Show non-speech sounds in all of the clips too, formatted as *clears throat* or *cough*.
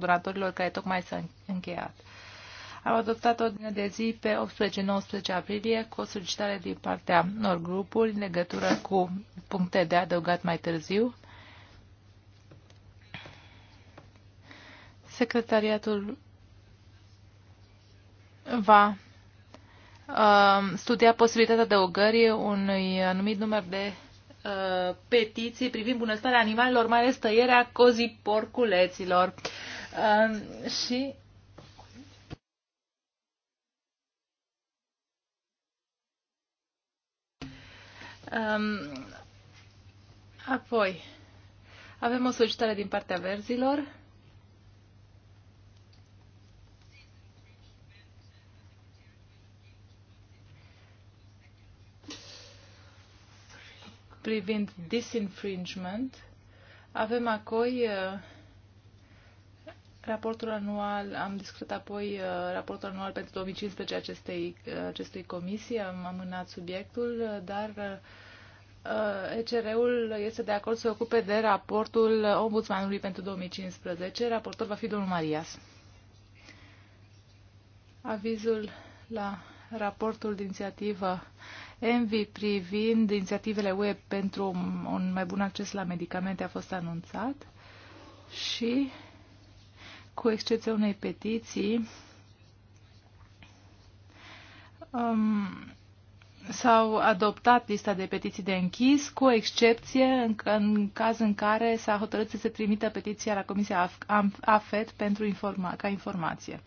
donatorilor care tocmai s-a încheiat. Am adoptat ordine de zi pe 18-19 aprilie cu o solicitare din partea unor grupuri în legătură cu puncte de adăugat mai târziu. Secretariatul va uh, studia posibilitatea adăugării unui anumit număr de uh, petiții privind bunăstarea animalelor, mai ales tăierea cozii porculeților. Um, și um, apoi, avem o solicitare din partea verzilor. privind disinfringement, avem acoi uh, Raportul anual, am discutat apoi uh, raportul anual pentru 2015 acestei, uh, acestui comisii, am amânat subiectul, uh, dar ECR-ul este de acord să se ocupe de raportul ombudsmanului pentru 2015. Raportor va fi domnul Marias. Avizul la raportul de inițiativă Envi privind inițiativele UE pentru un mai bun acces la medicamente a fost anunțat și cu excepția unei petiții, um, s-au adoptat lista de petiții de închis, cu excepție în, în caz în care s-a hotărât să se trimită petiția la Comisia AFET pentru informa, ca informație.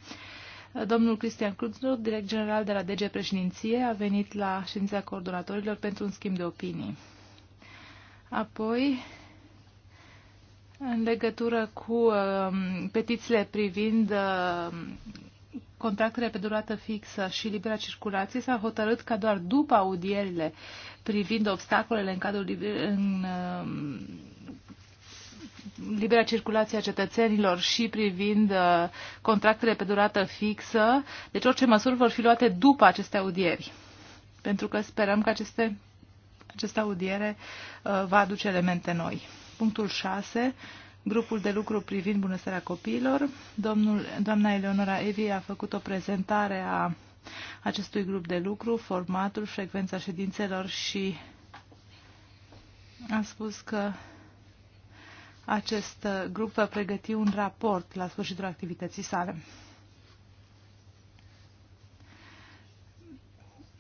Domnul Cristian Cruțnur, direct general de la DG Președinție, a venit la ședința coordonatorilor pentru un schimb de opinii. Apoi, în legătură cu uh, petițiile privind uh, contractele pe durată fixă și libera circulație, s-a hotărât ca doar după audierile privind obstacolele în cadrul în, uh, libera circulație a cetățenilor și privind uh, contractele pe durată fixă, deci orice măsuri vor fi luate după aceste audieri. Pentru că sperăm că aceste, această audiere uh, va aduce elemente noi. Punctul 6. Grupul de lucru privind bunăstarea copiilor. Domnul, doamna Eleonora Evi a făcut o prezentare a acestui grup de lucru, formatul, frecvența ședințelor și a spus că acest grup va pregăti un raport la sfârșitul activității sale.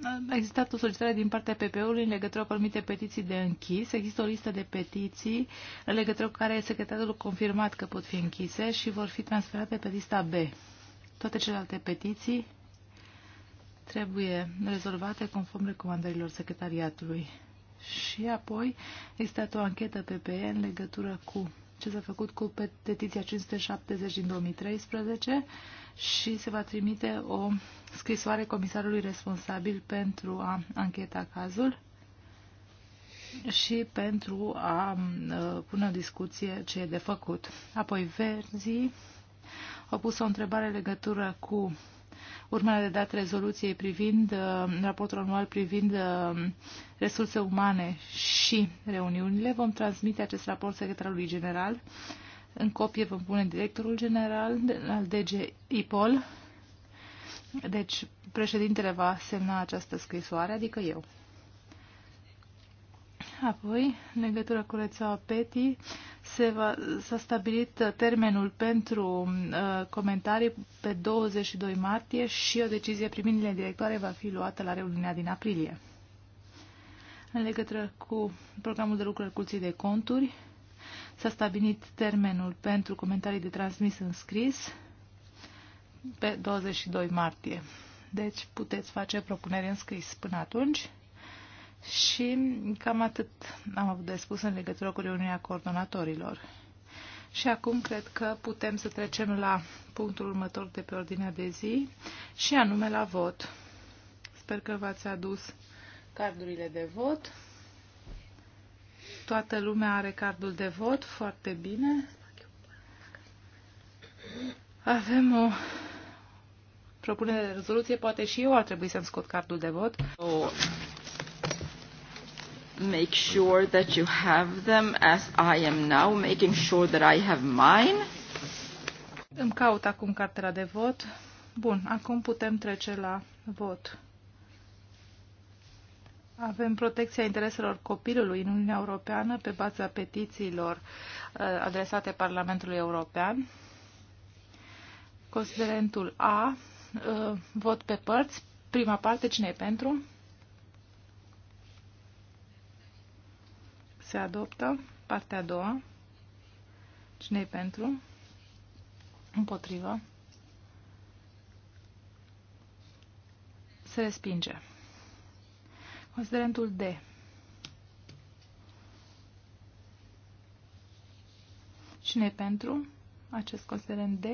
a existat o solicitare din partea PP-ului în legătură cu anumite petiții de închis. Există o listă de petiții în legătură cu care secretarul a confirmat că pot fi închise și vor fi transferate pe lista B. Toate celelalte petiții trebuie rezolvate conform recomandărilor secretariatului. Și apoi există o anchetă PPE în legătură cu ce s-a făcut cu petiția 570 din 2013 și se va trimite o scrisoare comisarului responsabil pentru a ancheta cazul și pentru a ă, pune o discuție ce e de făcut. Apoi Verzi a pus o întrebare în legătură cu urmele de dat rezoluției privind ă, raportul anual privind ă, resurse umane și reuniunile. Vom transmite acest raport secretarului general în copie vom pune directorul general al DG IPOL. Deci președintele va semna această scrisoare, adică eu. Apoi, în legătură cu rețeaua PETI, s-a stabilit uh, termenul pentru uh, comentarii pe 22 martie și o decizie privind linile directoare va fi luată la reuniunea din aprilie. În legătură cu programul de lucru al Curții de Conturi, S-a stabilit termenul pentru comentarii de transmis în scris pe 22 martie. Deci puteți face propuneri în scris până atunci. Și cam atât am avut de spus în legătură cu reuniunea coordonatorilor. Și acum cred că putem să trecem la punctul următor de pe ordinea de zi și anume la vot. Sper că v-ați adus cardurile de vot. Toată lumea are cardul de vot, foarte bine. Avem o propunere de rezoluție, poate și eu ar trebui să-mi scot cardul de vot. So, Make sure that you have them as I am now, making sure that I have mine. Îmi caut acum cartela de vot. Bun, acum putem trece la vot. Avem protecția intereselor copilului în Uniunea Europeană pe baza petițiilor uh, adresate Parlamentului European. Considerentul A, uh, vot pe părți. Prima parte, cine e pentru? Se adoptă. Partea a doua. cine e pentru? Împotrivă. Se respinge. Considerentul D. Cine e pentru acest considerent D?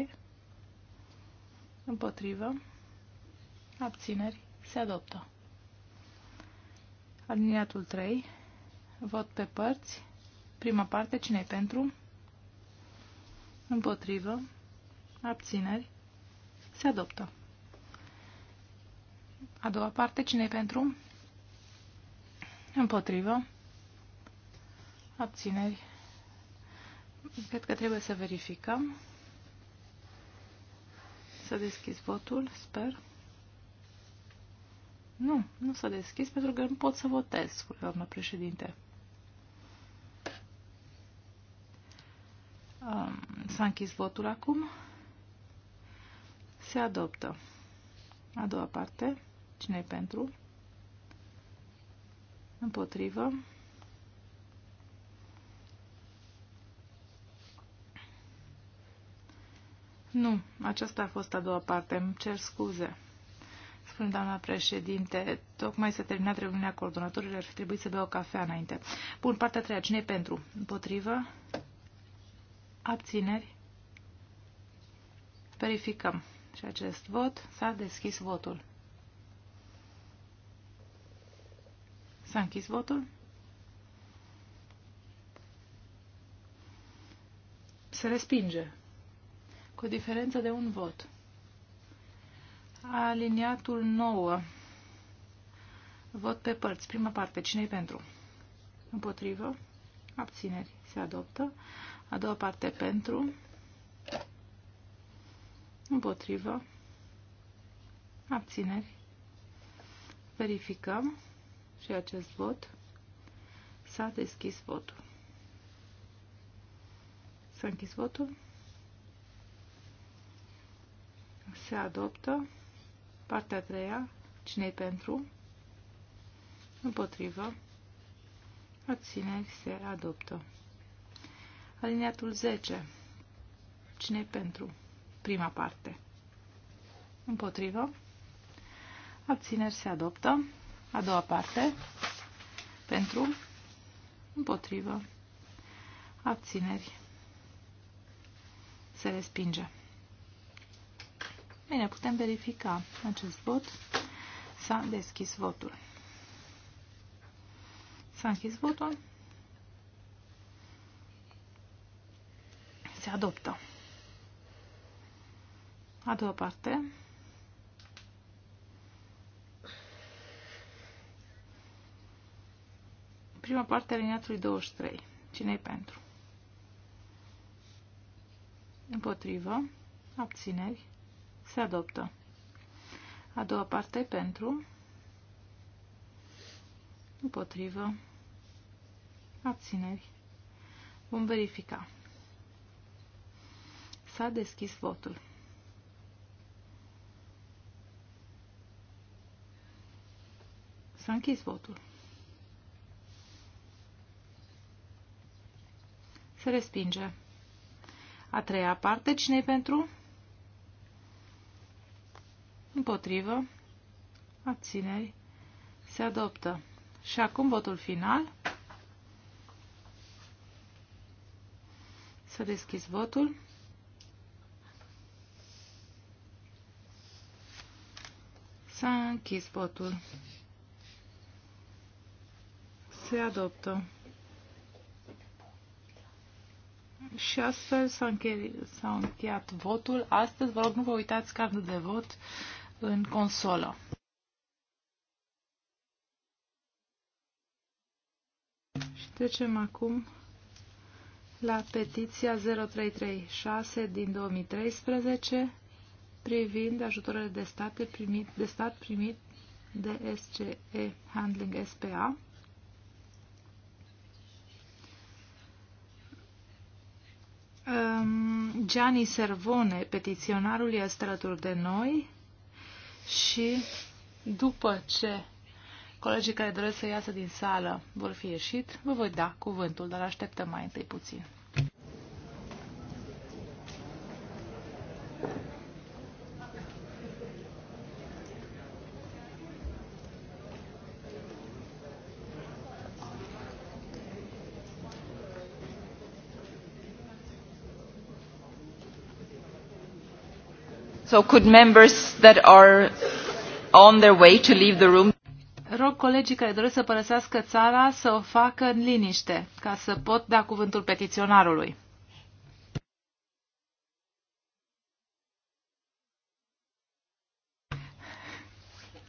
Împotrivă. Abțineri. Se adoptă. Aliniatul 3. Vot pe părți. Prima parte. Cine e pentru? Împotrivă. Abțineri. Se adoptă. A doua parte. Cine e pentru? Împotrivă. Abțineri. Cred că trebuie să verificăm. Să deschis votul, sper. Nu, nu s-a deschis pentru că nu pot să votez, spune doamna președinte. Um, s-a închis votul acum. Se adoptă. A doua parte. Cine e pentru? Împotrivă. Nu, aceasta a fost a doua parte. Îmi cer scuze. Spune doamna președinte, tocmai s-a terminat reuniunea coordonatorilor, ar fi trebuit să bea o cafea înainte. Bun, partea a treia. Cine pentru? Împotrivă? Abțineri? Verificăm. Și acest vot s-a deschis votul. S-a închis votul. Se respinge cu o diferență de un vot. Aliniatul 9. Vot pe părți. Prima parte. cine pentru? Împotrivă. Abțineri. Se adoptă. A doua parte pentru. Împotrivă. Abțineri. Verificăm și acest vot. S-a deschis votul. S-a închis votul. Se adoptă. Partea a treia. cine e pentru? Împotrivă. Abțineri se adoptă. Aliniatul 10. cine e pentru? Prima parte. Împotrivă. Abțineri se adoptă. A doua parte. Pentru. Împotrivă. Abțineri. Se respinge. Bine, putem verifica acest vot. S-a deschis votul. S-a închis votul. Se adoptă. A doua parte. Prima parte a liniatului 23. cine e pentru? Împotrivă. Abțineri. Se adoptă. A doua parte pentru. Împotrivă. Abțineri. Vom verifica. S-a deschis votul. S-a închis votul. Se respinge. A treia parte, cine pentru? Împotrivă. Abțineri. Se adoptă. Și acum votul final. Să deschis votul. S-a închis votul. Se adoptă. Și astfel s-a încheiat, încheiat votul. Astăzi, vă rog, nu vă uitați cardul de vot în consolă. Și trecem acum la petiția 0336 din 2013 privind ajutorele de, state primit, de stat primit de SCE Handling SPA. Um, Gianni Servone, petiționarul, este alături de noi și după ce colegii care doresc să iasă din sală vor fi ieșit, vă voi da cuvântul, dar așteptăm mai întâi puțin. Rog colegii care doresc să părăsească țara să o facă în liniște, ca să pot da cuvântul petiționarului.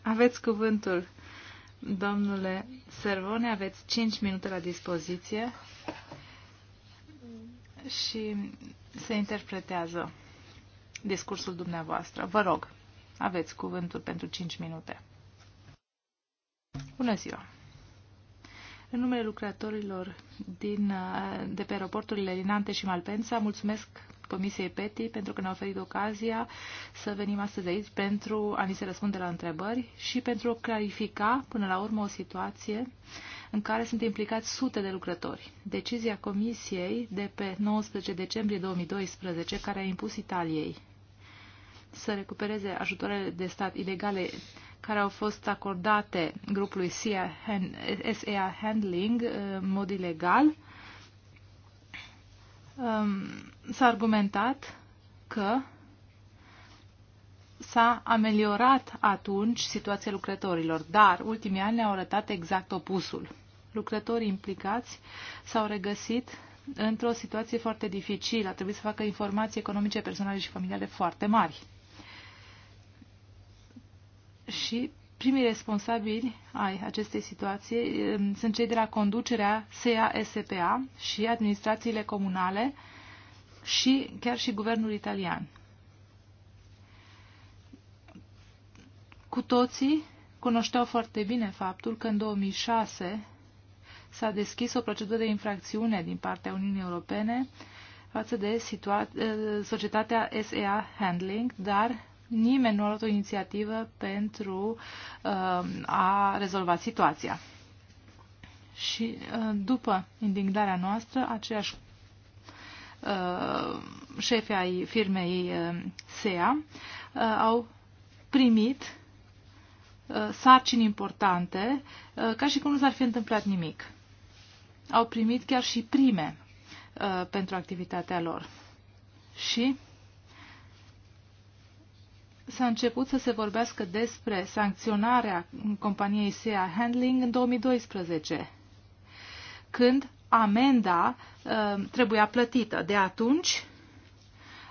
Aveți cuvântul, domnule Servone, aveți 5 minute la dispoziție și se interpretează discursul dumneavoastră. Vă rog, aveți cuvântul pentru 5 minute. Bună ziua! În numele lucrătorilor din, de pe aeroporturile din Ante și Malpensa, mulțumesc Comisiei PETI pentru că ne-a oferit ocazia să venim astăzi aici pentru a ni se răspunde la întrebări și pentru a clarifica până la urmă o situație în care sunt implicați sute de lucrători. Decizia Comisiei de pe 19 decembrie 2012, care a impus Italiei să recupereze ajutoarele de stat ilegale care au fost acordate grupului SEA Handling uh, în mod ilegal, um, s-a argumentat că s-a ameliorat atunci situația lucrătorilor, dar ultimii ani ne-au arătat exact opusul. Lucrătorii implicați s-au regăsit într-o situație foarte dificilă. A trebuit să facă informații economice, personale și familiale foarte mari. Și primii responsabili ai acestei situații um, sunt cei de la conducerea SEA-SPA și administrațiile comunale și chiar și guvernul italian. Cu toții cunoșteau foarte bine faptul că în 2006 s-a deschis o procedură de infracțiune din partea Uniunii Europene față de uh, societatea SEA Handling, dar nimeni nu a luat o inițiativă pentru uh, a rezolva situația. Și uh, după indignarea noastră, aceiași uh, șefi ai firmei uh, SEA uh, au primit uh, sarcini importante, uh, ca și cum nu s-ar fi întâmplat nimic. Au primit chiar și prime uh, pentru activitatea lor. Și s-a început să se vorbească despre sancționarea companiei SEA Handling în 2012, când amenda uh, trebuia plătită. De atunci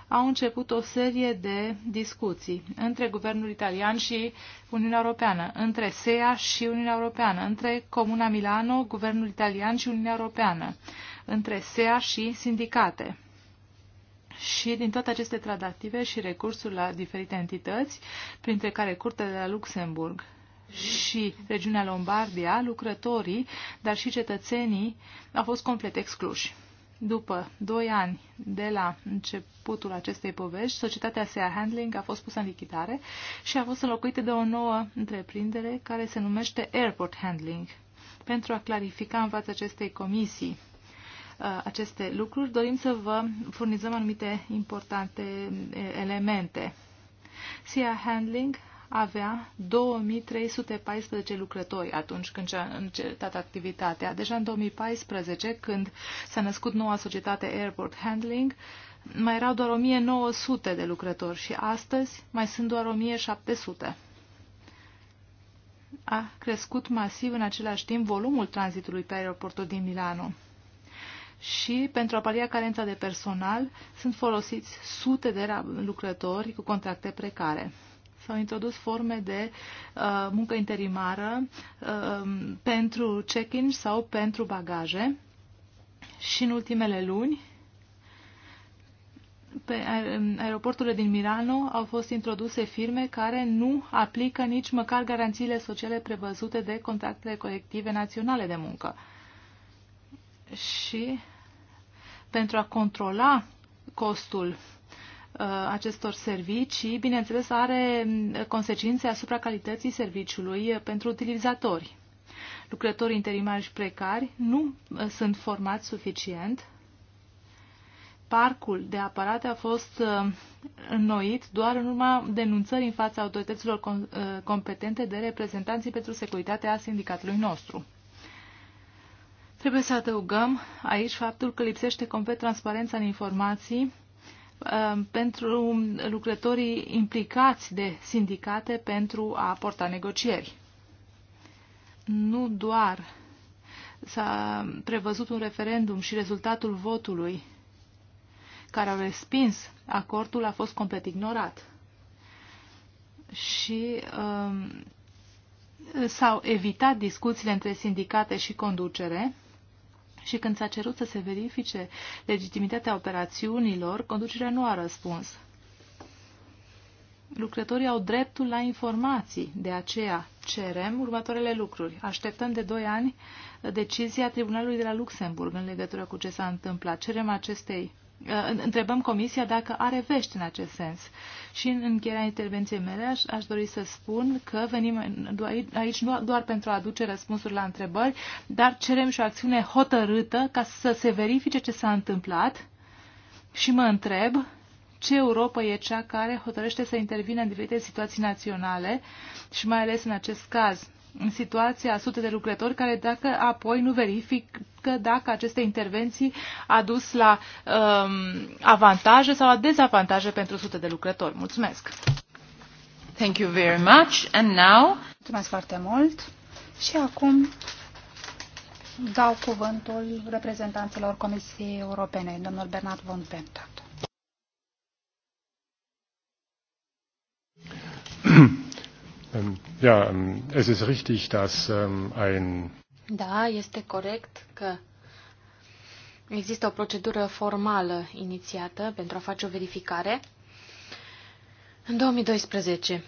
au început o serie de discuții între guvernul italian și Uniunea Europeană, între SEA și Uniunea Europeană, între Comuna Milano, guvernul italian și Uniunea Europeană, între SEA și sindicate și din toate aceste tradative și recursuri la diferite entități, printre care Curtea de la Luxemburg și regiunea Lombardia, lucrătorii, dar și cetățenii au fost complet excluși. După doi ani de la începutul acestei povești, societatea SEA Handling a fost pusă în lichidare și a fost înlocuită de o nouă întreprindere care se numește Airport Handling. Pentru a clarifica în fața acestei comisii Uh, aceste lucruri, dorim să vă furnizăm anumite importante uh, elemente. SIA Handling avea 2314 lucrători atunci când și-a încetat activitatea. Deja în 2014, când s-a născut noua societate Airport Handling, mai erau doar 1900 de lucrători și astăzi mai sunt doar 1700. A crescut masiv în același timp volumul tranzitului pe aeroportul din Milano și pentru a palia carența de personal sunt folosiți sute de lucrători cu contracte precare. S-au introdus forme de uh, muncă interimară uh, pentru check-in sau pentru bagaje și în ultimele luni pe aeroporturile din Milano au fost introduse firme care nu aplică nici măcar garanțiile sociale prevăzute de contractele colective naționale de muncă. Și pentru a controla costul uh, acestor servicii, bineînțeles, are uh, consecințe asupra calității serviciului uh, pentru utilizatori. Lucrătorii interimari și precari nu sunt formați suficient. Parcul de aparate a fost înnoit doar în urma denunțării în fața autorităților competente de reprezentanții pentru securitatea sindicatului nostru. Trebuie să adăugăm aici faptul că lipsește complet transparența în informații uh, pentru lucrătorii implicați de sindicate pentru a porta negocieri. Nu doar s-a prevăzut un referendum și rezultatul votului care a respins acordul a fost complet ignorat. Și um, s-au evitat discuțiile între sindicate și conducere și când s-a cerut să se verifice legitimitatea operațiunilor, conducerea nu a răspuns. Lucrătorii au dreptul la informații, de aceea cerem următoarele lucruri. Așteptăm de 2 ani decizia Tribunalului de la Luxemburg în legătură cu ce s-a întâmplat. Cerem acestei Uh, întrebăm Comisia dacă are vești în acest sens. Și în încheierea intervenției mele aș, aș dori să spun că venim aici nu doar pentru a aduce răspunsuri la întrebări, dar cerem și o acțiune hotărâtă ca să se verifice ce s-a întâmplat și mă întreb ce Europa e cea care hotărăște să intervină în diferite situații naționale și mai ales în acest caz în situația a sute de lucrători care dacă apoi nu verifică dacă aceste intervenții a dus la um, avantaje sau la dezavantaje pentru sute de lucrători. Mulțumesc! Thank you very much. And now... Mulțumesc foarte mult. Și acum dau cuvântul reprezentanților Comisiei Europene, domnul Bernard von Pentat. *clears throat* Ähm, ja, ähm, es ist richtig, dass ähm, ein da, este corect că există o procedură formală inițiată pentru a face o verificare în 2012.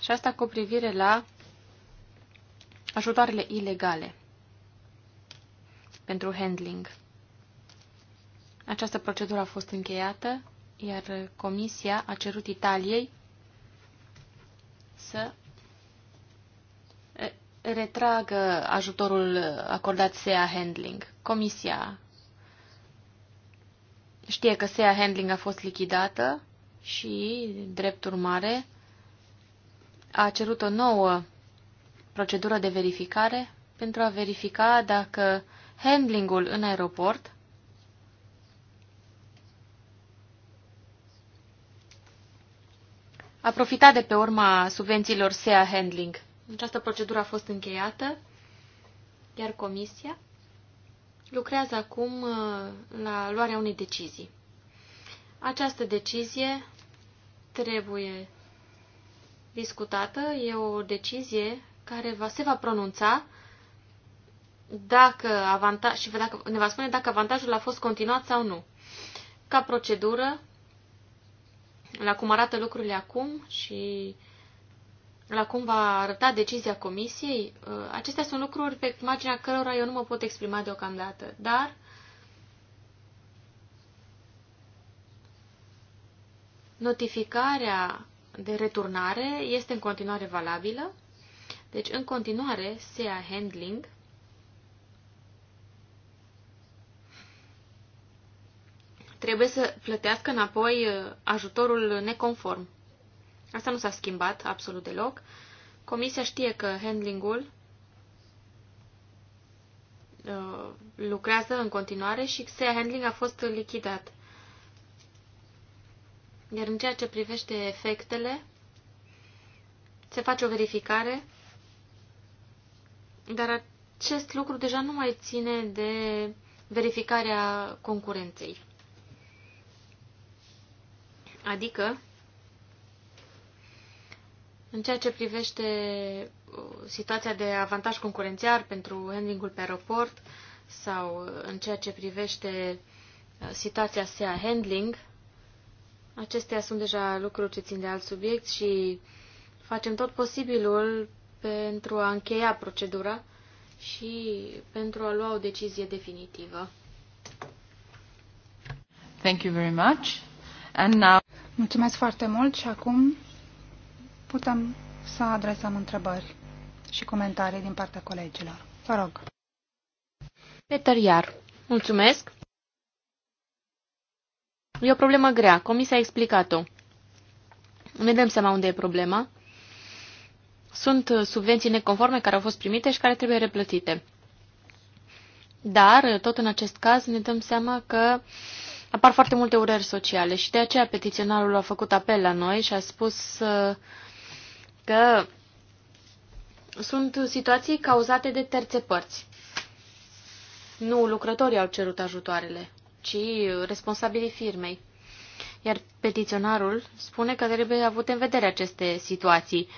Și asta cu privire la ajutoarele ilegale pentru handling. Această procedură a fost încheiată, iar Comisia a cerut Italiei să retragă ajutorul acordat SEA Handling. Comisia știe că SEA Handling a fost lichidată și, drept urmare, a cerut o nouă procedură de verificare pentru a verifica dacă handlingul în aeroport a profitat de pe urma subvențiilor SEA Handling. Această procedură a fost încheiată, iar Comisia lucrează acum uh, la luarea unei decizii. Această decizie trebuie discutată, e o decizie care va, se va pronunța dacă avantaj, și dacă, ne va spune dacă avantajul a fost continuat sau nu. Ca procedură, la cum arată lucrurile acum și la cum va arăta decizia comisiei, uh, acestea sunt lucruri pe marginea cărora eu nu mă pot exprima deocamdată. Dar notificarea de returnare este în continuare valabilă. Deci, în continuare, SEA Handling trebuie să plătească înapoi uh, ajutorul neconform. Asta nu s-a schimbat absolut deloc. Comisia știe că handlingul uh, lucrează în continuare și se Handling a fost lichidat. Iar în ceea ce privește efectele, se face o verificare, dar acest lucru deja nu mai ține de verificarea concurenței. Adică, în ceea ce privește uh, situația de avantaj concurențiar pentru handlingul pe aeroport sau uh, în ceea ce privește uh, situația SEA handling, acestea sunt deja lucruri ce țin de alt subiect și facem tot posibilul pentru a încheia procedura și pentru a lua o decizie definitivă. Thank you very much. And now... Mulțumesc foarte mult și acum putem să adresăm întrebări și comentarii din partea colegilor. Vă rog. Peter Iar. Mulțumesc. E o problemă grea. Comisia a explicat-o. Ne dăm seama unde e problema. Sunt subvenții neconforme care au fost primite și care trebuie replătite. Dar, tot în acest caz, ne dăm seama că uh, apar foarte multe urări sociale și de aceea petiționarul a făcut apel la noi și a spus uh, că sunt situații cauzate de terțe părți. Nu lucrătorii au cerut ajutoarele, ci responsabilii firmei. Iar petiționarul spune că trebuie avut în vedere aceste situații.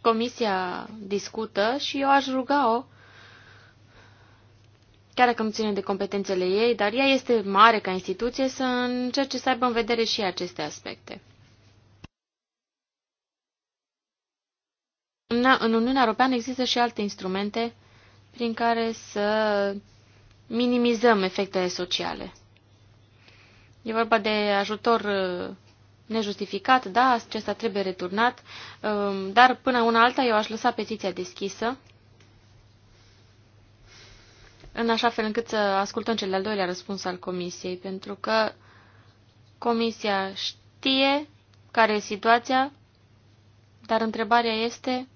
Comisia discută și eu aș ruga-o chiar dacă nu ține de competențele ei, dar ea este mare ca instituție să încerce să aibă în vedere și aceste aspecte. În Uniunea Europeană există și alte instrumente prin care să minimizăm efectele sociale. E vorba de ajutor uh, nejustificat, da, acesta trebuie returnat, um, dar până una alta eu aș lăsa petiția deschisă în așa fel încât să ascultăm cel de-al doilea răspuns al comisiei, pentru că comisia știe care e situația, dar întrebarea este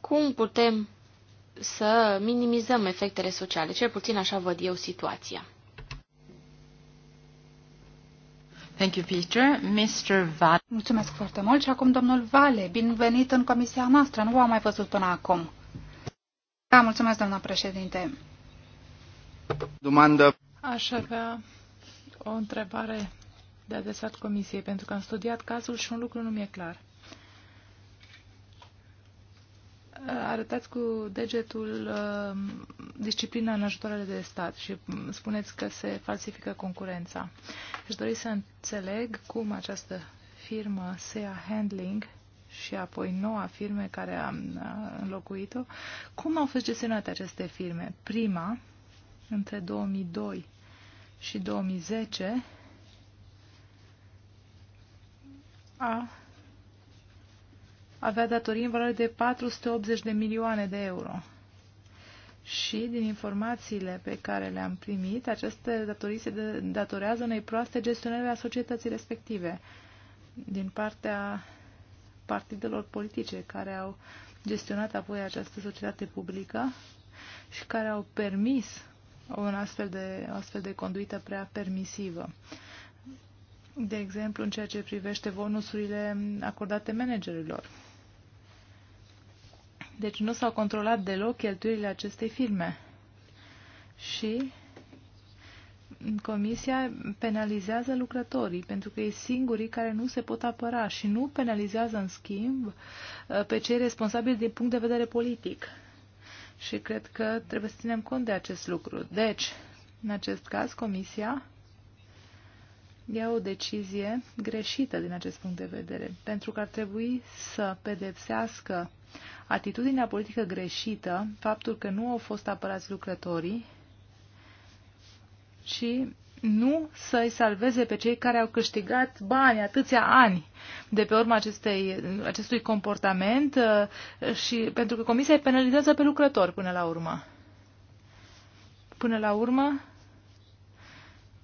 cum putem să minimizăm efectele sociale. Cel puțin așa văd eu situația. Thank you, Peter. Mr. Vale. Mulțumesc foarte mult și acum domnul Vale, binevenit în comisia noastră. Nu v-am mai văzut până acum. Da, mulțumesc, doamna președinte. Dumandă. Aș avea o întrebare de adresat comisiei, pentru că am studiat cazul și un lucru nu mi-e clar. Arătați cu degetul uh, disciplina în ajutoarele de stat și spuneți că se falsifică concurența. Aș dori să înțeleg cum această firmă SEA Handling uh, și apoi noua firme care a înlocuit-o. Cum au fost gestionate aceste firme? Prima, între 2002 și 2010, a avea datorii în valoare de 480 de milioane de euro. Și din informațiile pe care le-am primit, aceste datorii se datorează unei proaste gestionări a societății respective din partea partidelor politice care au gestionat apoi această societate publică și care au permis o astfel de, o astfel de conduită prea permisivă. De exemplu, în ceea ce privește bonusurile acordate managerilor. Deci nu s-au controlat deloc cheltuielile acestei firme. Și Comisia penalizează lucrătorii pentru că ei singurii care nu se pot apăra și nu penalizează, în schimb, pe cei responsabili din punct de vedere politic. Și cred că trebuie să ținem cont de acest lucru. Deci, în acest caz, Comisia ia o decizie greșită din acest punct de vedere, pentru că ar trebui să pedepsească atitudinea politică greșită, faptul că nu au fost apărați lucrătorii și nu să-i salveze pe cei care au câștigat bani atâția ani de pe urma acestei, acestui comportament uh, și pentru că comisia îi penalizează pe lucrători până la urmă. Până la urmă,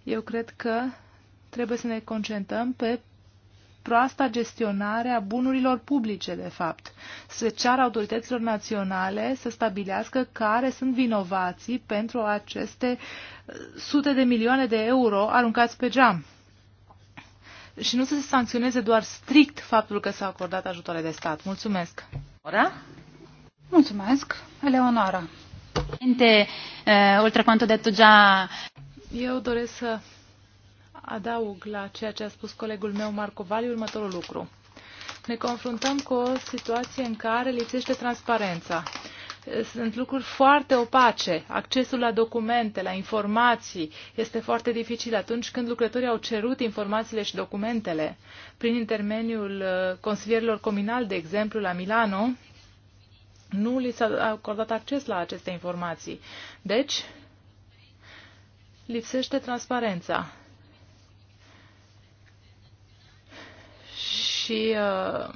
eu cred că trebuie să ne concentrăm pe proasta gestionare a bunurilor publice, de fapt. Se ceară autorităților naționale să stabilească care sunt vinovații pentru aceste uh, sute de milioane de euro aruncați pe geam. Și nu să se sancționeze doar strict faptul că s-a acordat ajutoare de stat. Mulțumesc! Ora? Mulțumesc, Eleonora! Oltre quanto detto già... Eu doresc să adaug la ceea ce a spus colegul meu Marco Vali următorul lucru. Ne confruntăm cu o situație în care lipsește transparența. Sunt lucruri foarte opace. Accesul la documente, la informații este foarte dificil atunci când lucrătorii au cerut informațiile și documentele. Prin intermediul uh, consilierilor comunal, de exemplu, la Milano, nu li s-a acordat acces la aceste informații. Deci, lipsește transparența. și uh,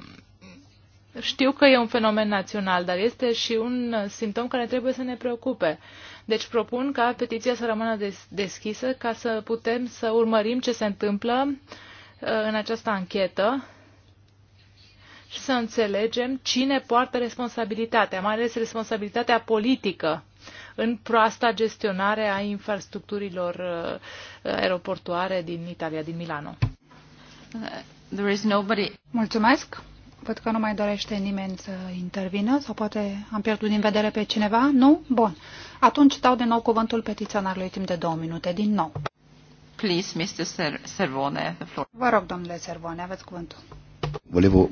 știu că e un fenomen național, dar este și un simptom care trebuie să ne preocupe. Deci propun ca petiția să rămână deschisă ca să putem să urmărim ce se întâmplă uh, în această anchetă și să înțelegem cine poartă responsabilitatea, mai ales responsabilitatea politică în proasta gestionare a infrastructurilor uh, aeroportuare din Italia, din Milano. Uh, There is nobody. Mulțumesc. Văd că nu mai dorește nimeni să intervină sau poate am pierdut din vedere pe cineva. Nu? Bun. Atunci dau de nou cuvântul petiționarului timp de două minute din nou. Please, Mr. Ser Servone, the floor. Vă rog, domnule Servone, aveți cuvântul. Volevo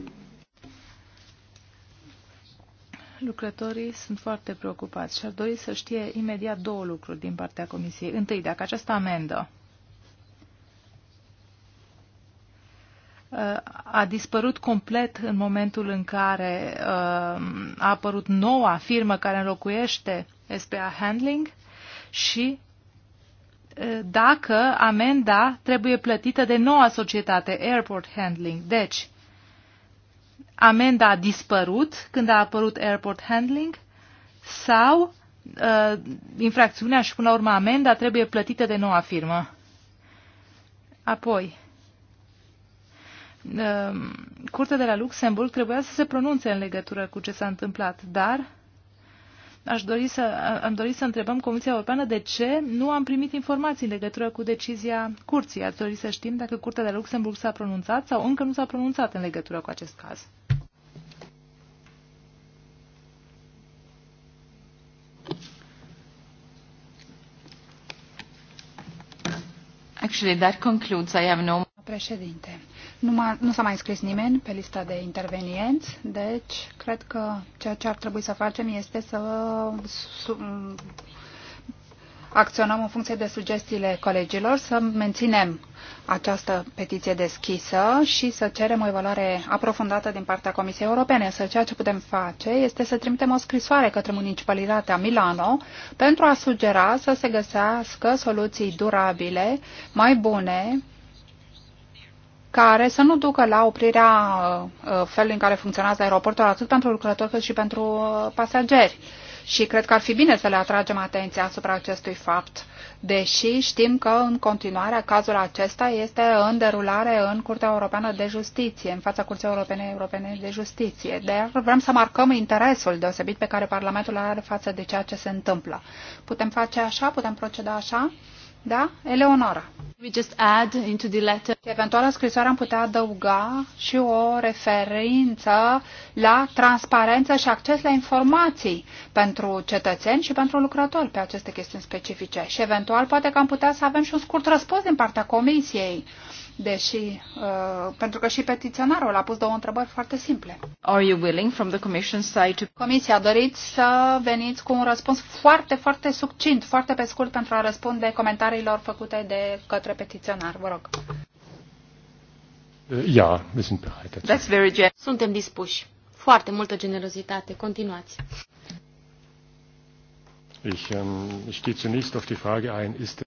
lucrătorii sunt foarte preocupați și ar dori să știe imediat două lucruri din partea Comisiei. Întâi, dacă această amendă Uh, a dispărut complet în momentul în care uh, a apărut noua firmă care înlocuiește SPA Handling și uh, dacă amenda trebuie plătită de noua societate, Airport Handling. Deci, amenda a dispărut când a apărut Airport Handling sau uh, infracțiunea și până la urmă amenda trebuie plătită de noua firmă. Apoi, Ehm, Curtea de la Luxemburg trebuia să se pronunțe în legătură cu ce s-a întâmplat, dar aș dori să, am dori să întrebăm Comisia Europeană de ce nu am primit informații în legătură cu decizia Curții. Ați dori să știm dacă Curtea de la Luxemburg s-a pronunțat sau încă nu s-a pronunțat în legătură cu acest caz. Actually, that concludes. I have no... Președinte, nu, nu s-a mai scris nimeni pe lista de intervenienți, deci cred că ceea ce ar trebui să facem este să acționăm în funcție de sugestiile colegilor, să menținem această petiție deschisă și să cerem o evaluare aprofundată din partea Comisiei Europene. Să ceea ce putem face este să trimitem o scrisoare către municipalitatea Milano pentru a sugera să se găsească soluții durabile, mai bune, care să nu ducă la oprirea uh, uh, felului în care funcționează aeroportul atât pentru lucrători cât și pentru uh, pasageri. Și cred că ar fi bine să le atragem atenția asupra acestui fapt, deși știm că în continuare cazul acesta este în derulare în Curtea Europeană de Justiție, în fața Curții Europene Europene de Justiție. Dar vrem să marcăm interesul deosebit pe care Parlamentul are față de ceea ce se întâmplă. Putem face așa? Putem proceda așa? Da? Eleonora. We just add into the letter. Eventual în scrisoare am putea adăuga și o referință la transparență și acces la informații pentru cetățeni și pentru lucrători pe aceste chestiuni specifice. Și eventual poate că am putea să avem și un scurt răspuns din partea comisiei deși, uh, pentru că și petiționarul a pus două întrebări foarte simple. Are you willing from the commission side to... Comisia, doriți să veniți cu un răspuns foarte, foarte succint, foarte pe scurt pentru a răspunde comentariilor făcute de către petiționar. Vă rog. Uh, ja, wir sind bereit. That's very generous. Suntem dispuși. Foarte multă generozitate. Continuați. Ich, ähm, ich gehe zunächst auf die Frage ein, ist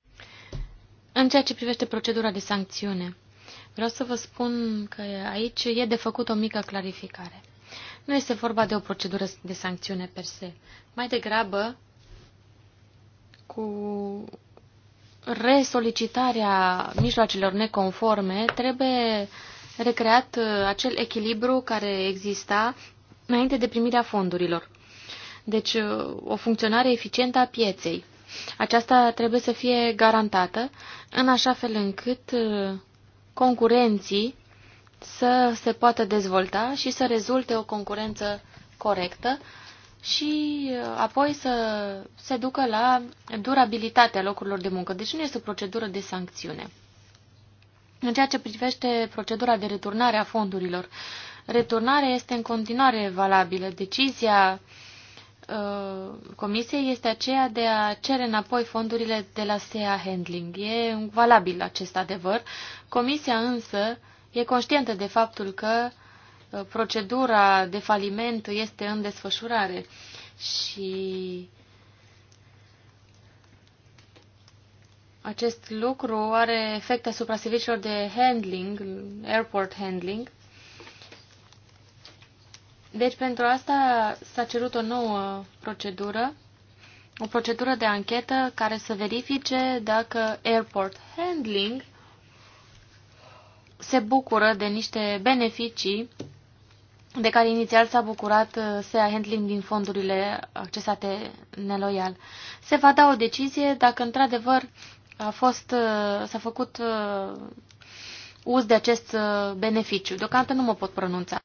în ceea ce privește procedura de sancțiune. Vreau să vă spun că aici e de făcut o mică clarificare. Nu este vorba de o procedură de sancțiune per se. Mai degrabă, cu resolicitarea mijloacelor neconforme, trebuie recreat uh, acel echilibru care exista înainte de primirea fondurilor. Deci, uh, o funcționare eficientă a pieței. Aceasta trebuie să fie garantată în așa fel încât uh, concurenții să se poată dezvolta și să rezulte o concurență corectă și uh, apoi să se ducă la durabilitatea locurilor de muncă. Deci nu este o procedură de sancțiune. În ceea ce privește procedura de returnare a fondurilor, returnarea este în continuare valabilă. Decizia Uh, comisiei este aceea de a cere înapoi fondurile de la SEA Handling. E valabil acest adevăr. Comisia însă e conștientă de faptul că uh, procedura de faliment este în desfășurare și acest lucru are efecte asupra serviciilor de handling, airport handling, deci pentru asta s-a cerut o nouă procedură, o procedură de anchetă care să verifice dacă airport handling se bucură de niște beneficii de care inițial s-a bucurat uh, SEA Handling din fondurile accesate neloial. Se va da o decizie dacă într-adevăr a fost, uh, s-a făcut uh, uz de acest beneficiu. Deocamdată nu mă pot pronunța.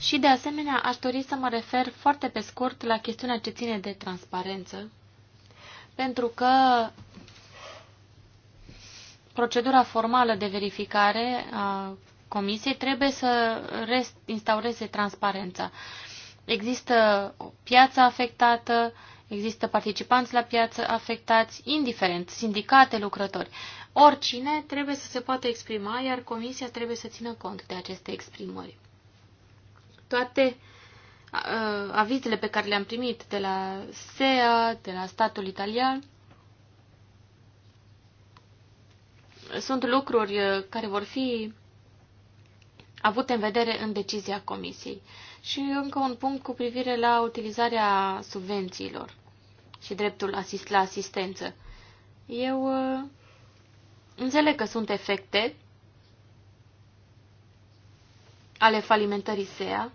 Și, de asemenea, aș dori să mă refer foarte pe scurt la chestiunea ce ține de transparență, pentru că procedura formală de verificare a comisiei trebuie să instaureze transparența. Există o piață afectată, există participanți la piață afectați, indiferent, sindicate, lucrători. Oricine trebuie să se poată exprima, iar comisia trebuie să țină cont de aceste exprimări toate uh, avizele pe care le-am primit de la SEA, de la statul italian, sunt lucruri uh, care vor fi avute în vedere în decizia Comisiei. Și încă un punct cu privire la utilizarea subvențiilor și dreptul asist la asistență. Eu uh, înțeleg că sunt efecte ale falimentării SEA,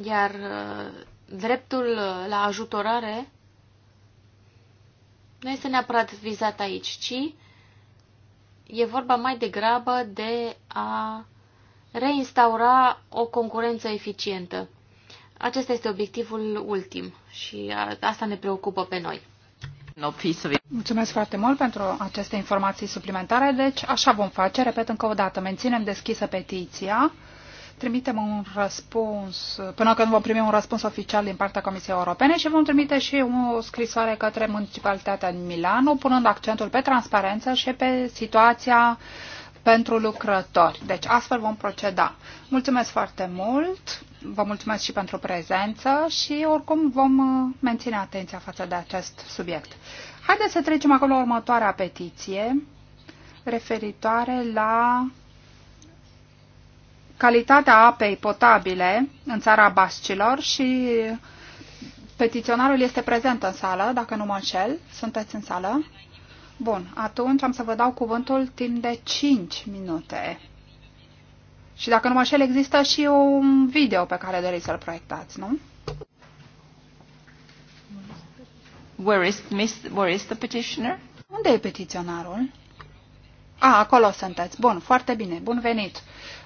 iar uh, dreptul uh, la ajutorare nu este neapărat vizat aici, ci e vorba mai degrabă de a reinstaura o concurență eficientă. Acesta este obiectivul ultim și asta ne preocupă pe noi. Mulțumesc foarte mult pentru aceste informații suplimentare. Deci, așa vom face. Repet încă o dată, menținem deschisă petiția trimitem un răspuns, până când vom primi un răspuns oficial din partea Comisiei Europene și vom trimite și o scrisoare către municipalitatea din Milano, punând accentul pe transparență și pe situația pentru lucrători. Deci astfel vom proceda. Mulțumesc foarte mult, vă mulțumesc și pentru prezență și oricum vom menține atenția față de acest subiect. Haideți să trecem acolo următoarea petiție referitoare la calitatea apei potabile în țara Bascilor și petiționarul este prezent în sală, dacă nu mă înșel. Sunteți în sală? Bun, atunci am să vă dau cuvântul timp de 5 minute. Și dacă nu mă înșel, există și un video pe care doriți să-l proiectați, nu? Where is, miss, where is the petitioner? Unde e petiționarul? A, ah, acolo sunteți. Bun, foarte bine. Bun venit.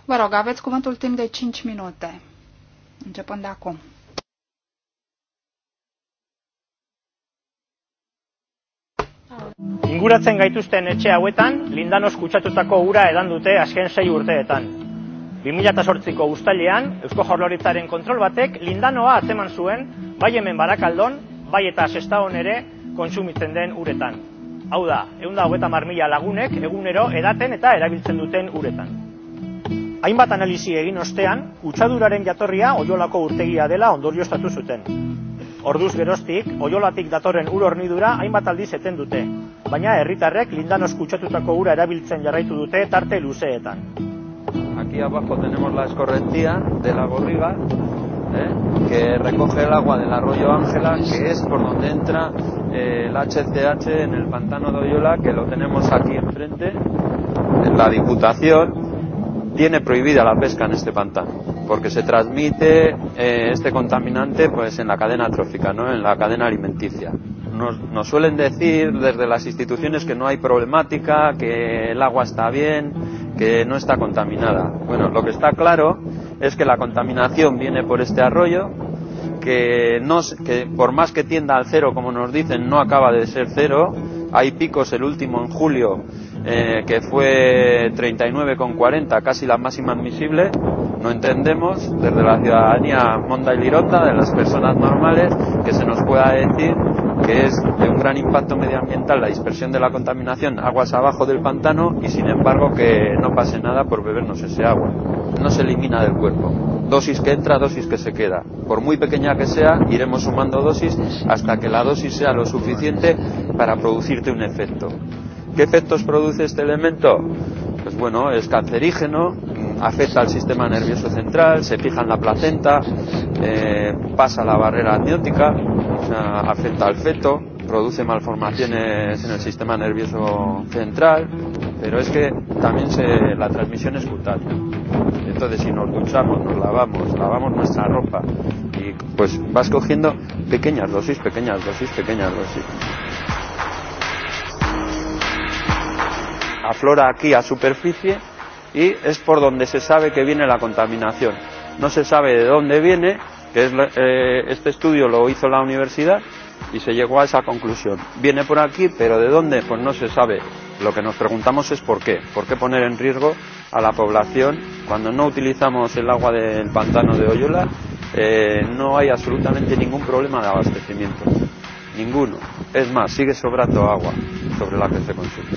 Vă rog, aveți cuvântul timp de 5 minute, începând de acum. Inguratzen gaituzten etxe hauetan, lindanos kutsatutako ura edan dute asken sei urteetan. 2008ko ustalean, Eusko Jorloritzaren kontrol batek lindanoa atzeman zuen, bai hemen barakaldon, bai eta sesta ere kontsumitzen den uretan. Hau da, eunda hogeta marmila lagunek egunero edaten eta erabiltzen duten uretan. Hainbat analizi egin ostean, kutsaduraren jatorria oiolako urtegia dela estatu zuten. Orduz geroztik, oiolatik datorren ur hornidura hainbat aldiz eten dute, baina herritarrek lindanos kutsatutako ura erabiltzen jarraitu dute tarte luzeetan. Aquí abajo tenemos la escorrentía de la Gorriga, ¿eh? que recoge el agua del arroyo Ángela, que es por donde entra eh, el HCH en el pantano de Oyola, que lo tenemos aquí enfrente, en la Diputación, tiene prohibida la pesca en este pantano, porque se transmite eh, este contaminante pues en la cadena trófica, ¿no? en la cadena alimenticia. Nos, nos suelen decir desde las instituciones que no hay problemática, que el agua está bien, que no está contaminada. Bueno, lo que está claro es que la contaminación viene por este arroyo, que, no, que por más que tienda al cero, como nos dicen, no acaba de ser cero. Hay picos, el último en julio, eh, que fue 39,40, casi la máxima admisible, no entendemos desde la ciudadanía monda y lirota, de las personas normales, que se nos pueda decir que es de un gran impacto medioambiental la dispersión de la contaminación aguas abajo del pantano y sin embargo que no pase nada por bebernos ese agua. No se elimina del cuerpo. Dosis que entra, dosis que se queda. Por muy pequeña que sea, iremos sumando dosis hasta que la dosis sea lo suficiente para producirte un efecto. ¿Qué efectos produce este elemento? Pues bueno, es cancerígeno, afecta al sistema nervioso central, se fija en la placenta, eh, pasa la barrera amniótica, o sea, afecta al feto, produce malformaciones en el sistema nervioso central, pero es que también se, la transmisión es cutánea. Entonces, si nos duchamos, nos lavamos, lavamos nuestra ropa, y pues vas cogiendo pequeñas dosis, pequeñas dosis, pequeñas dosis. aflora aquí a superficie y es por donde se sabe que viene la contaminación. No se sabe de dónde viene, que es, eh, este estudio lo hizo la universidad y se llegó a esa conclusión. Viene por aquí, pero de dónde, pues no se sabe. Lo que nos preguntamos es por qué. ¿Por qué poner en riesgo a la población cuando no utilizamos el agua del pantano de Oyola? Eh, no hay absolutamente ningún problema de abastecimiento. Ninguno. Es más, sigue sobrando agua sobre la que se consume.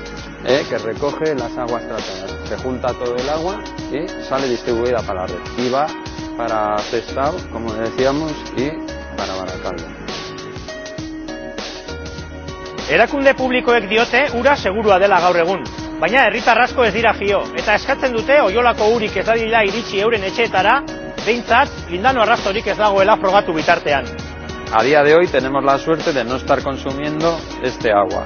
¿eh? que recoge las aguas tratadas. Se junta todo el agua y sale distribuida para la red. Y va para Cestao, como decíamos, y para Baracaldo. Erakunde publikoek diote ura segurua dela gaur egun, baina herritar asko ez dira fio eta eskatzen dute oiolako urik ez dadila iritsi euren etxeetara, beintzat lindano arrastorik ez dagoela frogatu bitartean. A día de hoy tenemos la suerte de no estar consumiendo este agua,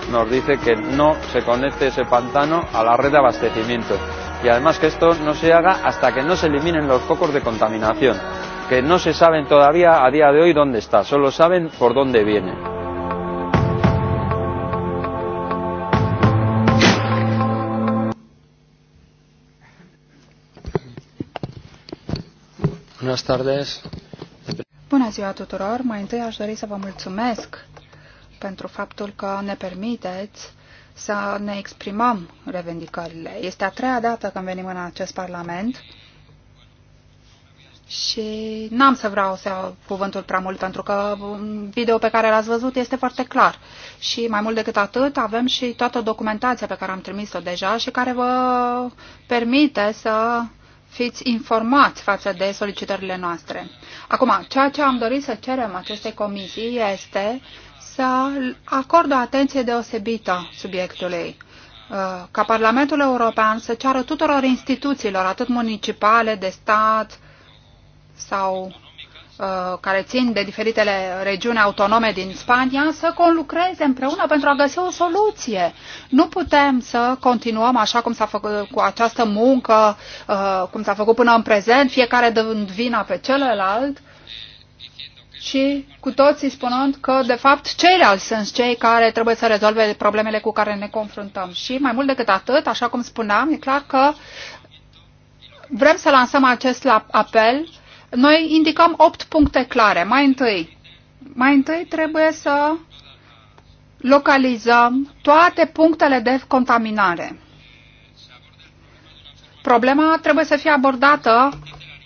nos dice que no se conecte ese pantano a la red de abastecimiento y además que esto no se haga hasta que no se eliminen los focos de contaminación, que no se saben todavía a día de hoy dónde está, solo saben por dónde viene. Buenas tardes. Bună ziua tuturor! Mai întâi aș dori să vă mulțumesc pentru faptul că ne permiteți să ne exprimăm revendicările. Este a treia dată când venim în acest Parlament și n-am să vreau să iau cuvântul prea mult, pentru că video pe care l-ați văzut este foarte clar. Și mai mult decât atât, avem și toată documentația pe care am trimis-o deja și care vă permite să fiți informați față de solicitările noastre. Acum, ceea ce am dorit să cerem acestei comisii este să acordă o atenție deosebită subiectului uh, ca Parlamentul European să ceară tuturor instituțiilor, atât municipale, de stat sau uh, care țin de diferitele regiuni autonome din Spania, să conlucreze împreună pentru a găsi o soluție. Nu putem să continuăm așa cum s-a făcut cu această muncă, uh, cum s-a făcut până în prezent, fiecare dând vina pe celălalt și cu toții spunând că, de fapt, ceilalți sunt cei care trebuie să rezolve problemele cu care ne confruntăm. Și mai mult decât atât, așa cum spuneam, e clar că vrem să lansăm acest apel. Noi indicăm opt puncte clare. Mai întâi, mai întâi trebuie să localizăm toate punctele de contaminare. Problema trebuie să fie abordată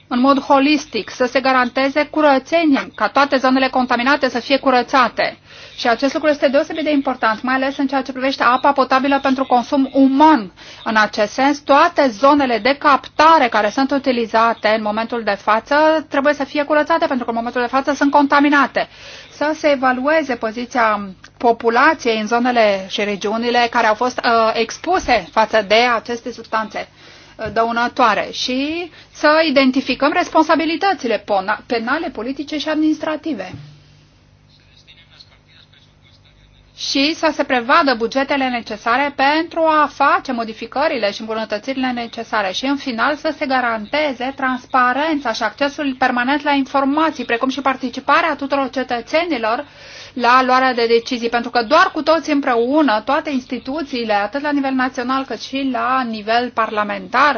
în mod holistic, să se garanteze curățenie, ca toate zonele contaminate să fie curățate. Și acest lucru este deosebit de important, mai ales în ceea ce privește apa potabilă pentru consum uman. În acest sens, toate zonele de captare care sunt utilizate în momentul de față trebuie să fie curățate, pentru că în momentul de față sunt contaminate. Să se evalueze poziția populației în zonele și regiunile care au fost uh, expuse față de aceste substanțe. Uh, dăunătoare și să identificăm responsabilitățile penale, politice și administrative. și să se prevadă bugetele necesare pentru a face modificările și îmbunătățirile necesare și, în final, să se garanteze transparența și accesul permanent la informații, precum și participarea tuturor cetățenilor la luarea de decizii, pentru că doar cu toți împreună, toate instituțiile, atât la nivel național cât și la nivel parlamentar,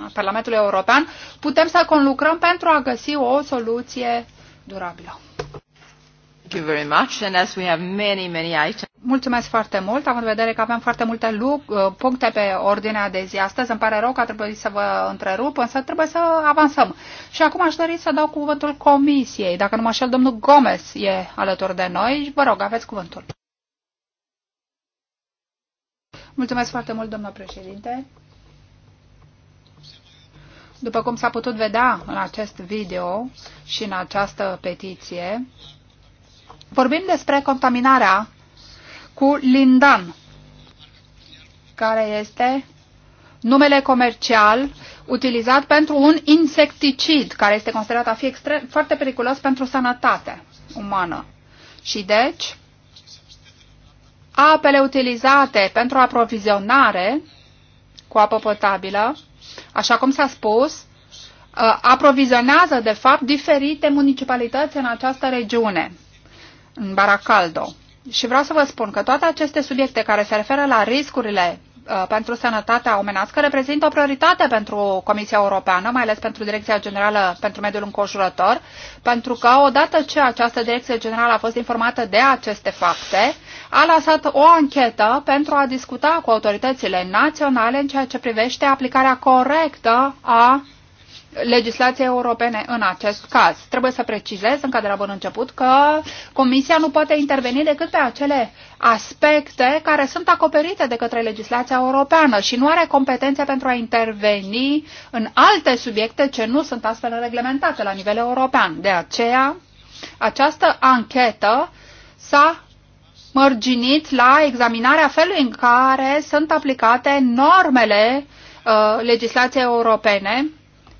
în Parlamentul European, putem să conlucrăm pentru a găsi o soluție durabilă. Mulțumesc foarte mult, având în vedere că avem foarte multe uh, puncte pe ordinea de zi astăzi. Îmi pare rău că trebuie să vă întrerup, însă trebuie să avansăm. Și acum aș dori să dau cuvântul comisiei. Dacă nu mă așel, domnul Gomez e alături de noi. Vă rog, aveți cuvântul. Mulțumesc foarte mult, domnul președinte. După cum s-a putut vedea în acest video și în această petiție, Vorbim despre contaminarea cu lindan, care este numele comercial utilizat pentru un insecticid, care este considerat a fi extrem, foarte periculos pentru sănătate umană. Și deci, apele utilizate pentru aprovizionare cu apă potabilă, așa cum s-a spus, uh, aprovizionează, de fapt, diferite municipalități în această regiune în Baracaldo. Și vreau să vă spun că toate aceste subiecte care se referă la riscurile uh, pentru sănătatea omenească reprezintă o prioritate pentru Comisia Europeană, mai ales pentru Direcția Generală pentru Mediul Înconjurător, pentru că odată ce această Direcție Generală a fost informată de aceste fapte, a lansat o anchetă pentru a discuta cu autoritățile naționale în ceea ce privește aplicarea corectă a Legislația europene în acest caz. Trebuie să precizez încă de la bun început că Comisia nu poate interveni decât pe acele aspecte care sunt acoperite de către legislația europeană și nu are competențe pentru a interveni în alte subiecte ce nu sunt astfel reglementate la nivel european. De aceea, această anchetă s-a mărginit la examinarea felului în care sunt aplicate normele uh, legislației europene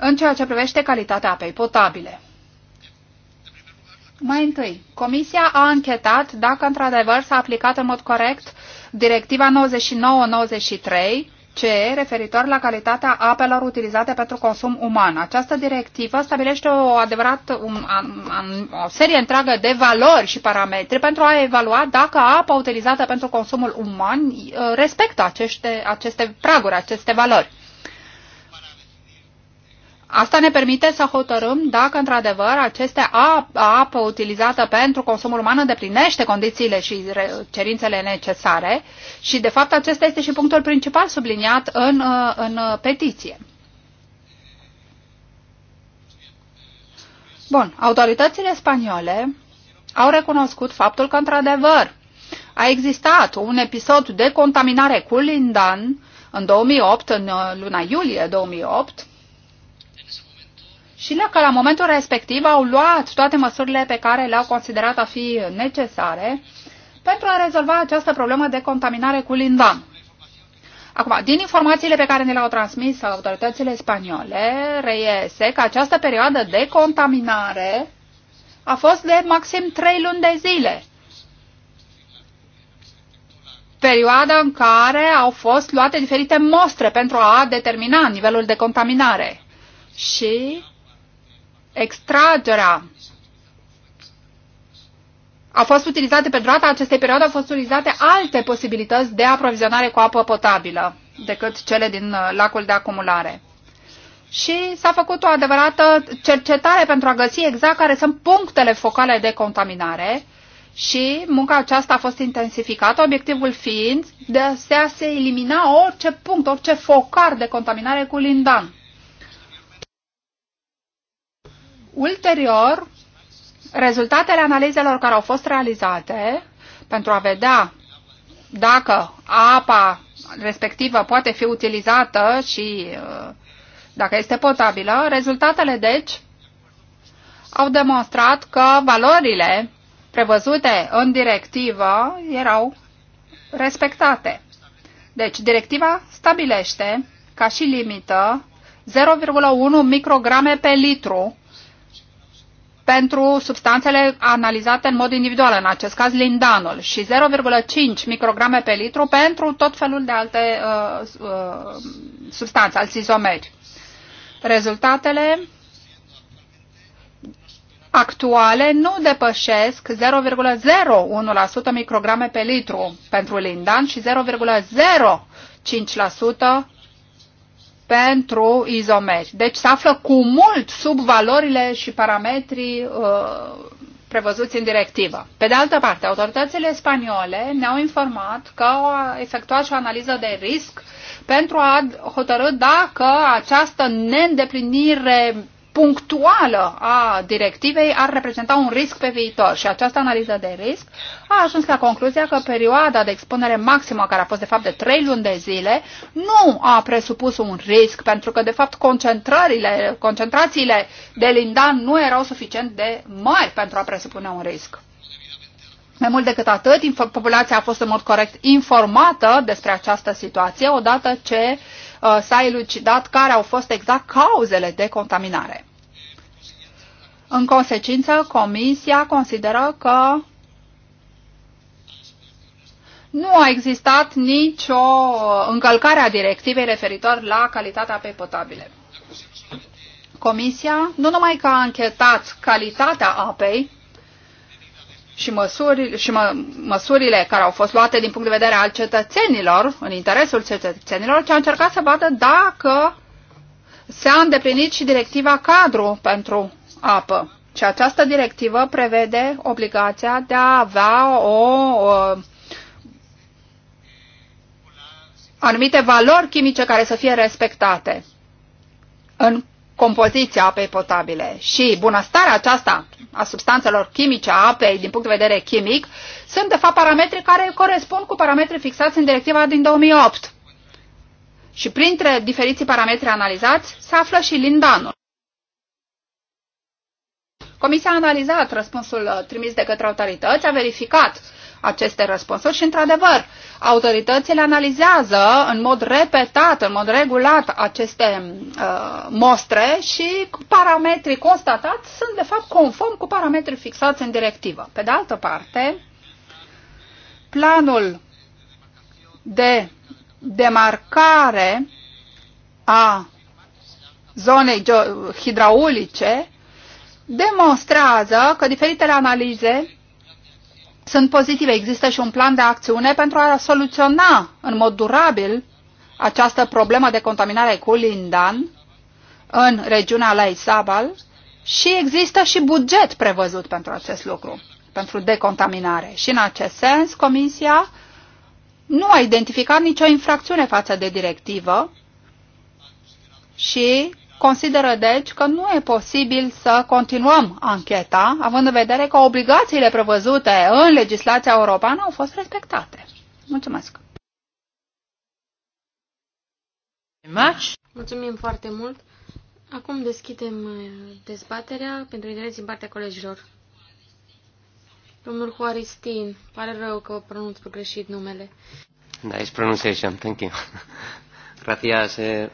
în ceea ce privește calitatea apei potabile. Mai întâi, Comisia a închetat dacă într-adevăr s-a aplicat în mod corect Directiva 99-93 CE referitor la calitatea apelor utilizate pentru consum uman. Această directivă stabilește o adevărat un, un, o serie întreagă de valori și parametri pentru a evalua dacă apa utilizată pentru consumul uman uh, respectă aceste, aceste praguri, aceste valori. Asta ne permite să hotărâm dacă, într-adevăr, aceste apă, utilizată pentru consumul uman îndeplinește condițiile și cerințele necesare și, de fapt, acesta este și punctul principal subliniat în, uh, în uh, petiție. Bun, autoritățile spaniole au recunoscut faptul că, într-adevăr, a existat un episod de contaminare cu lindan în 2008, în uh, luna iulie 2008, și la că la momentul respectiv au luat toate măsurile pe care le-au considerat a fi necesare pentru a rezolva această problemă de contaminare cu lindan. Acum, din informațiile pe care ne le-au transmis autoritățile spaniole, reiese că această perioadă de contaminare a fost de maxim 3 luni de zile. Perioada în care au fost luate diferite mostre pentru a determina nivelul de contaminare. Și extragerea a fost utilizată pe durata acestei perioade, au fost utilizate alte posibilități de aprovizionare cu apă potabilă decât cele din uh, lacul de acumulare. Și s-a făcut o adevărată cercetare pentru a găsi exact care sunt punctele focale de contaminare și munca aceasta a fost intensificată, obiectivul fiind de a se elimina orice punct, orice focar de contaminare cu lindan. Ulterior, rezultatele analizelor care au fost realizate pentru a vedea dacă apa respectivă poate fi utilizată și uh, dacă este potabilă, rezultatele deci au demonstrat că valorile prevăzute în directivă erau respectate. Deci, directiva stabilește ca și limită 0,1 micrograme pe litru pentru substanțele analizate în mod individual, în acest caz lindanul, și 0,5 micrograme pe litru pentru tot felul de alte uh, uh, substanțe, alți izomeri. Rezultatele actuale nu depășesc 0,01% micrograme pe litru pentru lindan și 0,05% pentru izomeri. Deci se află cu mult sub valorile și parametrii uh, prevăzuți în directivă. Pe de altă parte, autoritățile spaniole ne-au informat că au efectuat și o analiză de risc pentru a hotărâ dacă această neîndeplinire punctuală a directivei ar reprezenta un risc pe viitor și această analiză de risc a ajuns la concluzia că perioada de expunere maximă, care a fost de fapt de 3 luni de zile, nu a presupus un risc, pentru că de fapt concentrările, concentrațiile de lindan nu erau suficient de mari pentru a presupune un risc. Mai mult decât atât, populația a fost în mod corect informată despre această situație odată ce uh, Uh, s-a elucidat care au fost exact cauzele de contaminare. În consecință, Comisia consideră că nu a existat nicio încălcare a directivei referitor la calitatea apei potabile. Comisia nu numai că a închetat calitatea apei, și, măsuri, și mă, măsurile care au fost luate din punct de vedere al cetățenilor, în interesul cetățenilor, ce a încercat să vadă dacă s-a îndeplinit și directiva cadru pentru apă. Și această directivă prevede obligația de a avea o, o anumite valori chimice care să fie respectate în compoziția apei potabile și bunăstarea aceasta a substanțelor chimice a apei din punct de vedere chimic sunt de fapt parametri care corespund cu parametri fixați în directiva din 2008. Și printre diferiții parametri analizați se află și lindanul. Comisia a analizat răspunsul trimis de către autorități, a verificat aceste răspunsuri și, într-adevăr, autoritățile analizează în mod repetat, în mod regulat aceste uh, mostre și parametrii constatați sunt, de fapt, conform cu parametrii fixați în directivă. Pe de altă parte, planul de demarcare a zonei hidraulice demonstrează că diferitele analize sunt pozitive. Există și un plan de acțiune pentru a soluționa în mod durabil această problemă de contaminare cu lindan în regiunea Lai Sabal și există și buget prevăzut pentru acest lucru, pentru decontaminare. Și în acest sens, Comisia nu a identificat nicio infracțiune față de directivă și consideră deci că nu e posibil să continuăm ancheta, având în vedere că obligațiile prevăzute în legislația europeană au fost respectate. Mulțumesc! Mulțumim foarte mult! Acum deschidem uh, dezbaterea pentru interes din partea colegilor. Domnul Huaristin, pare rău că pronunț greșit numele. Nice da, pronunciation, thank you. Gracias, eh,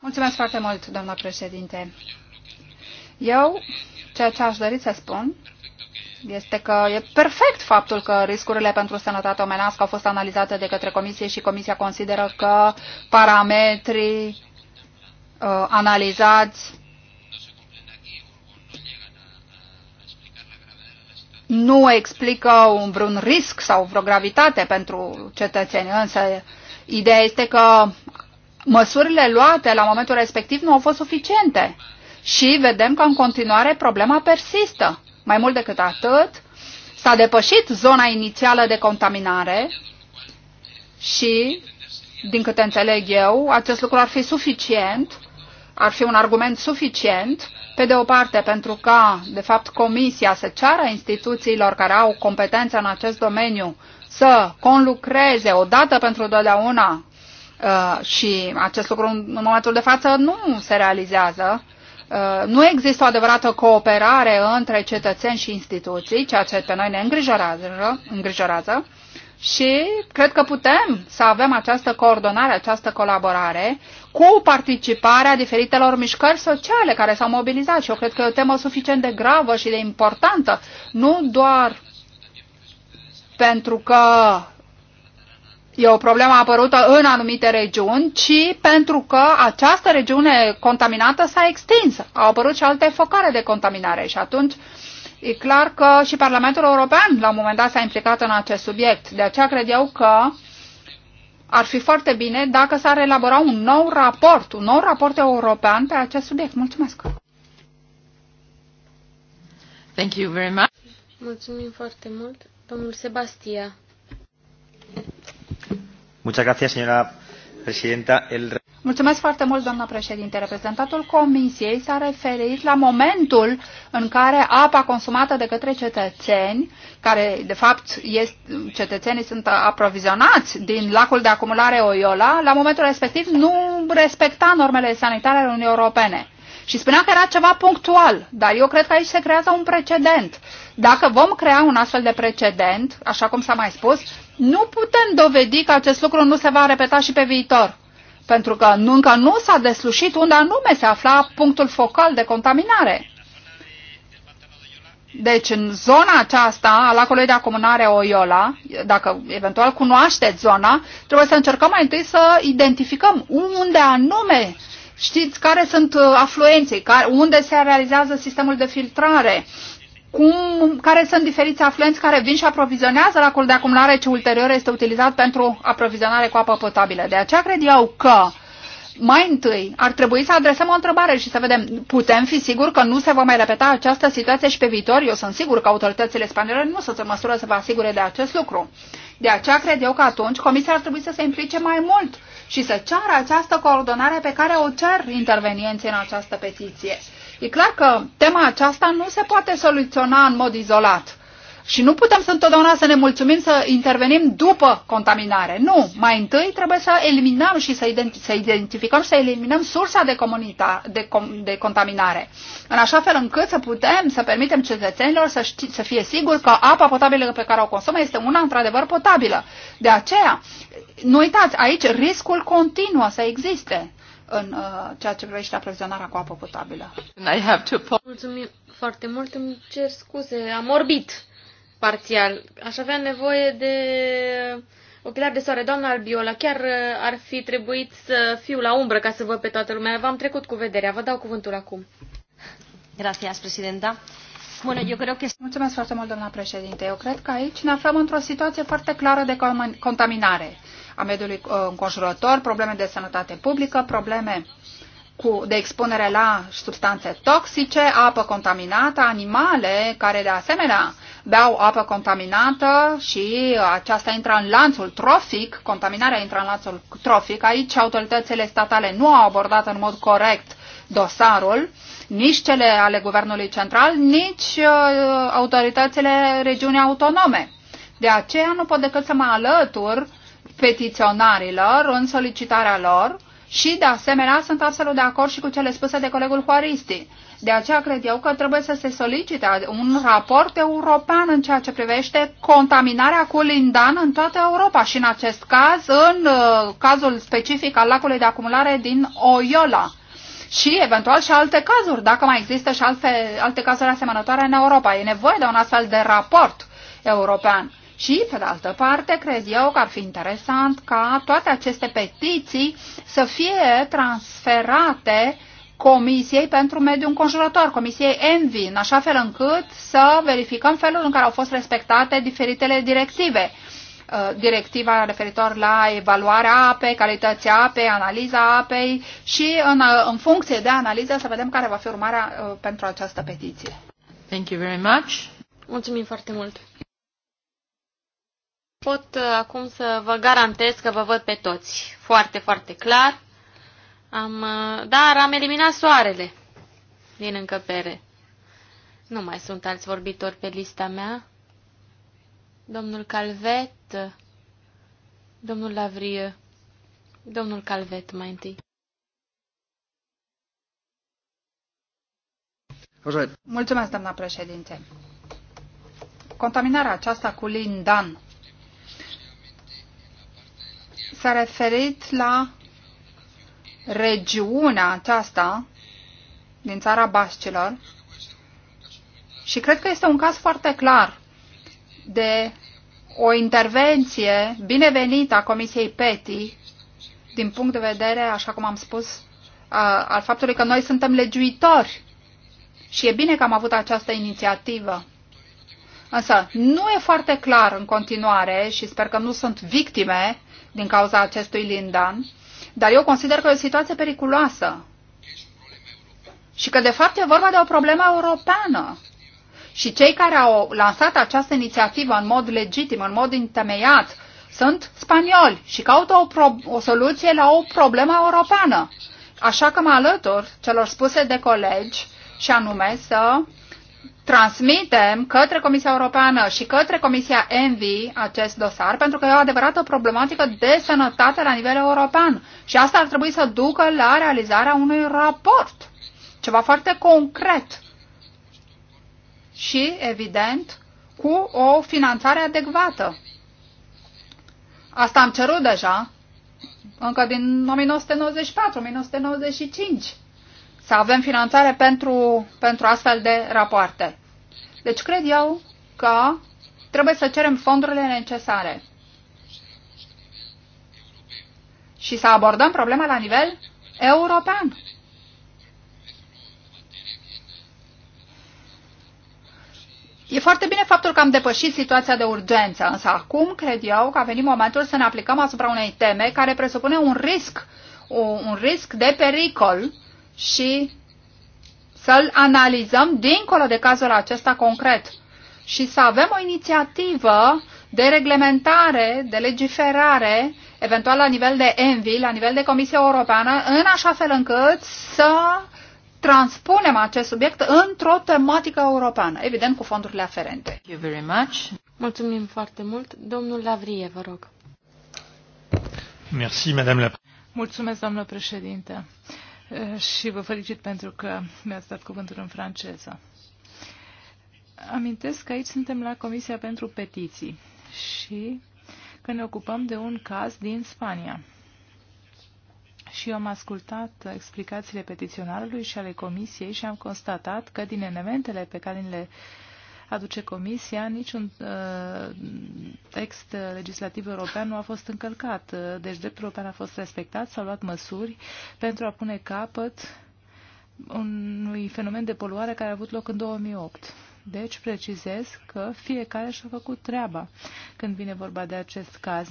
Mulțumesc foarte mult, doamna președinte. Eu, ceea ce aș dori să spun este că e perfect faptul că riscurile pentru sănătatea omenească au fost analizate de către Comisie și Comisia consideră că parametrii uh, analizați nu explică un vreun risc sau vreo gravitate pentru cetățeni, însă Ideea este că măsurile luate la momentul respectiv nu au fost suficiente și vedem că în continuare problema persistă. Mai mult decât atât, s-a depășit zona inițială de contaminare și, din câte înțeleg eu, acest lucru ar fi suficient, ar fi un argument suficient pe de o parte, pentru ca, de fapt, Comisia să ceară instituțiilor care au competență în acest domeniu să conlucreze odată pentru totdeauna uh, și acest lucru în momentul de față nu se realizează. Uh, nu există o adevărată cooperare între cetățeni și instituții, ceea ce pe noi ne îngrijorează. îngrijorează și cred că putem să avem această coordonare, această colaborare cu participarea diferitelor mișcări sociale care s-au mobilizat și eu cred că e o temă suficient de gravă și de importantă, nu doar pentru că e o problemă apărută în anumite regiuni, ci pentru că această regiune contaminată s-a extins. Au apărut și alte focare de contaminare și atunci uh, E clar că și Parlamentul European la un moment dat s-a implicat în acest subiect. De aceea cred eu că ar fi foarte bine dacă s-ar elabora un nou raport, un nou raport european pe acest subiect. Mulțumesc! Thank you very much. Mulțumim foarte mult. Domnul Sebastia. Muchas gracias, señora presidenta. El... Mulțumesc foarte mult, doamna președinte. Reprezentantul Comisiei s-a referit la momentul în care apa consumată de către cetățeni, care de fapt este, cetățenii sunt aprovizionați din lacul de acumulare Oiola, la momentul respectiv nu respecta normele sanitare ale Uniunii Europene. Și spunea că era ceva punctual, dar eu cred că aici se creează un precedent. Dacă vom crea un astfel de precedent, așa cum s-a mai spus, nu putem dovedi că acest lucru nu se va repeta și pe viitor pentru că încă nu s-a deslușit unde anume se afla punctul focal de contaminare. Deci în zona aceasta a lacului de acumulare Oiola, dacă eventual cunoașteți zona, trebuie să încercăm mai întâi să identificăm unde anume știți care sunt uh, afluenții, unde se realizează sistemul de filtrare, cum, care sunt diferiți afluenți care vin și aprovizionează lacul de acumulare ce ulterior este utilizat pentru aprovizionare cu apă potabilă. De aceea cred eu că mai întâi ar trebui să adresăm o întrebare și să vedem, putem fi siguri că nu se va mai repeta această situație și pe viitor? Eu sunt sigur că autoritățile spaniole nu sunt în măsură să vă asigure de acest lucru. De aceea cred eu că atunci Comisia ar trebui să se implice mai mult și să ceară această coordonare pe care o cer intervenienții în această petiție. E clar că tema aceasta nu se poate soluționa în mod izolat. Și nu putem să întotdeauna să ne mulțumim să intervenim după contaminare. Nu, mai întâi trebuie să eliminăm și să, identi- să identificăm și să eliminăm sursa de, de, com- de contaminare. În așa fel încât să putem să permitem cetățenilor să, ști- să fie siguri că apa potabilă pe care o consumă este una într-adevăr potabilă. De aceea, nu uitați, aici riscul continuă să existe în uh, ceea ce privește aprovizionarea cu apă potabilă. I have to... Mulțumim foarte mult, îmi cer scuze, am orbit parțial. Aș avea nevoie de ochelari de soare. Doamna Albiola, chiar uh, ar fi trebuit să fiu la umbră ca să văd pe toată lumea. V-am trecut cu vederea, vă dau cuvântul acum. Gracias, presidenta. Bună, eu cred că... Mulțumesc foarte mult, doamna președinte. Eu cred că aici ne aflăm într-o situație foarte clară de contaminare a mediului uh, înconjurător, probleme de sănătate publică, probleme cu, de expunere la substanțe toxice, apă contaminată, animale care de asemenea beau apă contaminată și aceasta intră în lanțul trofic, contaminarea intră în lanțul trofic. Aici autoritățile statale nu au abordat în mod corect dosarul, nici cele ale Guvernului Central, nici uh, autoritățile regiunii autonome. De aceea nu pot decât să mă alătur uh, petiționarilor în solicitarea lor și, de asemenea, sunt absolut de acord și cu cele spuse de colegul Huaristi. De aceea cred eu că trebuie să se solicite un raport european în ceea ce privește contaminarea cu lindan în toată Europa și, în acest caz, în uh, cazul specific al lacului de acumulare din Oiola și eventual și alte cazuri, dacă mai există și alte, alte cazuri asemănătoare în Europa. E nevoie de un astfel de raport european. Și, pe de altă parte, cred eu că ar fi interesant ca toate aceste petiții să fie transferate Comisiei pentru Mediul Înconjurător, Comisiei ENVI, în așa fel încât să verificăm felul în care au fost respectate diferitele directive uh, directiva referitor la evaluarea apei, calitatea apei, analiza apei și în, uh, în funcție de analiză să vedem care va fi urmarea uh, pentru această petiție. Thank you very much. Mulțumim foarte mult. Pot uh, acum să vă garantez că vă văd pe toți foarte, foarte clar. Am, uh, dar am eliminat soarele din încăpere. Nu mai sunt alți vorbitori pe lista mea. Domnul Calvet, domnul Lavrie, domnul Calvet mai întâi. Mulțumesc, doamna președinte. Contaminarea aceasta cu lindan s-a referit la regiunea aceasta din țara Bascilor și cred că este un caz foarte clar de o intervenție binevenită a Comisiei PETI din punct de vedere, așa cum am spus, al faptului că noi suntem legiuitori și e bine că am avut această inițiativă. Însă nu e foarte clar în continuare și sper că nu sunt victime din cauza acestui lindan, dar eu consider că e o situație periculoasă și că de fapt e vorba de o problemă europeană. Și cei care au lansat această inițiativă în mod legitim, în mod întemeiat, sunt spanioli și caută o, pro- o soluție la o problemă europeană. Așa că mă alătur celor spuse de colegi și anume să transmitem către Comisia Europeană și către Comisia ENVI acest dosar, pentru că e o adevărată problematică de sănătate la nivel european. Și asta ar trebui să ducă la realizarea unui raport, ceva foarte concret și, evident, cu o finanțare adecvată. Asta am cerut deja încă din 1994-1995 să avem finanțare pentru, pentru astfel de rapoarte. Deci cred eu că trebuie să cerem fondurile necesare și să abordăm problema la nivel european. E foarte bine faptul că am depășit situația de urgență, însă acum cred eu că a venit momentul să ne aplicăm asupra unei teme care presupune un risc, un, risc de pericol și să-l analizăm dincolo de cazul acesta concret și să avem o inițiativă de reglementare, de legiferare, eventual la nivel de ENVI, la nivel de Comisia Europeană, în așa fel încât să transpunem acest subiect într-o tematică europeană, evident cu fondurile aferente. Thank you very much. Mulțumim foarte mult. Domnul Lavrie, vă rog. Merci, madame la... Mulțumesc, doamnă președinte și vă felicit pentru că mi-ați dat cuvântul în franceză. Amintesc că aici suntem la Comisia pentru Petiții și că ne ocupăm de un caz din Spania. Și eu am ascultat explicațiile petiționarului și ale Comisiei și am constatat că din elementele pe care le aduce Comisia, niciun uh, text legislativ european nu a fost încălcat. Uh, deci dreptul european a fost respectat, s-au luat măsuri pentru a pune capăt unui fenomen de poluare care a avut loc în 2008. Deci precizez că fiecare și-a făcut treaba când vine vorba de acest caz.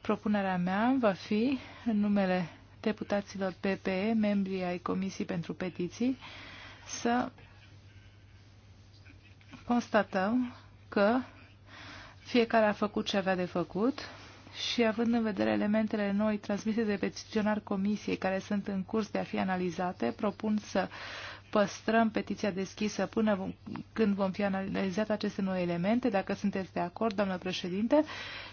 Propunerea mea va fi, în numele deputaților PPE, membrii ai Comisiei pentru Petiții, să constatăm că fiecare a făcut ce avea de făcut și având în vedere elementele noi transmise de petiționar comisiei care sunt în curs de a fi analizate, propun să păstrăm petiția deschisă până vom, când vom fi analizat aceste noi elemente, dacă sunteți de acord, doamnă președinte,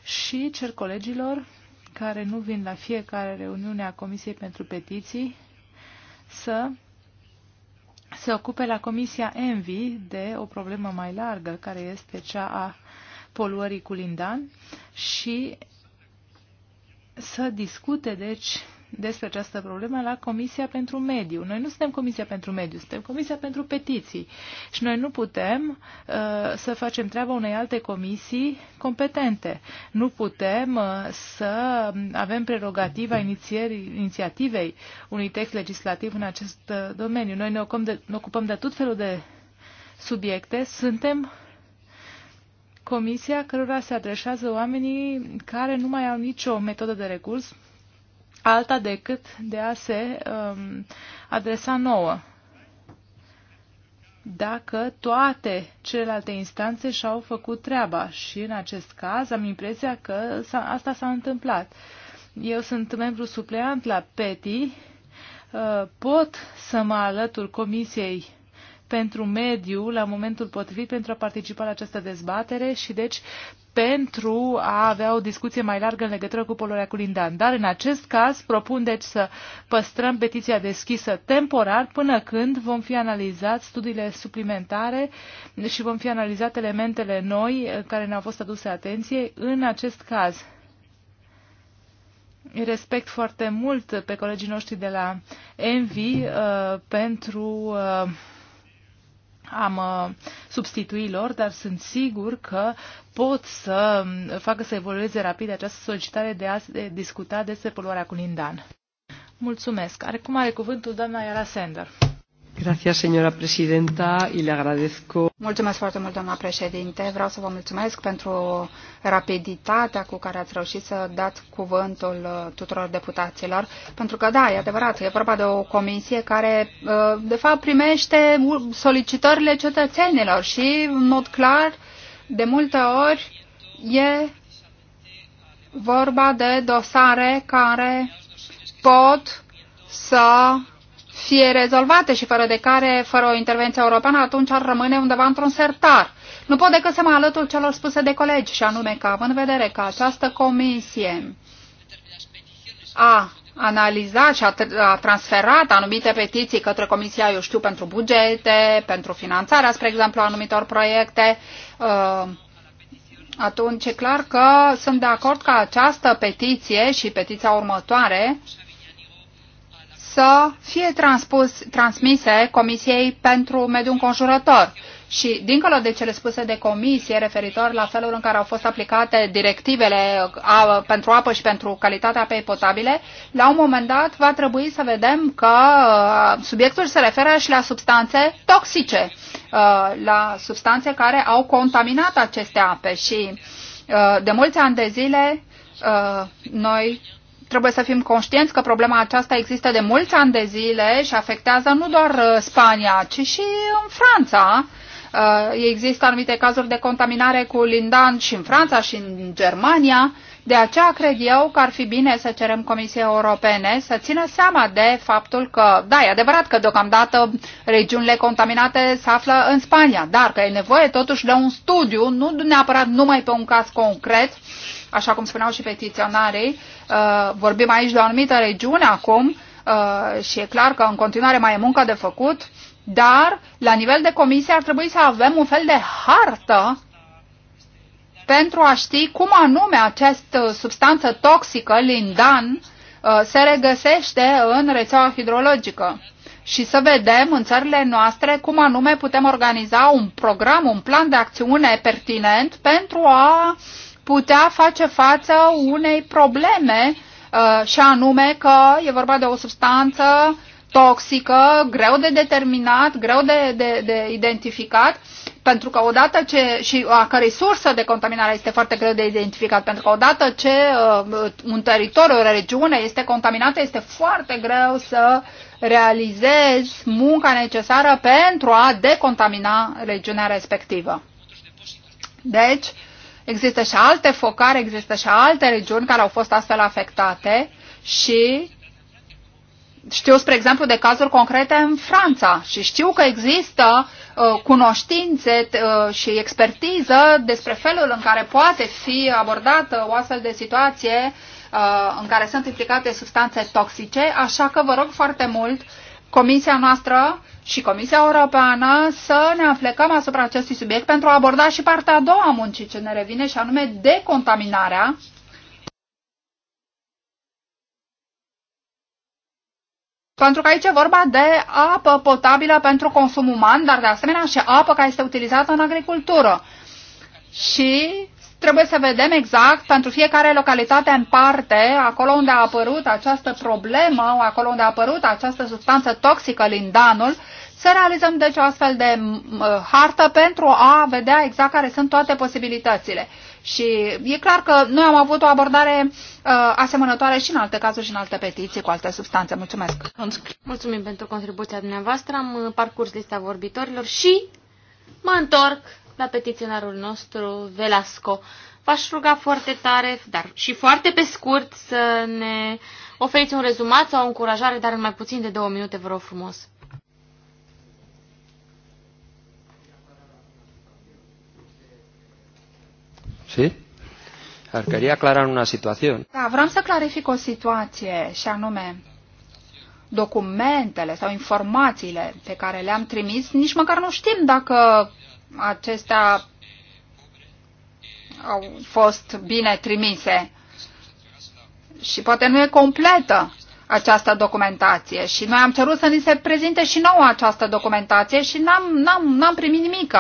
și cer colegilor care nu vin la fiecare reuniune a Comisiei pentru Petiții să se ocupe la Comisia Envi de o problemă mai largă, care este cea a poluării cu lindan și să discute, deci, despre această problemă la Comisia pentru Mediu. Noi nu suntem Comisia pentru Mediu, suntem Comisia pentru Petiții și noi nu putem uh, să facem treaba unei alte comisii competente. Nu putem uh, să avem prerogativa inițiativei unui text legislativ în acest uh, domeniu. Noi ne ocupăm de, ne ocupăm de tot felul de subiecte. Suntem comisia cărora se adresează oamenii care nu mai au nicio metodă de recurs alta decât de a se um, adresa nouă dacă toate celelalte instanțe și-au făcut treaba și în acest caz am impresia că asta s-a întâmplat. Eu sunt membru supleant la PETI, uh, pot să mă alătur Comisiei pentru mediu la momentul potrivit pentru a participa la această dezbatere și deci pentru a avea o discuție mai largă în legătură cu poluarea cu lindan. Dar în acest caz propun deci să păstrăm petiția deschisă temporar până când vom fi analizat studiile suplimentare și vom fi analizat elementele noi care ne-au fost aduse atenție. În acest caz respect foarte mult pe colegii noștri de la Envi uh, pentru uh, am uh, substituit lor, dar sunt sigur că pot să um, facă să evolueze rapid această solicitare de a discuta despre poluarea cu lindan. Mulțumesc. Are cum are cuvântul doamna Iara Sender. Gracias, señora presidenta, y le agradezco. Mulțumesc foarte mult, doamna președinte. Vreau să vă mulțumesc pentru rapiditatea cu care ați reușit să dați cuvântul uh, tuturor deputaților, pentru că, da, e adevărat, e vorba de o comisie care, uh, de fapt, primește solicitările cetățenilor și, în mod clar, de multe ori e vorba de dosare care pot să fie rezolvate și fără de care, fără o intervenție europeană, atunci ar rămâne undeva într-un sertar. Nu pot decât să mă alătur celor spuse de colegi, și anume că, având în vedere că această comisie a analizat și a, a transferat anumite petiții către Comisia, eu știu, pentru bugete, pentru finanțarea, spre exemplu, a anumitor proiecte, uh, atunci e clar că sunt de acord că această petiție și petiția următoare uh, să fie transpus, transmise Comisiei pentru Mediul Înconjurător. Și, dincolo de cele spuse de comisie referitor la felul în care au fost aplicate directivele a, pentru apă și pentru calitatea apei potabile, la un moment dat va trebui să vedem că uh, subiectul se referă și la substanțe toxice, uh, la substanțe care au contaminat aceste ape. Și uh, de mulți ani de zile noi Trebuie să fim conștienți că problema aceasta există de mulți ani de zile și afectează nu doar uh, Spania, ci și uh, în Franța. Uh, există anumite cazuri de contaminare cu lindan și în Franța și în Germania. De aceea cred eu că ar fi bine să cerem Comisiei Europene să țină seama de faptul că, da, e adevărat că deocamdată regiunile contaminate se află în Spania, dar că e nevoie totuși de un studiu, nu neapărat numai pe un caz concret, așa cum spuneau și petiționarii, uh, vorbim aici de o anumită regiune acum uh, și e clar că în continuare mai e muncă de făcut, dar la nivel de comisie ar trebui să avem un fel de hartă pentru a ști cum anume această uh, substanță toxică, lindan, se regăsește în rețeaua hidrologică și să vedem în țările noastre cum anume putem organiza un program, un plan de acțiune pertinent pentru a uh, putea face față unei probleme uh, și anume că e vorba de o substanță toxică, greu de determinat, greu de, de, de identificat, pentru că odată ce, și a cărei sursă de contaminare este foarte greu de identificat, pentru că odată ce uh, un teritoriu, o regiune este contaminată, este foarte greu să realizezi munca necesară pentru a decontamina regiunea respectivă. Deci, uh, Există și alte focare, există și alte regiuni care au fost astfel afectate și știu, spre exemplu, de cazuri concrete în Franța și știu că există uh, cunoștințe uh, și expertiză despre felul în care poate fi abordată o astfel de situație uh, în care sunt implicate substanțe toxice, așa că vă rog foarte mult, comisia noastră și Comisia Europeană să ne aflecăm asupra acestui subiect pentru a aborda și partea a doua a muncii ce ne revine și anume decontaminarea Pentru că aici e vorba de apă potabilă pentru consum uman, dar de asemenea și apă care este utilizată în agricultură. Și trebuie să vedem exact pentru fiecare localitate în parte, acolo unde a apărut această problemă, acolo unde a apărut această substanță toxică, lindanul, să realizăm deci o astfel de hartă pentru a vedea exact care sunt toate posibilitățile. Și e clar că noi am avut o abordare uh, asemănătoare și în alte cazuri și în alte petiții cu alte substanțe. Mulțumesc! Mulțumim pentru contribuția dumneavoastră. Am uh, parcurs lista vorbitorilor și mă întorc la petiționarul nostru, Velasco. V-aș ruga foarte tare, dar și foarte pe scurt, să ne oferiți un rezumat sau o încurajare, dar în mai puțin de două minute, vă rog frumos. Sí? Ar quería aclarar una situación. Da, vreau să clarific o situație, și anume, documentele sau informațiile pe care le-am trimis, nici măcar nu știm dacă acestea au fost bine trimise. Și poate nu e completă această documentație. Și noi am cerut să ni se prezinte și nouă această documentație și n-am, n-am, n-am primit nimic.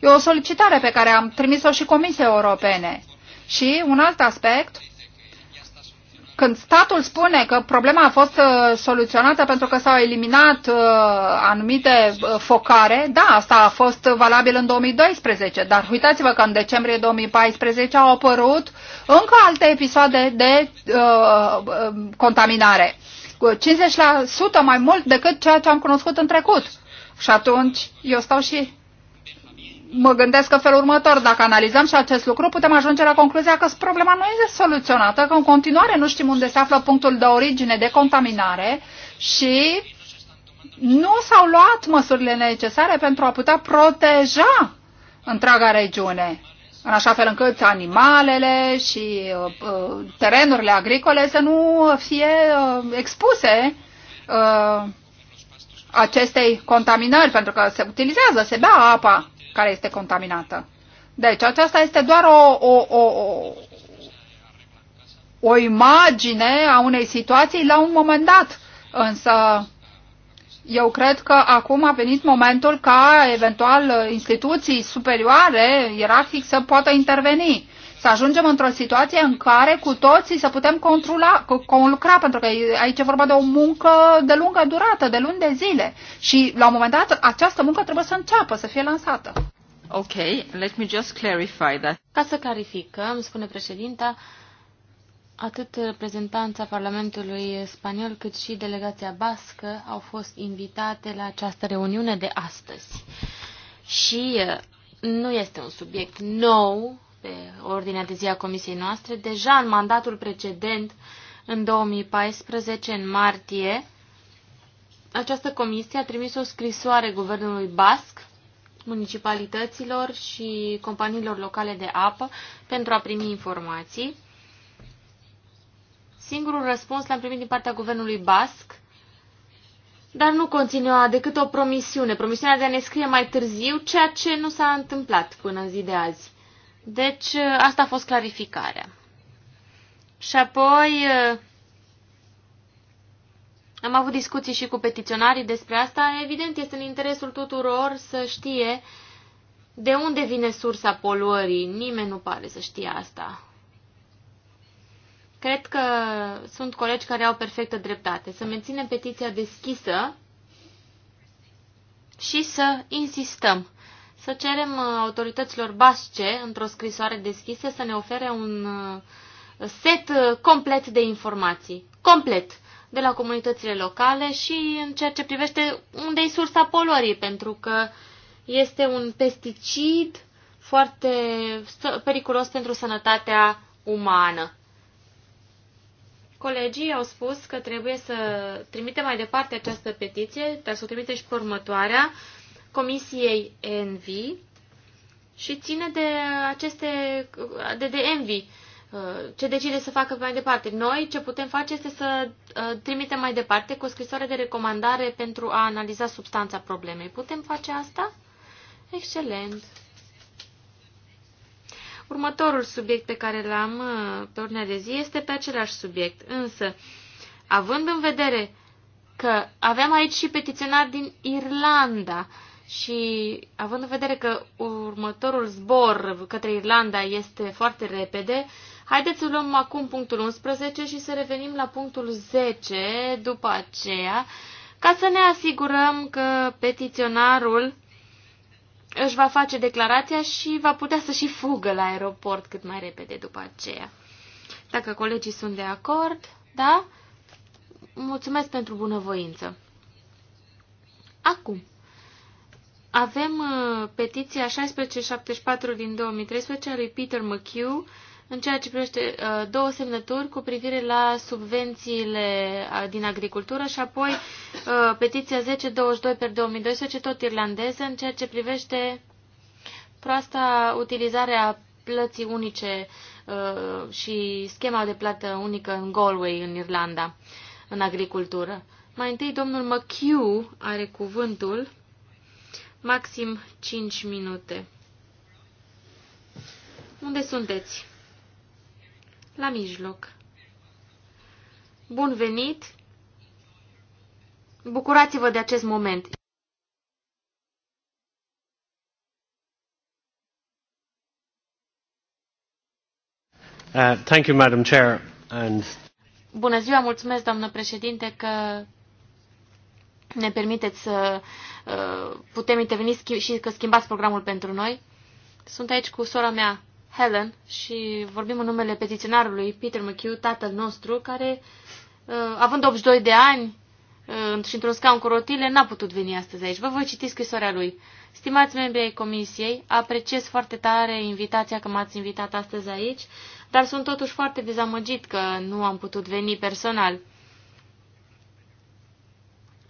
E o solicitare pe care am trimis-o și Comisiei Europene. Și un alt aspect când statul spune că problema a fost uh, soluționată pentru că s-au eliminat uh, anumite uh, focare, da, asta a fost valabil în 2012, dar uitați-vă că în decembrie 2014 au apărut încă alte episoade de uh, contaminare, cu 50% mai mult decât ceea ce am cunoscut în trecut. Și atunci eu stau și mă gândesc în felul următor, dacă analizăm și acest lucru, putem ajunge la concluzia că problema nu este soluționată, că în continuare nu știm unde se află punctul de origine de contaminare și nu s-au luat măsurile necesare pentru a putea proteja întreaga regiune, în așa fel încât animalele și uh, uh terenurile agricole să nu fie uh, expuse uh, acestei contaminări, pentru că se utilizează, se bea apa care este contaminată. Deci aceasta este doar o, o, o, o, o imagine a unei situații la un moment dat. Însă eu cred că acum a venit momentul ca eventual instituții superioare, ierarhic, să poată interveni să ajungem într-o situație în care cu toții să putem controla, conlucra, pentru că aici e vorba de o muncă de lungă durată, de luni de zile. Și la un moment dat această muncă trebuie să înceapă, să fie lansată. Ok, let me just clarify that. Ca să clarificăm, spune președinta, atât reprezentanța Parlamentului spaniol cât și delegația bască au fost invitate la această reuniune de astăzi. Și uh, nu este un subiect nou pe ordinea de zi a comisiei noastre. Deja în mandatul precedent, în 2014, în martie, această comisie a trimis o scrisoare guvernului basc, municipalităților și companiilor locale de apă pentru a primi informații. Singurul răspuns l-am primit din partea guvernului basc, dar nu conținea decât o promisiune, promisiunea de a ne scrie mai târziu ceea ce nu s-a întâmplat până în zi de azi. Deci, ă, asta a fost clarificarea. Și apoi ă, am avut discuții și cu petiționarii despre asta. Evident, este în interesul tuturor să știe de unde vine sursa poluării. Nimeni nu pare să știe asta. Cred că sunt colegi care au perfectă dreptate. Să menținem petiția deschisă și să insistăm să cerem uh, autorităților basce, într-o scrisoare deschisă, să ne ofere un uh, set uh, complet de informații. Complet de la comunitățile locale și în ceea ce privește unde e sursa poluării, pentru că este un pesticid foarte periculos pentru sănătatea umană. Colegii au spus că trebuie să trimite mai departe această petiție, dar să o trimite și pe următoarea, Comisiei ENVI și ține de aceste, de, de ENVI, uh, ce decide să facă mai departe. Noi ce putem face este să uh, trimitem mai departe cu o scrisoare de recomandare pentru a analiza substanța problemei. Putem face asta? Excelent! Următorul subiect pe care l-am uh, pe ordinea de zi este pe același subiect, însă, având în vedere că avem aici și petiționari din Irlanda, și având în vedere că următorul zbor către Irlanda este foarte repede, haideți să luăm acum punctul 11 și să revenim la punctul 10 după aceea, ca să ne asigurăm că petiționarul își va face declarația și va putea să și fugă la aeroport cât mai repede după aceea. Dacă colegii sunt de acord, da? Mulțumesc pentru bunăvoință. Acum. Avem uh, petiția 1674 din 2013 a lui Peter McHugh în ceea ce privește uh, două semnături cu privire la subvențiile uh, din agricultură și apoi petiția 1022 per 2012, tot irlandeză, în ceea ce privește proasta utilizare a plății unice și schema de plată unică în Galway, în Irlanda, în agricultură. Mai întâi, domnul McHugh are cuvântul maxim 5 minute. Unde sunteți? La mijloc. Bun venit! Bucurați-vă de acest moment! Uh, thank you, Madam Chair. And... Bună ziua, mulțumesc, doamnă președinte, că ne permiteți să uh, putem interveni și că schimbați programul pentru noi. Sunt aici cu sora mea, Helen, și vorbim în numele petiționarului Peter McHugh, tatăl nostru, care, uh, având 82 de ani uh, și într-un scaun cu rotile, n-a putut veni astăzi aici. Vă voi citi scrisoarea lui. Stimați membri ai comisiei, apreciez foarte tare invitația că m-ați invitat astăzi aici, dar sunt totuși foarte dezamăgit că nu am putut veni personal.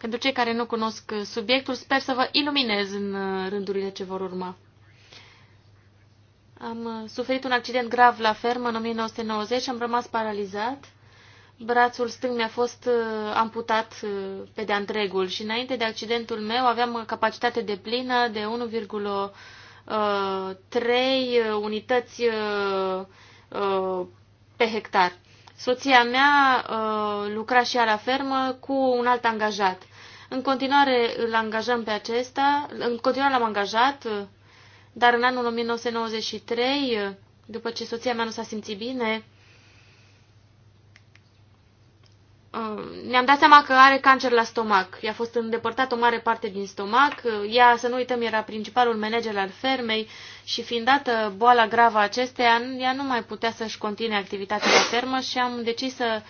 Pentru cei care nu cunosc subiectul, sper să vă iluminez în rândurile ce vor urma. Am suferit un accident grav la fermă în 1990 și am rămas paralizat. Brațul stâng mi-a fost uh, amputat uh, pe de-a întregul și înainte de accidentul meu aveam capacitate de plină de 1,3 uh, unități pe hectar. Soția mea lucra și ea la fermă cu un alt angajat. În continuare îl angajăm pe acesta, în continuare l-am angajat, dar în anul 1993, după ce soția mea nu s-a simțit bine, uh, ne-am dat seama că are cancer la stomac. I-a fost îndepărtat o mare parte din stomac. Ea, să nu uităm, era principalul manager al fermei și fiind dată boala gravă acesteia, ea nu mai putea să-și continue activitatea la fermă și am decis să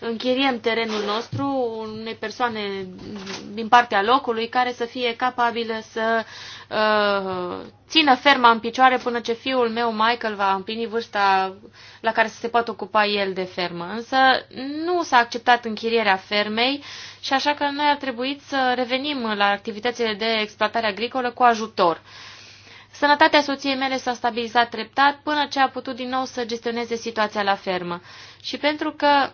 închiriem terenul nostru unei persoane din partea locului care să fie capabilă să uh, țină ferma în picioare până ce fiul meu, Michael, va împlini vârsta la care să se poată ocupa el de fermă. Însă nu s-a acceptat închirierea fermei și așa că noi ar trebui să revenim la activitățile de exploatare agricolă cu ajutor. Sănătatea soției mele s-a stabilizat treptat până ce a putut din nou să gestioneze situația la fermă. Și pentru că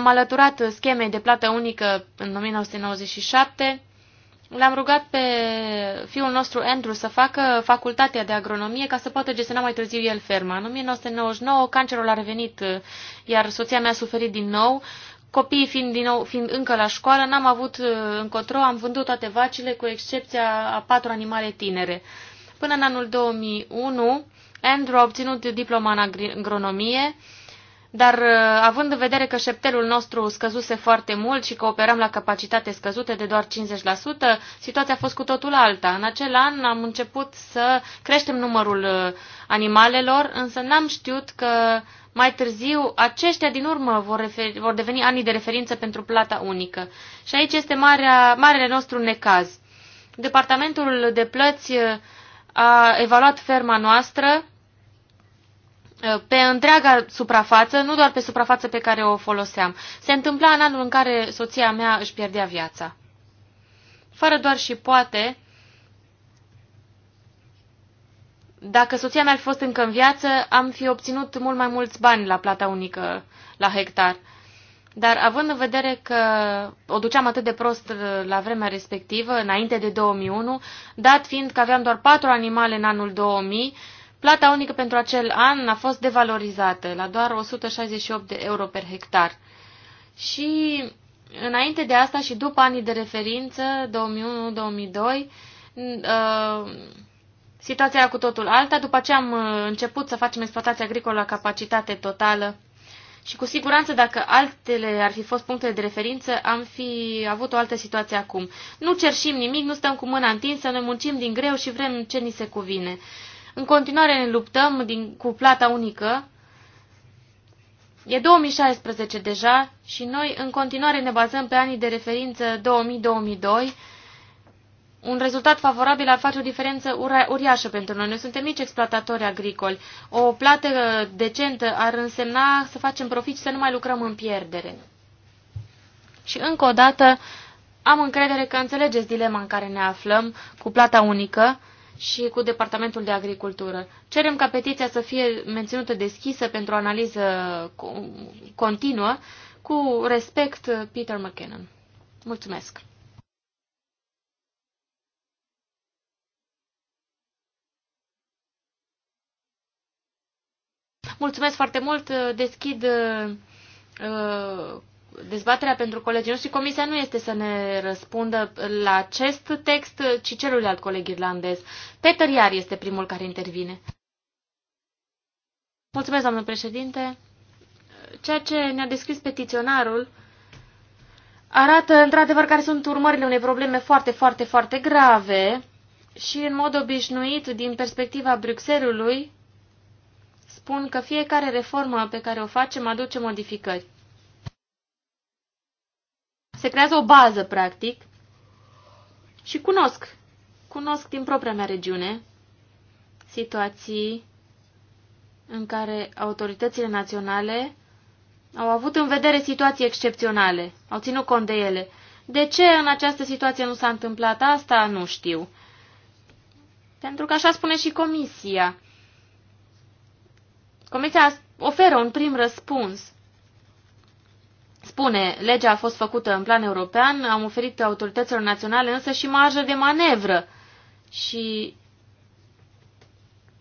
am alăturat schemei de plată unică în 1997. L-am rugat pe fiul nostru Andrew să facă facultatea de agronomie ca să poată gestiona mai târziu el ferma. În 1999 cancerul a revenit, iar soția mea a suferit din nou. Copiii fiind, din nou, fiind încă la școală, n-am avut uh, încotro, am vândut toate vacile cu excepția a patru animale tinere. Până în anul 2001, Andrew a obținut diploma în agronomie, dar uh, având în vedere că șeptelul nostru scăzuse foarte mult și că operam la capacitate scăzută de doar 50%, situația a fost cu totul alta. În acel an am început să creștem numărul uh, animalelor, însă n-am știut că mai târziu aceștia din urmă vor, referi, vor deveni anii de referință pentru plata unică. Și aici este marea, marele nostru necaz. Departamentul de plăți uh, a evaluat ferma noastră Uh, pe întreaga suprafață, nu doar pe suprafață pe care o foloseam. Se întâmpla în anul în care soția mea își pierdea viața. Fără doar și poate, dacă soția mea ar fi fost încă în viață, am fi obținut mult mai mulți bani la plata unică la hectar. Dar având în vedere că o duceam atât de prost la vremea respectivă, înainte de 2001, dat fiind că aveam doar patru animale în anul 2000, Plata unică pentru acel an a fost devalorizată la doar 168 de euro per hectar. Și înainte de asta și după anii de referință, 2001-2002, uh, situația era cu totul alta. După ce am uh, început să facem exploatația agricolă la capacitate totală. Și cu siguranță, dacă altele ar fi fost punctele de referință, am fi avut o altă situație acum. Nu cerșim nimic, nu stăm cu mâna întinsă, ne muncim din greu și vrem ce ni se cuvine. În continuare ne luptăm din, cu plata unică. E 2016 deja și noi în continuare ne bazăm pe anii de referință 2000-2002. Un rezultat favorabil ar face o diferență uriașă pentru noi. Noi suntem mici exploatatori agricoli. O plată uh, decentă ar însemna să facem profit și să nu mai lucrăm în pierdere. Și încă o dată, am încredere că înțelegeți dilema în care ne aflăm cu plata unică și cu Departamentul de Agricultură. Cerem ca petiția să fie menținută deschisă pentru o analiză continuă. Cu respect, Peter McKinnon. Mulțumesc! Mulțumesc foarte mult! Deschid uh, dezbaterea pentru colegii noștri, comisia nu este să ne răspundă la acest text, ci celuilalt coleg irlandez. Peter Iar este primul care intervine. Mulțumesc, doamnă președinte. Ceea ce ne-a descris petiționarul arată, într-adevăr, care sunt urmările unei probleme foarte, foarte, foarte grave și, în mod obișnuit, din perspectiva Bruxellesului, spun că fiecare reformă pe care o facem aduce modificări se creează o bază, practic, și cunosc, cunosc din propria mea regiune situații în care autoritățile naționale au avut în vedere situații excepționale, au ținut cont de ele. De ce în această situație nu s-a întâmplat asta, nu știu. Pentru că așa spune și comisia. Comisia oferă un prim răspuns spune, legea a fost făcută în plan european, am oferit autorităților naționale însă și marjă de manevră. Și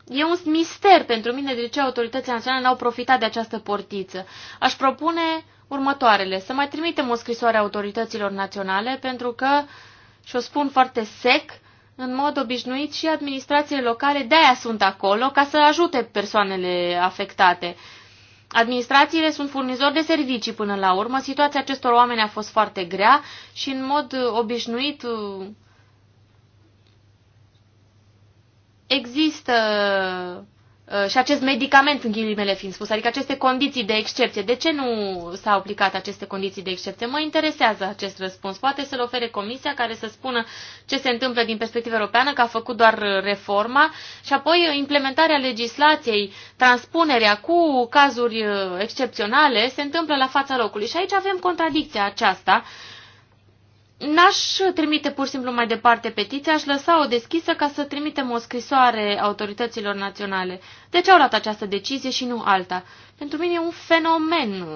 e un mister pentru mine de ce autoritățile naționale n-au profitat de această portiță. Aș propune următoarele, să mai trimitem o scrisoare autorităților naționale pentru că, și o spun foarte sec, în mod obișnuit și administrațiile locale de-aia sunt acolo, ca să ajute persoanele afectate. Administrațiile sunt furnizori de servicii până la urmă. Situația acestor oameni a fost foarte grea și în mod uh, obișnuit uh, există Uh, și acest medicament, în ghilimele fiind spus, adică aceste condiții de excepție. De ce nu s-au aplicat aceste condiții de excepție? Mă interesează acest răspuns. Poate să-l ofere comisia care să spună ce se întâmplă din perspectiva europeană, că a făcut doar reforma și apoi uh, implementarea legislației, transpunerea cu cazuri uh, excepționale se întâmplă la fața locului. Și aici avem contradicția aceasta N-aș trimite pur și simplu mai departe petiția, aș lăsa-o deschisă ca să trimitem o scrisoare autorităților naționale. De ce au luat această decizie și nu alta? Pentru mine e un fenomen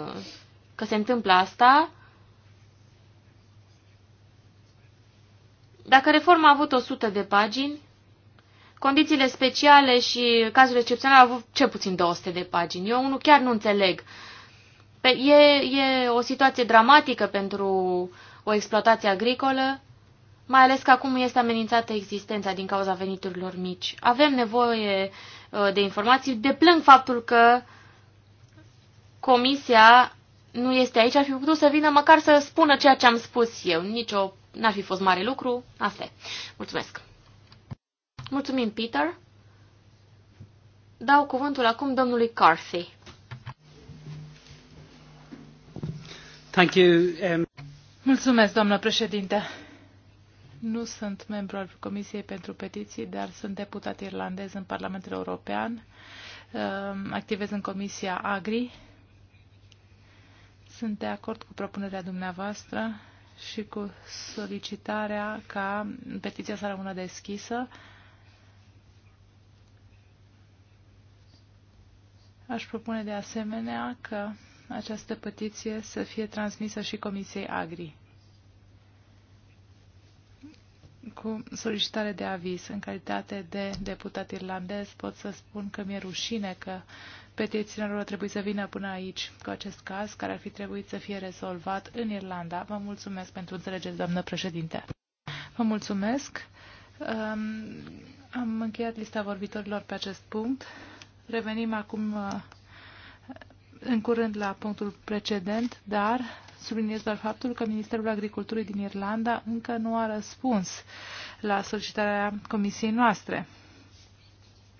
că se întâmplă asta. Dacă reforma a avut 100 de pagini, condițiile speciale și cazul excepțional au avut cel puțin 200 de pagini. Eu unul chiar nu înțeleg. E, e o situație dramatică pentru uh, o exploatație agricolă, mai ales că acum este amenințată existența din cauza veniturilor mici. Avem nevoie uh, de informații. Deplâng faptul că comisia nu este aici. Ar fi putut să vină măcar să spună ceea ce am spus eu. Nicio, n-ar fi fost mare lucru. Asta e. Mulțumesc. Mulțumim, Peter. Dau cuvântul acum domnului Carthy. Thank you. Um... Mulțumesc, doamnă președinte. Nu sunt membru al Comisiei pentru Petiții, dar sunt deputat irlandez în Parlamentul European. Ehm, activez în Comisia Agri. Sunt de acord cu propunerea dumneavoastră și cu solicitarea ca petiția să rămână deschisă. Aș propune de asemenea că această petiție să fie transmisă și Comisiei Agri cu solicitare de aviz. În calitate de deputat irlandez pot să spun că mi-e rușine că petiția lor trebuie să vină până aici cu acest caz care ar fi trebuit să fie rezolvat în Irlanda. Vă mulțumesc pentru înțelegere, doamnă președinte. Vă mulțumesc. Um, am încheiat lista vorbitorilor pe acest punct. Revenim acum uh, în curând la punctul precedent, dar subliniez doar faptul că Ministerul Agriculturii din Irlanda încă nu a răspuns la solicitarea comisiei noastre.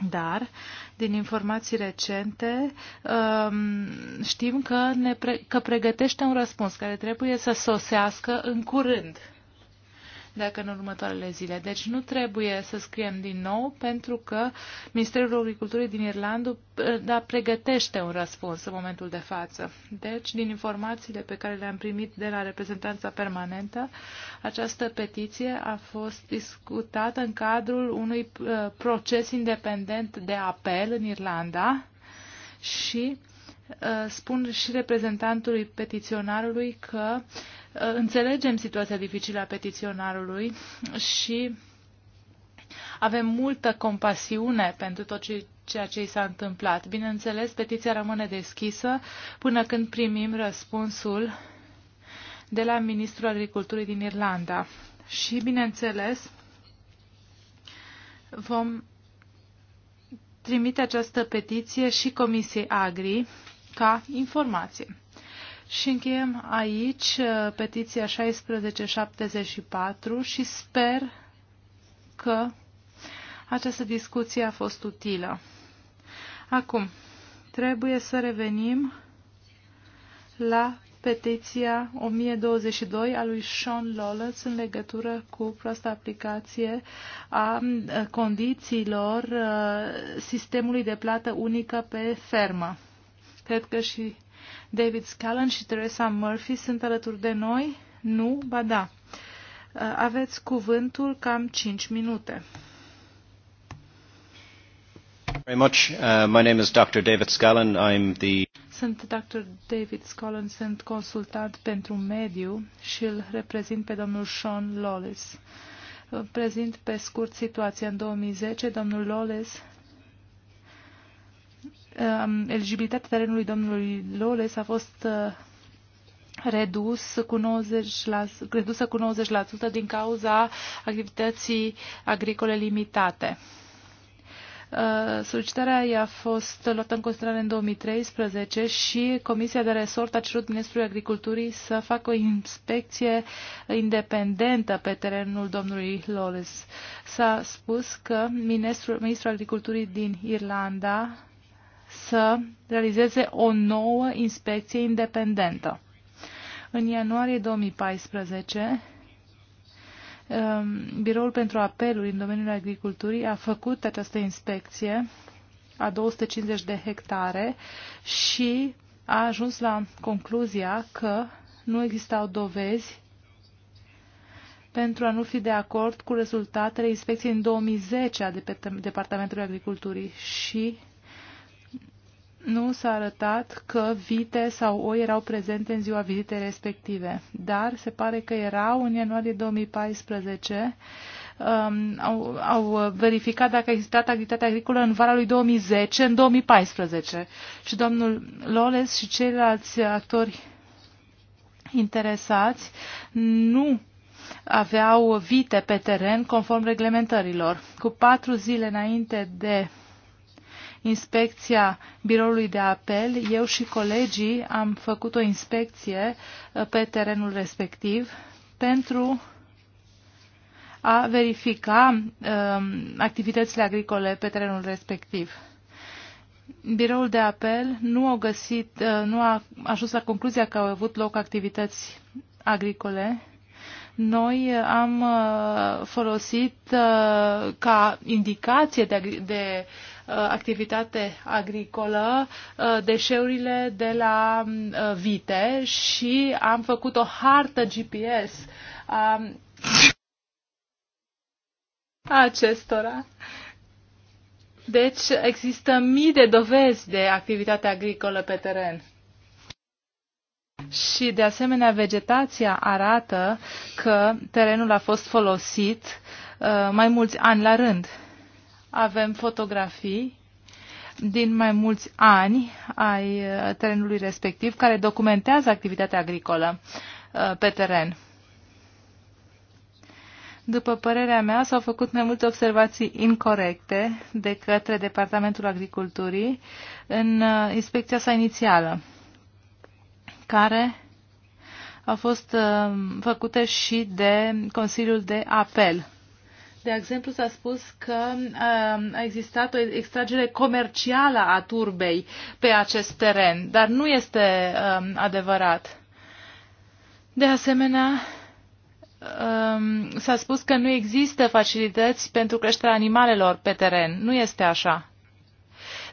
Dar, din informații recente, um, știm că, ne pre- că pregătește un răspuns care trebuie să sosească în curând dacă în următoarele zile. Deci nu trebuie să scriem din nou, pentru că Ministerul Agriculturii din Irlanda eh, da, pregătește un răspuns în momentul de față. Deci, din informațiile pe care le-am primit de la reprezentanța permanentă, această petiție a fost discutată în cadrul unui eh, proces independent de apel în Irlanda și eh, spun și reprezentantului petiționarului că Uh, înțelegem situația dificilă a petiționarului și avem multă compasiune pentru tot ceea ce i s-a întâmplat. Bineînțeles, petiția rămâne deschisă până când primim răspunsul de la Ministrul Agriculturii din Irlanda. Și, bineînțeles, vom trimite această petiție și Comisiei Agri ca informație. Și încheiem aici uh, petiția 1674 și sper că această discuție a fost utilă. Acum, trebuie să revenim la petiția 1022 a lui Sean Lawless în legătură cu proasta aplicație a uh, condițiilor uh, sistemului de plată unică pe fermă. Cred că și David Scallon și Teresa Murphy sunt alături de noi? Nu? Ba da. Uh, aveți cuvântul cam 5 minute. Very much. Uh, my name is Dr. David Scallon. I'm the sunt Dr. David Scallon, sunt consultant pentru mediu și îl reprezint pe domnul Sean Lawless prezint pe scurt situația în 2010. Domnul Lawless Um, eligibilitatea terenului domnului Loles a fost uh, redus cu 90 la, redusă cu 90% din cauza activității agricole limitate. Uh, solicitarea i-a fost luată în considerare în 2013 și Comisia de Resort a cerut Ministrului Agriculturii să facă o inspecție independentă pe terenul domnului Lawless. S-a spus că Ministrul, Ministrul Agriculturii din Irlanda să realizeze o nouă inspecție independentă. În ianuarie 2014, um, Biroul pentru Apeluri în domeniul agriculturii a făcut această inspecție a 250 de hectare și a ajuns la concluzia că nu existau dovezi pentru a nu fi de acord cu rezultatele inspecției în 2010 a Departamentului Agriculturii și nu s-a arătat că vite sau oi erau prezente în ziua vizitei respective, dar se pare că erau în ianuarie 2014. Um, au, au verificat dacă a existat activitate agricolă în vara lui 2010, în 2014. Și domnul Loles și ceilalți actori interesați nu aveau vite pe teren conform reglementărilor. Cu patru zile înainte de inspecția biroului de apel, eu și colegii am făcut o inspecție uh, pe terenul respectiv pentru a verifica um, activitățile agricole pe terenul respectiv. Biroul de apel nu a găsit, uh, nu a ajuns la concluzia că au avut loc activități agricole. Noi uh, am folosit ca indicație de, de Uh, activitate agricolă uh, deșeurile de la uh, vite și am făcut o hartă GPS a acestora. Deci există mii de dovezi de activitate agricolă pe teren. Și de asemenea vegetația arată că terenul a fost folosit uh, mai mulți ani la rând avem fotografii din mai mulți ani ai uh, terenului respectiv care documentează activitatea agricolă uh, pe teren. După părerea mea, s-au făcut mai multe observații incorrecte de către Departamentul Agriculturii în uh, inspecția sa inițială, care au fost făcute și de Consiliul de Apel. De exemplu, s-a spus că um, a existat o extragere comercială a turbei pe acest teren, dar nu este um, adevărat. De asemenea, um, s-a spus că nu există facilități pentru creșterea animalelor pe teren. Nu este așa.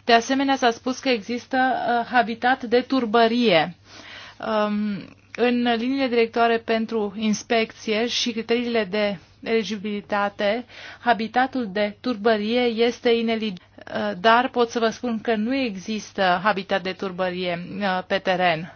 De asemenea, s-a spus că există uh, habitat de turbărie. În liniile directoare pentru inspecție și criteriile de eligibilitate, habitatul de turbărie este ineligibil, dar pot să vă spun că nu există habitat de turbărie uh, pe teren.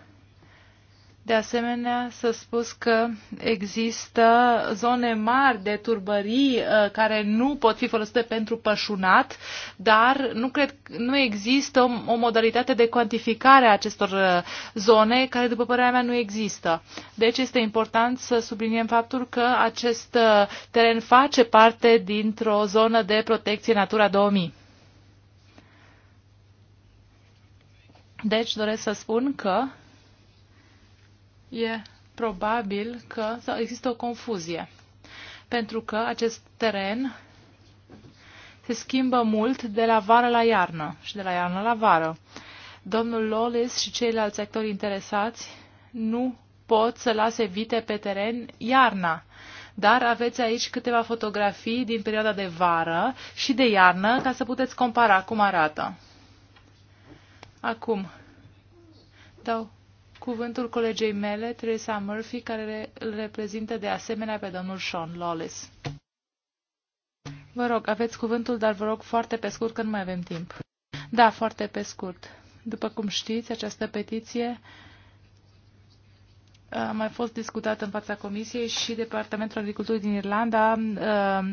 De asemenea, s-a spus că există zone mari de turbării uh, care nu pot fi folosite pentru pășunat, dar nu cred nu există o, o modalitate de cuantificare a acestor uh, zone care, după părerea mea, nu există. Deci este important să subliniem faptul că acest uh, teren face parte dintr-o zonă de protecție Natura 2000. Deci doresc să spun că e probabil că există o confuzie, pentru că acest teren se schimbă mult de la vară la iarnă și de la iarnă la vară. Domnul Lawless și ceilalți actori interesați nu pot să lase vite pe teren iarna, dar aveți aici câteva fotografii din perioada de vară și de iarnă ca să puteți compara cum arată. Acum dau cuvântul colegei mele, Teresa Murphy, care îl reprezintă de asemenea pe domnul Sean Lawless. Vă rog, aveți cuvântul, dar vă rog foarte pe scurt, că nu mai avem timp. Da, foarte pe scurt. După cum știți, această petiție a mai fost discutată în fața Comisiei și Departamentul Agriculturii din Irlanda uh,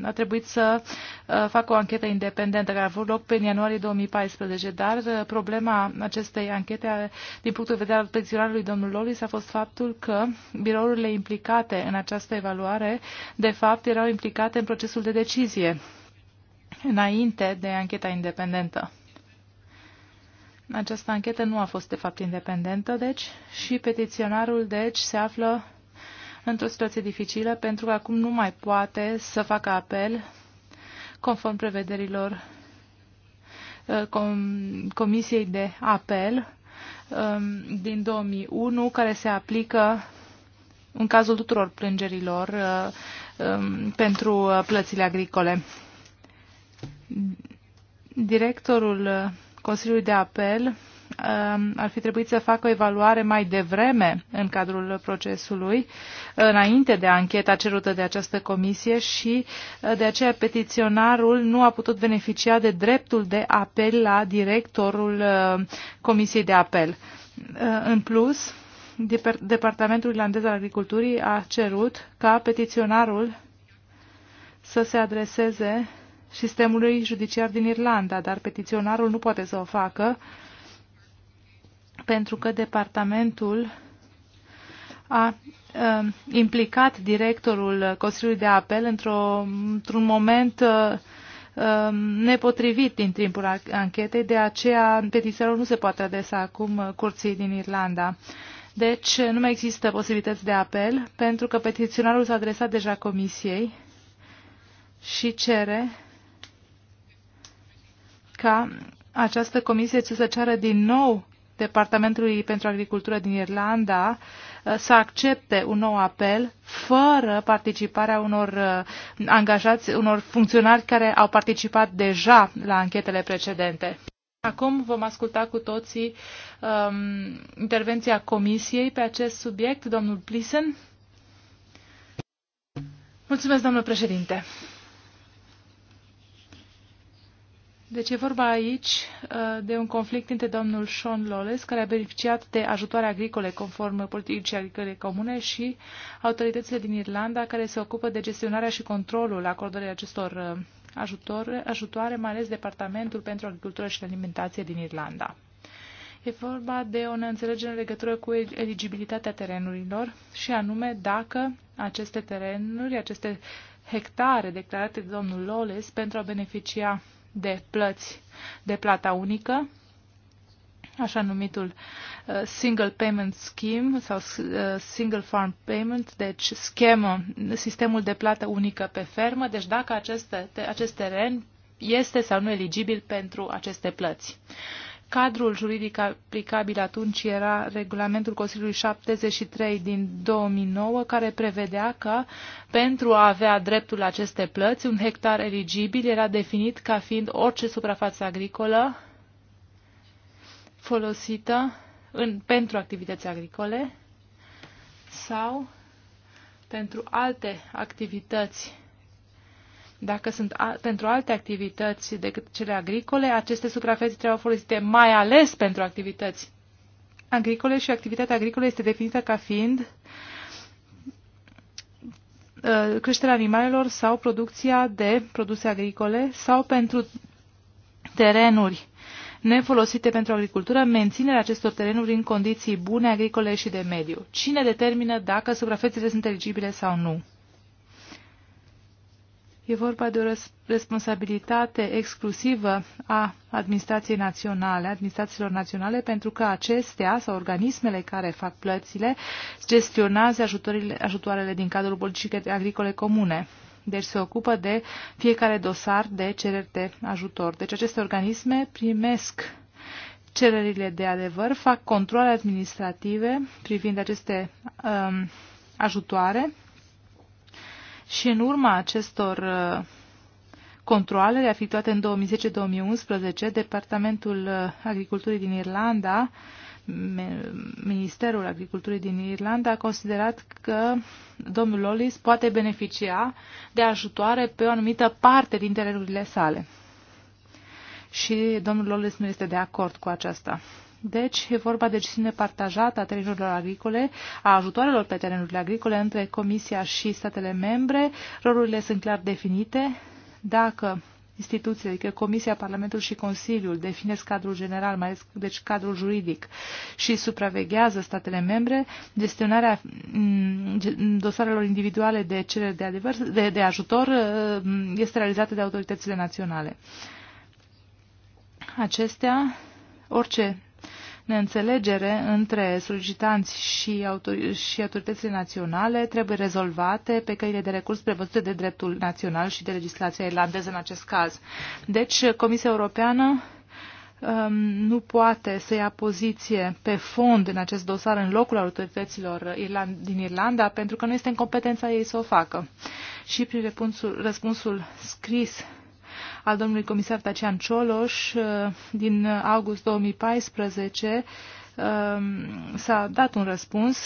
a trebuit să uh, facă o anchetă independentă care a avut loc pe ianuarie 2014, dar uh, problema acestei anchete din punctul de vedere al pensionarului domnului Lolis a fost faptul că birourile implicate în această evaluare de fapt erau implicate în procesul de decizie înainte de ancheta independentă. Această anchetă nu a fost de fapt independentă, deci, și petiționarul, deci, se află într-o situație dificilă pentru că acum nu mai poate să facă apel conform prevederilor uh, Comisiei de Apel um, din 2001, care se aplică în cazul tuturor plângerilor uh, um, pentru uh, plățile agricole. Directorul Consiliului de Apel um, ar fi trebuit să facă o evaluare mai devreme în cadrul procesului, înainte de ancheta cerută de această comisie și uh, de aceea petiționarul nu a putut beneficia de dreptul de apel la directorul uh, Comisiei de Apel. Uh, în plus, Departamentul Irlandez al Agriculturii a cerut ca petiționarul să se adreseze sistemului judiciar din Irlanda, dar petiționarul nu poate să o facă pentru că departamentul a um, implicat directorul Consiliului de Apel într-un moment uh, um, nepotrivit din timpul anchetei, de aceea petiționarul nu se poate adresa acum uh, curții din Irlanda. Deci nu mai există posibilități de apel pentru că petiționarul s-a adresat deja comisiei și cere ca această comisie să se ceară din nou Departamentului pentru Agricultură din Irlanda uh, să accepte un nou apel fără participarea unor uh, angajați, unor funcționari care au participat deja la anchetele precedente. Acum vom asculta cu toții um, intervenția Comisiei pe acest subiect. Domnul Plisen. Mulțumesc, domnul președinte. Deci e vorba aici uh, de un conflict între domnul Sean Lawless, care a beneficiat de ajutoare agricole conform politicii agricole comune și autoritățile din Irlanda, care se ocupă de gestionarea și controlul acordării acestor uh, ajutor, ajutoare, mai ales Departamentul pentru Agricultură și Alimentație din Irlanda. E vorba de o neînțelegere în legătură cu eligibilitatea terenurilor și anume dacă aceste terenuri, aceste hectare declarate de domnul Loles pentru a beneficia de plăți de plata unică, așa numitul uh, Single Payment Scheme sau uh, Single Farm Payment, deci schemă, sistemul de plată unică pe fermă, deci dacă acest teren este sau nu eligibil pentru aceste plăți. Cadrul juridic aplicabil atunci era regulamentul Consiliului 73 din 2009, care prevedea că pentru a avea dreptul la aceste plăți, un hectar eligibil era definit ca fiind orice suprafață agricolă folosită în, pentru activități agricole sau pentru alte activități dacă sunt a, pentru alte activități decât cele agricole, aceste suprafețe trebuie folosite mai ales pentru activități agricole și activitatea agricolă este definită ca fiind ă, creșterea animalelor sau producția de produse agricole sau pentru terenuri nefolosite pentru agricultură, menținerea acestor terenuri în condiții bune, agricole și de mediu. Cine determină dacă suprafețele sunt eligibile sau nu? E vorba de o responsabilitate exclusivă a administrației naționale, administrațiilor naționale, pentru că acestea sau organismele care fac plățile gestionează ajutoarele din cadrul politicii agricole comune. Deci se ocupă de fiecare dosar de cereri de ajutor. Deci aceste organisme primesc cererile de adevăr, fac controle administrative privind aceste um, ajutoare și în urma acestor uh, controle, efectuate în 2010-2011, Departamentul uh, Agriculturii din Irlanda, Ministerul Agriculturii din Irlanda, a considerat că domnul Lollis poate beneficia de ajutoare pe o anumită parte din terenurile sale. Și domnul Lollis nu este de acord cu aceasta. Deci e vorba de gestiune partajată a terenurilor agricole, a ajutoarelor pe terenurile agricole între Comisia și statele membre. Rolurile sunt clar definite. Dacă instituțiile, adică Comisia, Parlamentul și Consiliul definesc cadrul general, mai ales deci cadrul juridic și supraveghează statele membre, gestionarea mm, mm, dosarelor individuale de cereri de, adevăr, de, de ajutor uh, este realizată de autoritățile naționale. Acestea, orice neînțelegere între solicitanți și, autor- și autoritățile naționale trebuie rezolvate pe căile de recurs prevăzute de dreptul național și de legislația irlandeză în acest caz. Deci, Comisia Europeană um, nu poate să ia poziție pe fond în acest dosar în locul autorităților din Irlanda pentru că nu este în competența ei să o facă. Și prin răspunsul scris al domnului comisar Tacian Cioloș uh, din august 2014 uh, s-a dat un răspuns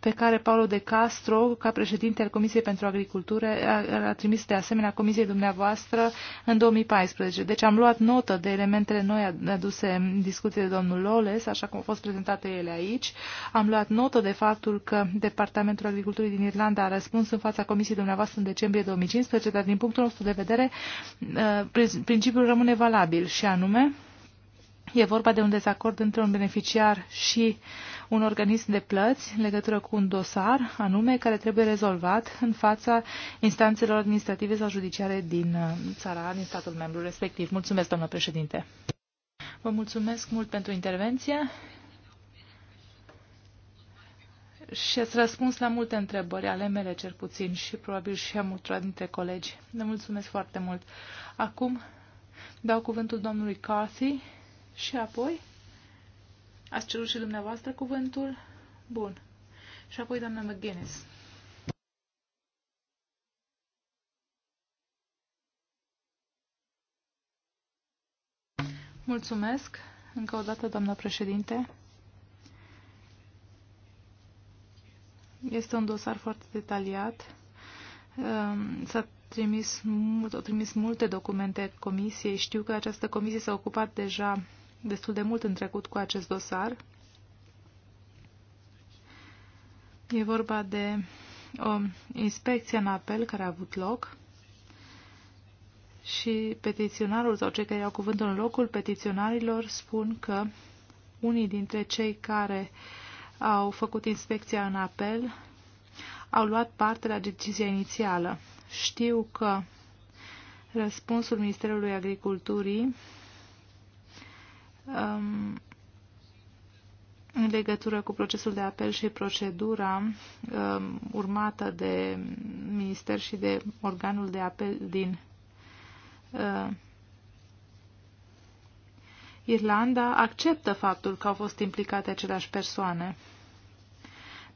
pe care Paulo de Castro, ca președinte al Comisiei pentru Agricultură, a, a trimis de asemenea Comisiei dumneavoastră în 2014. Deci am luat notă de elementele noi aduse în discuție de domnul Loles, așa cum au fost prezentate ele aici. Am luat notă de faptul că Departamentul Agriculturii din Irlanda a răspuns în fața Comisiei dumneavoastră în decembrie 2015, dar din punctul nostru de vedere uh, principiul rămâne valabil și anume E vorba de un dezacord între un beneficiar și un organism de plăți în legătură cu un dosar anume care trebuie rezolvat în fața instanțelor administrative sau judiciare din uh, țara, din statul membru respectiv. Mulțumesc, doamnă președinte. Vă mulțumesc mult pentru intervenție și ați răspuns la multe întrebări, ale mele cel puțin și probabil și a multora dintre colegi. Ne mulțumesc foarte mult. Acum dau cuvântul domnului Carthy și apoi Ați cerut și dumneavoastră cuvântul? Bun. Și apoi doamna McGuinness. Mulțumesc încă o dată, doamna președinte. Este un dosar foarte detaliat. Ehm, s-a trimis, mult, au trimis multe documente comisiei. Știu că această comisie s-a ocupat deja destul de mult în trecut cu acest dosar. E vorba de o inspecție în apel care a avut loc și petiționarul sau cei care au cuvântul în locul petiționarilor spun că unii dintre cei care au făcut inspecția în apel au luat parte la decizia inițială. Știu că răspunsul Ministerului Agriculturii um, în legătură cu procesul de apel și procedura um, urmată de minister și de organul de apel din uh, Irlanda, acceptă faptul că au fost implicate aceleași persoane.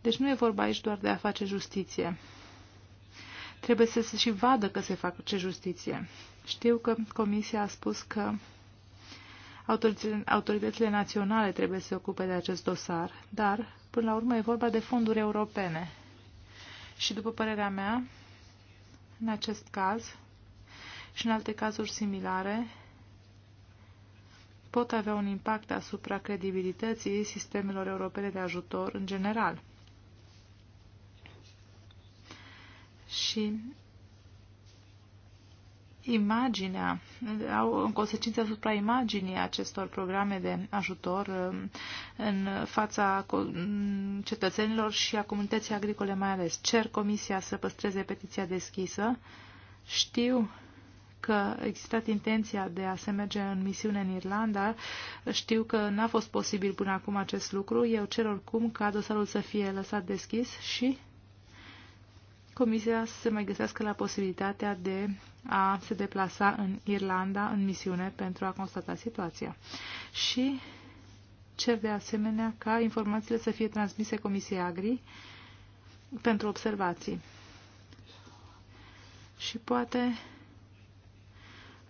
Deci nu e vorba aici doar de a face justiție. Trebuie să se și vadă că se face justiție. Știu că Comisia a spus că Autoritățile naționale trebuie să se ocupe de acest dosar, dar, până la urmă, e vorba de fonduri europene. Și, după părerea mea, în acest caz și în alte cazuri similare, pot avea un impact asupra credibilității sistemelor europene de ajutor în general. Și imaginea, au în consecință asupra imaginii acestor programe de ajutor um, în fața cetățenilor și a comunității agricole mai ales. Cer Comisia să păstreze petiția deschisă. Știu că a existat intenția de a se merge în misiune în Irlanda. Știu că n-a fost posibil până acum acest lucru. Eu cer oricum ca dosarul să fie lăsat deschis și Comisia să se mai găsească la posibilitatea de a se deplasa în Irlanda în misiune pentru a constata situația. Și cer de asemenea ca informațiile să fie transmise Comisiei Agri pentru observații. Și poate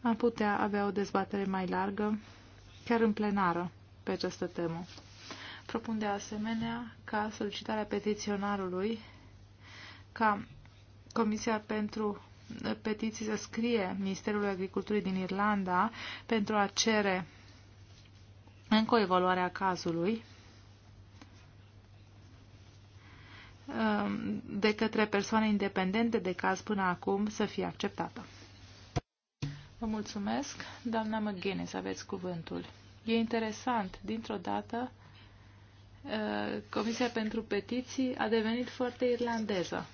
am putea avea o dezbatere mai largă, chiar în plenară, pe această temă. Propun de asemenea ca solicitarea petiționarului ca Comisia pentru uh, petiții să scrie Ministerul Agriculturii din Irlanda pentru a cere încă o evaluare a cazului um, de către persoane independente de caz până acum să fie acceptată. Vă mulțumesc. Doamna McGuinness, aveți cuvântul. E interesant, dintr-o dată, uh, Comisia pentru Petiții a devenit foarte irlandeză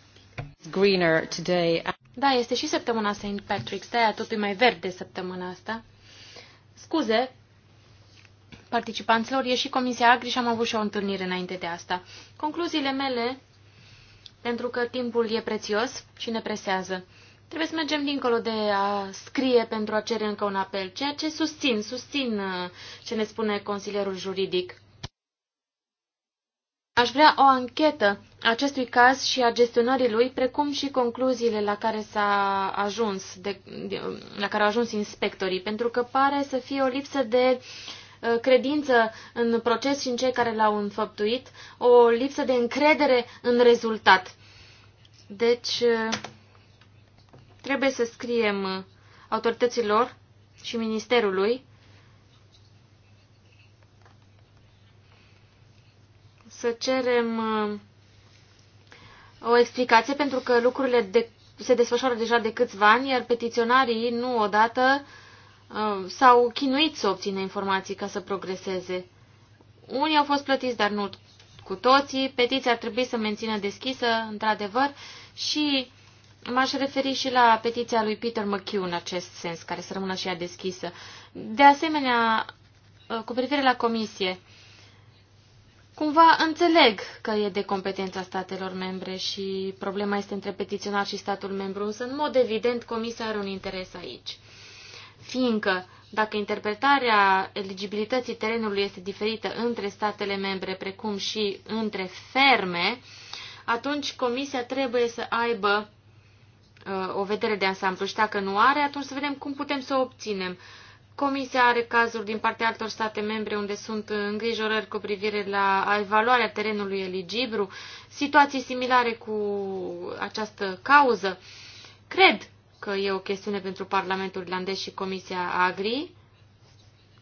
greener today. Da, este și săptămâna St. Patrick's Day, totul e mai verde săptămâna asta. Scuze, participanților, e și Comisia Agri și am avut și o întâlnire înainte de asta. Concluziile mele, pentru că timpul e prețios și ne presează. Trebuie să mergem dincolo de a scrie pentru a cere încă un apel, ceea ce susțin, susțin uh, ce ne spune consilierul juridic. Aș vrea o anchetă acestui caz și a gestionării lui, precum și concluziile la care s-a ajuns, de, la care au ajuns inspectorii, pentru că pare să fie o lipsă de uh, credință în proces și în cei care l-au înfăptuit, o lipsă de încredere în rezultat. Deci, uh, trebuie să scriem uh, autorităților și ministerului să cerem uh, o explicație pentru că lucrurile de, se desfășoară deja de câțiva ani, iar petiționarii nu odată uh, s-au chinuit să obțină informații ca să progreseze. Unii au fost plătiți, dar nu cu toții. Petiția ar trebui să mențină deschisă, într-adevăr, și m-aș referi și la petiția lui Peter McHugh în acest sens, care să rămână și ea deschisă. De asemenea, uh, cu privire la comisie, Cumva înțeleg că e de competența statelor membre și problema este între petiționar și statul membru, însă în mod evident Comisia are un interes aici. Fiindcă dacă interpretarea eligibilității terenului este diferită între statele membre precum și între ferme, atunci Comisia trebuie să aibă uh, o vedere de ansamblu și dacă nu are, atunci să vedem cum putem să o obținem. Uh, Comisia are cazuri din partea altor state membre unde sunt îngrijorări cu privire la evaluarea terenului eligibru, situații similare cu această cauză. Cred că e o chestiune pentru Parlamentul Irlandez și Comisia Agri.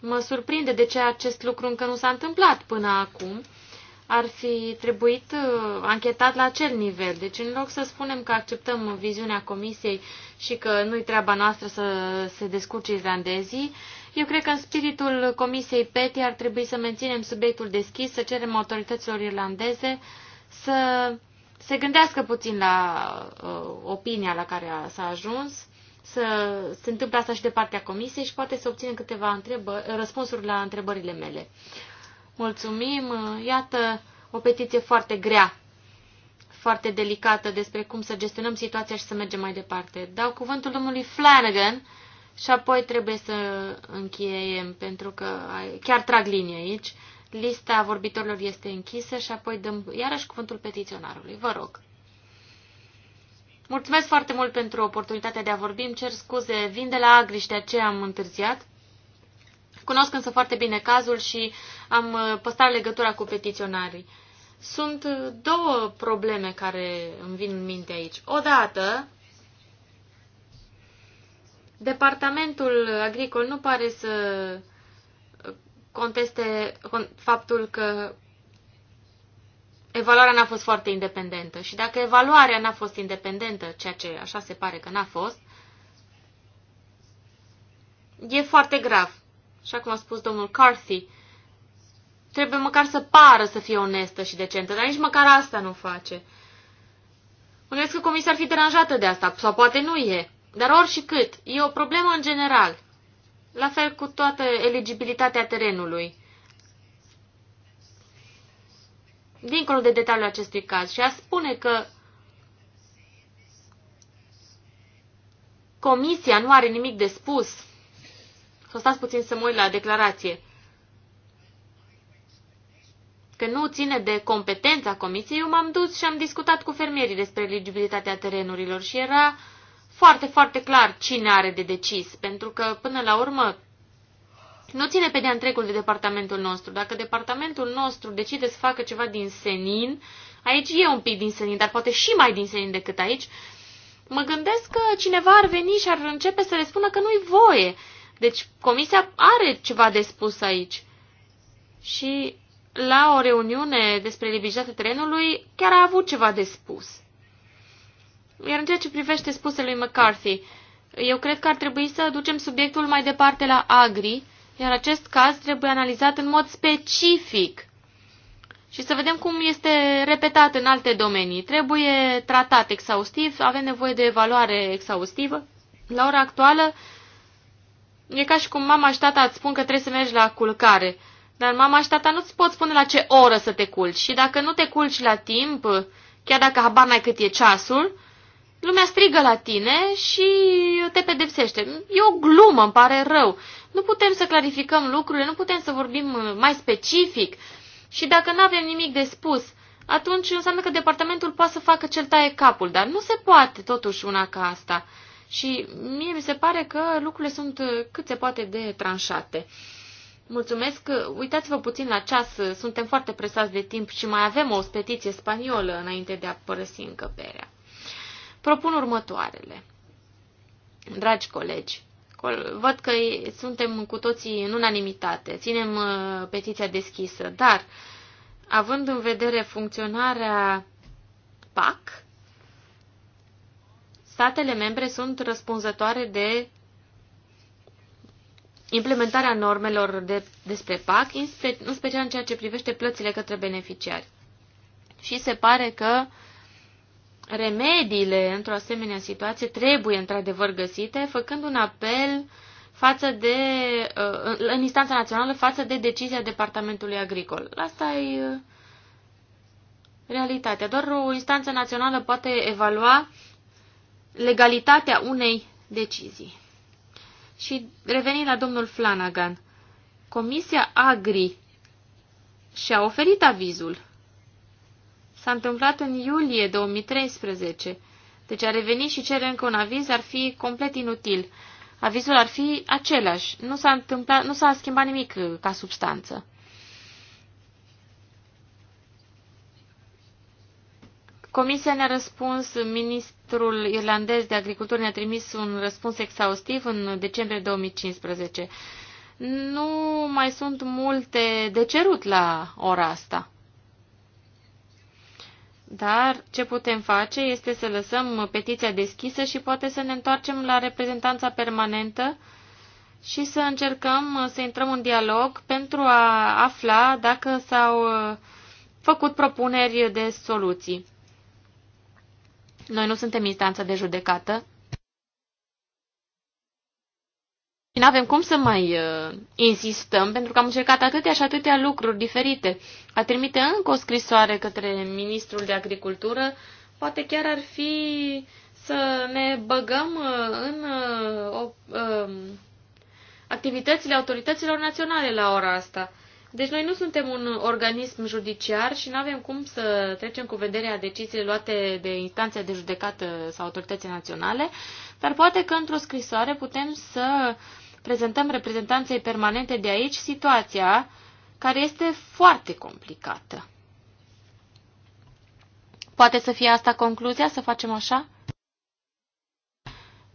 Mă surprinde de ce acest lucru încă nu s-a întâmplat până acum ar fi trebuit uh, anchetat la acel nivel. Deci, în loc să spunem că acceptăm viziunea comisiei și că nu-i treaba noastră să se descurce irlandezii, eu cred că în spiritul comisiei PETI ar trebui să menținem subiectul deschis, să cerem autorităților irlandeze să se gândească puțin la uh, opinia la care s-a ajuns, să se întâmple asta și de partea comisiei și poate să obținem câteva întrebă, răspunsuri la întrebările mele. Mulțumim! Iată o petiție foarte grea, foarte delicată despre cum să gestionăm situația și să mergem mai departe. Dau cuvântul domnului Flanagan și apoi trebuie să încheiem, pentru că chiar trag linie aici. Lista vorbitorilor este închisă și apoi dăm iarăși cuvântul petiționarului. Vă rog! Mulțumesc foarte mult pentru oportunitatea de a vorbi. Îmi cer scuze, vin de la Agri și de aceea am întârziat. Cunosc însă foarte bine cazul și am uh, păstrat legătura cu petiționarii. Sunt uh, două probleme care îmi vin în minte aici. Odată, departamentul agricol nu pare să uh, conteste faptul că evaluarea n-a fost foarte independentă. Și dacă evaluarea n-a fost independentă, ceea ce așa se pare că n-a fost, e foarte grav așa cum a spus domnul Carthy, trebuie măcar să pară să fie onestă și decentă, dar nici măcar asta nu face. Gândesc că comisia ar fi deranjată de asta, sau poate nu e, dar oricât, e o problemă în general. La fel cu toată eligibilitatea terenului. Dincolo de detaliul acestui caz, și a spune că comisia nu are nimic de spus să stați puțin să mă uit la declarație. Că nu ține de competența comisiei, eu m-am dus și am discutat cu fermierii despre eligibilitatea terenurilor și era foarte, foarte clar cine are de decis, pentru că, până la urmă, nu ține pe de-a întregul de departamentul nostru. Dacă departamentul nostru decide să facă ceva din senin, aici e un pic din senin, dar poate și mai din senin decât aici, mă gândesc că cineva ar veni și ar începe să le spună că nu-i voie. Deci comisia are ceva de spus aici. Și la o reuniune despre libertatea terenului chiar a avut ceva de spus. Iar în ceea ce privește spusele lui McCarthy, eu cred că ar trebui să ducem subiectul mai departe la Agri, iar acest caz trebuie analizat în mod specific și să vedem cum este repetat în alte domenii. Trebuie tratat exhaustiv, avem nevoie de evaluare exhaustivă. La ora actuală E ca și cum mama și tata îți spun că trebuie să mergi la culcare. Dar mama și tata nu-ți pot spune la ce oră să te culci. Și dacă nu te culci la timp, chiar dacă habar n-ai cât e ceasul, lumea strigă la tine și te pedepsește. E o glumă, îmi pare rău. Nu putem să clarificăm lucrurile, nu putem să vorbim mai specific. Și dacă nu avem nimic de spus, atunci înseamnă că departamentul poate să facă cel taie capul, dar nu se poate totuși una ca asta. Și mie mi se pare că lucrurile sunt cât se poate de tranșate. Mulțumesc. Uitați-vă puțin la ceas. Suntem foarte presați de timp și mai avem o spetiție spaniolă înainte de a părăsi încăperea. Propun următoarele. Dragi colegi, văd că suntem cu toții în unanimitate, ținem uh, petiția deschisă, dar având în vedere funcționarea PAC, statele membre sunt răspunzătoare de implementarea normelor de, despre PAC, în, special în ceea ce privește plățile către beneficiari. Și se pare că remediile într-o asemenea situație trebuie într-adevăr găsite, făcând un apel față de, uh, în instanța națională față de decizia Departamentului Agricol. Asta e uh, realitatea. Doar o instanță națională poate evalua legalitatea unei decizii. Și revenind la domnul Flanagan, Comisia Agri și-a oferit avizul. S-a întâmplat în iulie 2013, deci a revenit și cere încă un aviz ar fi complet inutil. Avizul ar fi același, nu s-a, întâmplat, nu s-a schimbat nimic ca substanță. Comisia ne-a răspuns, ministrul irlandez de agricultură ne-a trimis un răspuns exhaustiv în decembrie 2015. Nu mai sunt multe de cerut la ora asta. Dar ce putem face este să lăsăm petiția deschisă și poate să ne întoarcem la reprezentanța permanentă și să încercăm să intrăm în dialog pentru a afla dacă s-au uh, făcut propuneri de soluții. Noi nu suntem instanță de judecată. Și deci nu avem cum să mai uh, insistăm, pentru că am încercat atâtea și atâtea lucruri diferite. A trimite încă o scrisoare către ministrul de agricultură, poate chiar ar fi să ne băgăm uh, în uh, uh, activitățile autorităților naționale la ora asta. Deci noi nu suntem un organism judiciar și nu avem cum să trecem cu vederea deciziile luate de instanța de judecată sau autoritățile naționale, dar poate că într-o scrisoare putem să prezentăm reprezentanței permanente de aici situația care este foarte complicată. Poate să fie asta concluzia, să facem așa?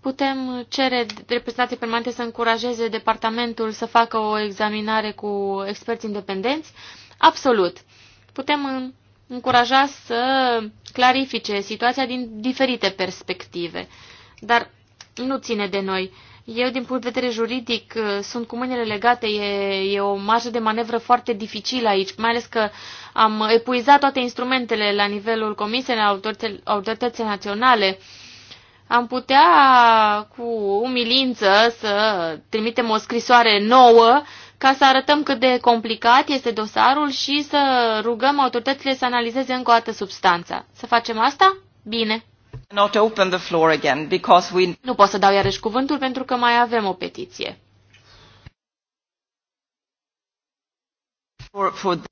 putem cere reprezentanții permanente să încurajeze departamentul să facă o examinare cu experți independenți? Absolut. Putem încuraja să clarifice situația din diferite perspective, dar nu ține de noi. Eu, din punct de vedere juridic, sunt cu mâinile legate, e, e o marjă de manevră foarte dificilă aici, mai ales că am epuizat toate instrumentele la nivelul comisiei, autorităților naționale, uh, am putea cu umilință să trimitem o scrisoare nouă ca să arătăm cât de complicat este dosarul și să rugăm autoritățile să analizeze încă o dată substanța. Să facem asta? Bine. Not open the floor again because we... Nu pot să dau iarăși cuvântul pentru că mai avem o petiție.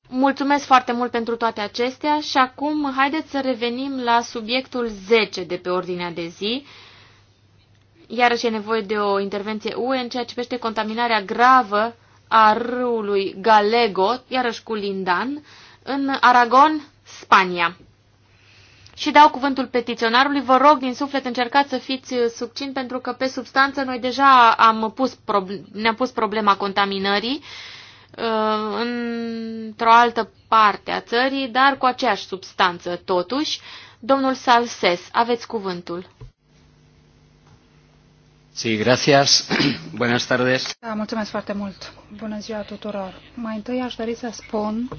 Mulțumesc foarte mult pentru toate acestea și acum haideți să revenim la subiectul 10 de pe ordinea de zi. Iarăși e nevoie de o intervenție UE în ceea ce privește contaminarea gravă a râului Galego, iarăși cu Lindan, în Aragon, Spania. Și dau cuvântul petiționarului, vă rog din suflet încercați să fiți uh, succint pentru că pe substanță noi deja am pus ne-am pus problema contaminării Uh, într-o altă parte a țării, dar cu aceeași substanță totuși. Domnul Salses, aveți cuvântul. Sí, gracias. *clears throat* Buenas tardes. Da, mulțumesc foarte mult. Bună ziua tuturor. Mai întâi aș dori să spun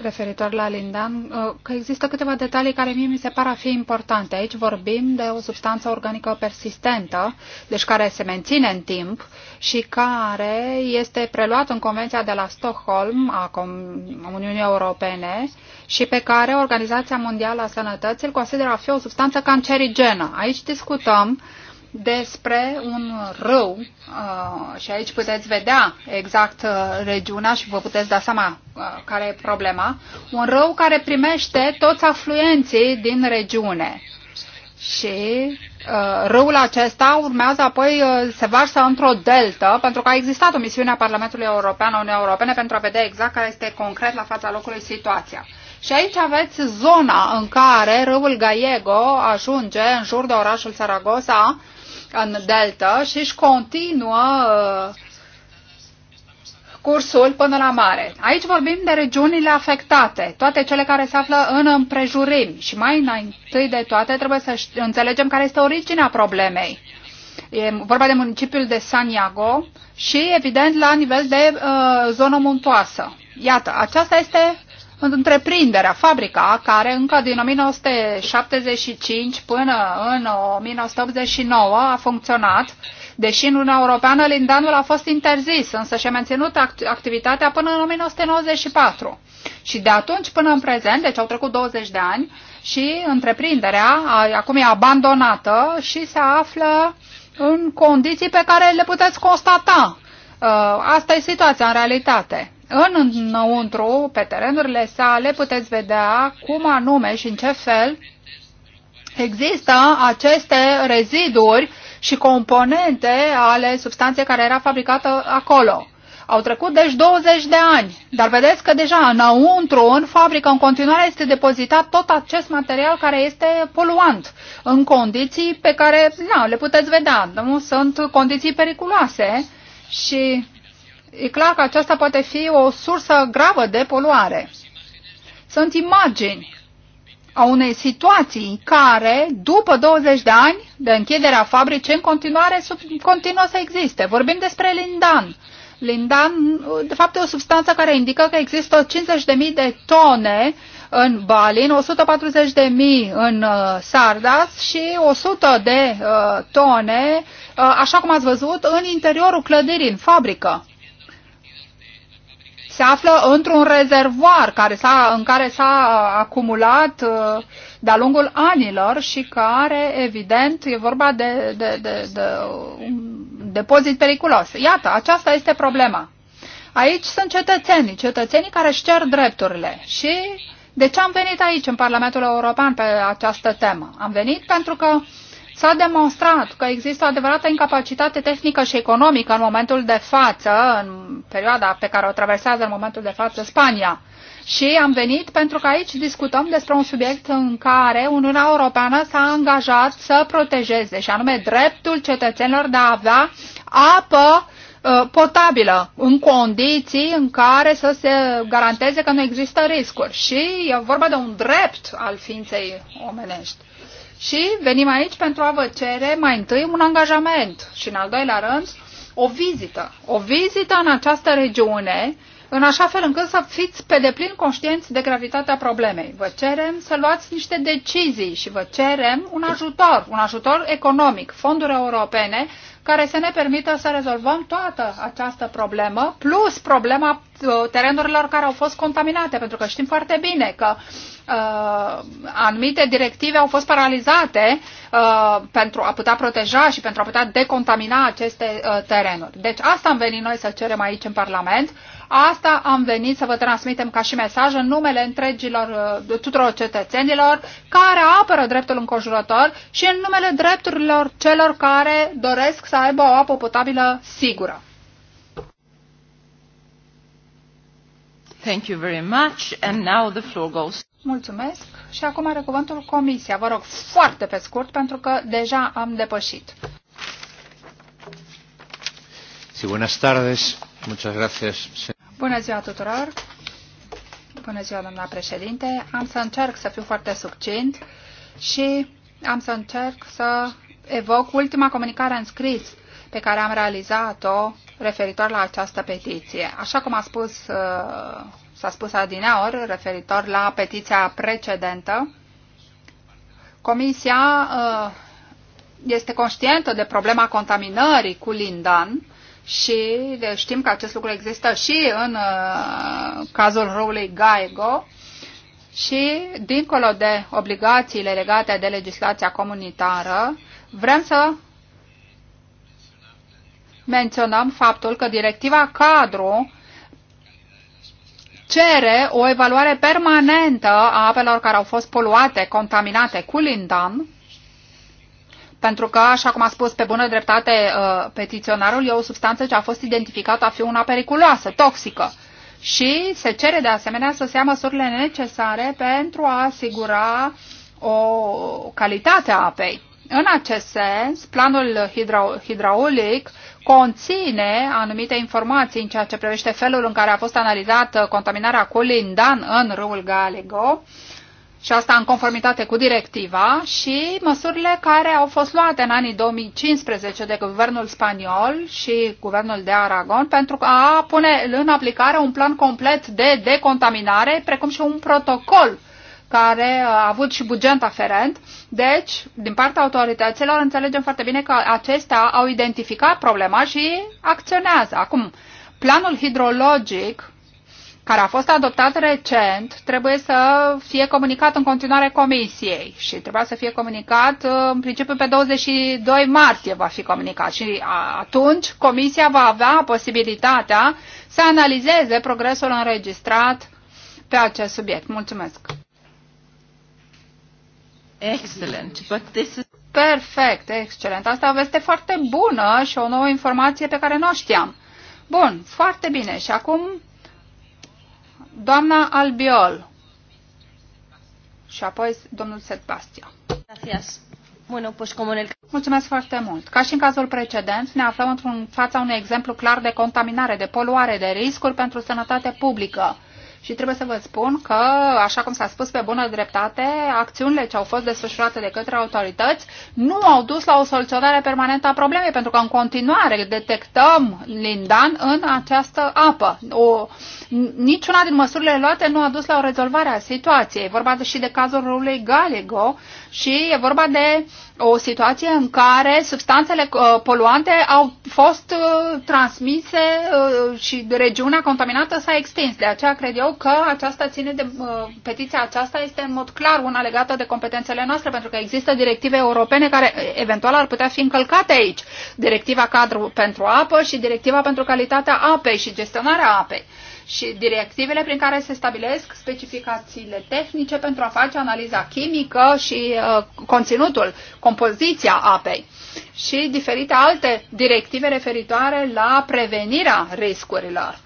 referitor la lindan, uh, că există câteva detalii care mie mi se par a fi importante. Aici vorbim de o substanță organică persistentă, deci care se menține în timp și care este preluată în Convenția de la Stockholm a Uniunii Europene și pe care Organizația Mondială a Sănătății îl consideră a fi o substanță cancerigenă. Aici discutăm uh, despre un râu uh, și aici puteți vedea exact uh, regiunea și vă puteți da seama uh, care e problema, un râu care primește toți afluenții din regiune. Și uh, râul acesta urmează apoi uh, se varsă într-o deltă, pentru că a existat o misiune a Parlamentului European, a Uniunii Europene, pentru a vedea exact care este concret la fața locului situația. Și aici aveți zona în care râul Gallego ajunge în jur de orașul Saragossa în delta și își continuă uh, cursul până la mare. Aici vorbim de regiunile afectate, toate cele care se află în împrejurimi și mai înainte de toate trebuie să înțelegem care este originea problemei. E vorba de municipiul de Iago și, evident, la nivel de uh, zonă muntoasă. Iată, aceasta este întreprinderea, fabrica, care încă din 1975 până în 1989 a funcționat, deși în Uniunea Europeană lindanul a fost interzis, însă și-a menținut act activitatea până în 1994. Și de atunci până în prezent, deci au trecut 20 de ani, și întreprinderea a, acum e abandonată și se află în condiții pe care le puteți constata. Uh, asta e situația în realitate. În înăuntru, pe terenurile sale, puteți vedea cum anume și în ce fel există aceste reziduri și componente ale substanței care era fabricată acolo. Au trecut deci 20 de ani, dar vedeți că deja înăuntru, în fabrică, în continuare este depozitat tot acest material care este poluant, în condiții pe care, na, le puteți vedea, nu? sunt condiții periculoase și e clar că aceasta poate fi o sursă gravă de poluare. Sunt imagini a unei situații în care, după 20 de ani de închiderea fabricii, în continuare sub, continuă să existe. Vorbim despre lindan. Lindan, de fapt, e o substanță care indică că există 50.000 de tone în Balin, 140.000 în uh, Sardas și 100 de uh, tone, uh, așa cum ați văzut, în interiorul clădirii, în fabrică se află într-un rezervoar care s-a, în care s-a uh, acumulat uh, de-a lungul anilor și care, evident, e vorba de, de, de, de un depozit periculos. Iată, aceasta este problema. Aici sunt cetățenii, cetățenii care își cer drepturile și de ce am venit aici, în Parlamentul European, pe această temă? Am venit pentru că uh, S-a demonstrat că există o adevărată incapacitate tehnică și economică în momentul de față, în perioada pe care o traversează în momentul de față Spania. Și am venit pentru că aici discutăm despre un subiect în care Uniunea Europeană s-a angajat să protejeze, și anume dreptul cetățenilor de a avea apă uh, potabilă, în condiții în care să se garanteze că nu există riscuri. Și e vorba de un drept al ființei omenești și venim aici pentru a vă cere mai întâi un angajament și în al doilea rând o vizită. O vizită în această regiune în așa fel încât să fiți pe deplin conștienți de gravitatea problemei. Vă cerem să luați niște decizii și vă cerem un ajutor, un ajutor economic, fonduri europene care să ne permită să rezolvăm toată această problemă, plus problema uh, terenurilor care au fost contaminate, pentru că știm foarte bine că uh, anumite directive au fost paralizate uh, pentru a putea proteja și pentru a putea decontamina aceste uh, terenuri. Deci asta am venit noi să cerem aici în Parlament, Asta am venit să vă transmitem ca și mesaj în numele întregilor uh, tuturor cetățenilor care apără dreptul înconjurător și în numele drepturilor celor care doresc să aibă o apă potabilă sigură. Thank you very much. And now the floor goes. Mulțumesc. Și acum are cuvântul Comisia. Vă rog foarte pe scurt, pentru că deja am depășit. Sí, buenas tardes. Muchas gracias, Bună ziua tuturor! Bună ziua, doamna președinte! Am să încerc să fiu foarte succint și am să încerc să evoc ultima comunicare în scris pe care am realizat-o referitor la această petiție. Așa cum a spus, uh, s-a spus adineori referitor la petiția precedentă, Comisia uh, este conștientă de problema contaminării cu lindan și știm că acest lucru există și în uh, cazul roului GAEGO și dincolo de obligațiile legate de legislația comunitară, vrem să menționăm faptul că directiva cadru cere o evaluare permanentă a apelor care au fost poluate, contaminate cu lindan pentru că, așa cum a spus pe bună dreptate uh, petiționarul, e o substanță ce a fost identificată a fi una periculoasă, toxică. Și se cere de asemenea să se ia măsurile necesare pentru a asigura o calitate a apei. În acest sens, planul hidraulic conține anumite informații în ceea ce privește felul în care a fost analizată contaminarea cu lindan în râul Galego, și asta în conformitate cu directiva și măsurile care au fost luate în anii 2015 de guvernul spaniol și guvernul de Aragon pentru a pune în aplicare un plan complet de decontaminare, precum și un protocol care a avut și buget aferent. Deci, din partea autorităților, înțelegem foarte bine că acestea au identificat problema și acționează. Acum, planul hidrologic care a fost adoptat recent, trebuie să fie comunicat în continuare comisiei și trebuia să fie comunicat uh, în principiu pe 22 martie va fi comunicat și atunci comisia va avea posibilitatea să analizeze progresul înregistrat pe acest subiect. Mulțumesc! Excellent. But this is... Perfect, excelent. Asta o veste foarte bună și o nouă informație pe care nu o știam. Bun, foarte bine. Și acum Doamna Albiol și apoi domnul Sebastia. Gracias. Bueno, pues como el... Mulțumesc foarte mult. Ca și în cazul precedent, ne aflăm în fața unui exemplu clar de contaminare, de poluare, de riscuri pentru sănătate publică și trebuie să vă spun că, așa cum s-a spus pe bună dreptate, acțiunile ce au fost desfășurate de către autorități nu au dus la o soluționare permanentă a problemei, pentru că în continuare detectăm lindan în această apă. O, niciuna din măsurile luate nu a dus la o rezolvare a situației. Vorba de, și de cazul rulei Galego, și e vorba de o situație în care substanțele uh, poluante au fost uh, transmise uh, și regiunea contaminată s-a extins. De aceea cred eu că aceasta ține de petiția aceasta este în mod clar una legată de competențele noastre, pentru că există directive europene care eventual ar putea fi încălcate aici. Directiva cadru pentru apă și directiva pentru calitatea apei și gestionarea apei și directivele prin care se stabilesc specificațiile tehnice pentru a face analiza chimică și uh, conținutul, compoziția apei și diferite alte directive referitoare la prevenirea riscurilor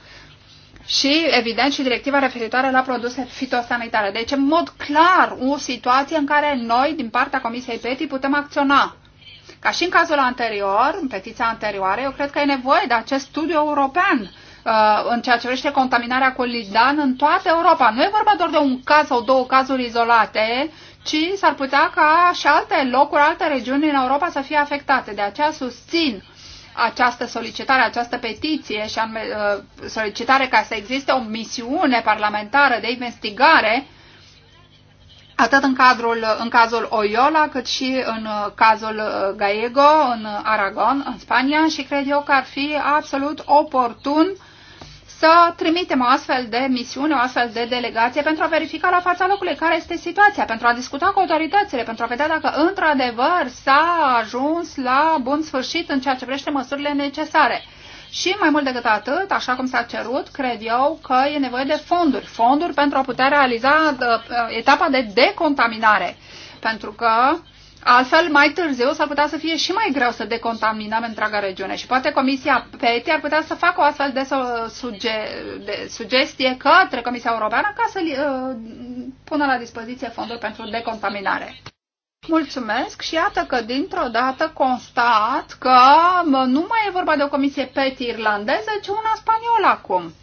și, evident, și directiva referitoare la produse fitosanitare. Deci, în mod clar, o situație în care noi, din partea Comisiei PETI, putem acționa. Ca și în cazul anterior, în petiția anterioară, eu cred că e nevoie de acest studiu european Uh, în ceea ce vrește contaminarea cu lidan în toată Europa. Nu e vorba doar de un caz sau două cazuri izolate, ci s-ar putea ca și alte locuri, alte regiuni în Europa să fie afectate. De aceea susțin această solicitare, această petiție și anume, uh, solicitare ca să existe o misiune parlamentară de investigare atât în, cadrul, în cazul Oiola, cât și în uh, cazul Gallego, în Aragon, în Spania și cred eu că ar fi absolut oportun să trimitem o astfel de misiune, o astfel de delegație pentru a verifica la fața locului care este situația, pentru a discuta cu autoritățile, pentru a vedea dacă într-adevăr s-a ajuns la bun sfârșit în ceea ce vrește măsurile necesare. Și mai mult decât atât, așa cum s-a cerut, cred eu că e nevoie de fonduri. Fonduri pentru a putea realiza uh, etapa de decontaminare. Pentru că Astfel, mai târziu s-ar putea să fie și mai greu să decontaminăm întreaga regiune și poate Comisia PETI ar putea să facă o astfel de, suge, de sugestie către Comisia Europeană ca să uh, pună la dispoziție fonduri pentru decontaminare. Mulțumesc și iată că dintr-o dată constat că nu mai e vorba de o comisie PETI irlandeză, ci una spaniolă acum.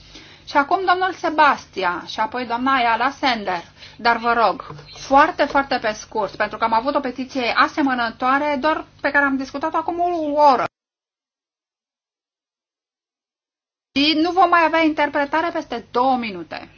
Și acum domnul Sebastia și apoi doamna Ayala Sender. Dar vă rog, foarte, foarte pe scurt, pentru că am avut o petiție asemănătoare, doar pe care am discutat-o acum o oră. Și nu vom mai avea interpretare peste două minute.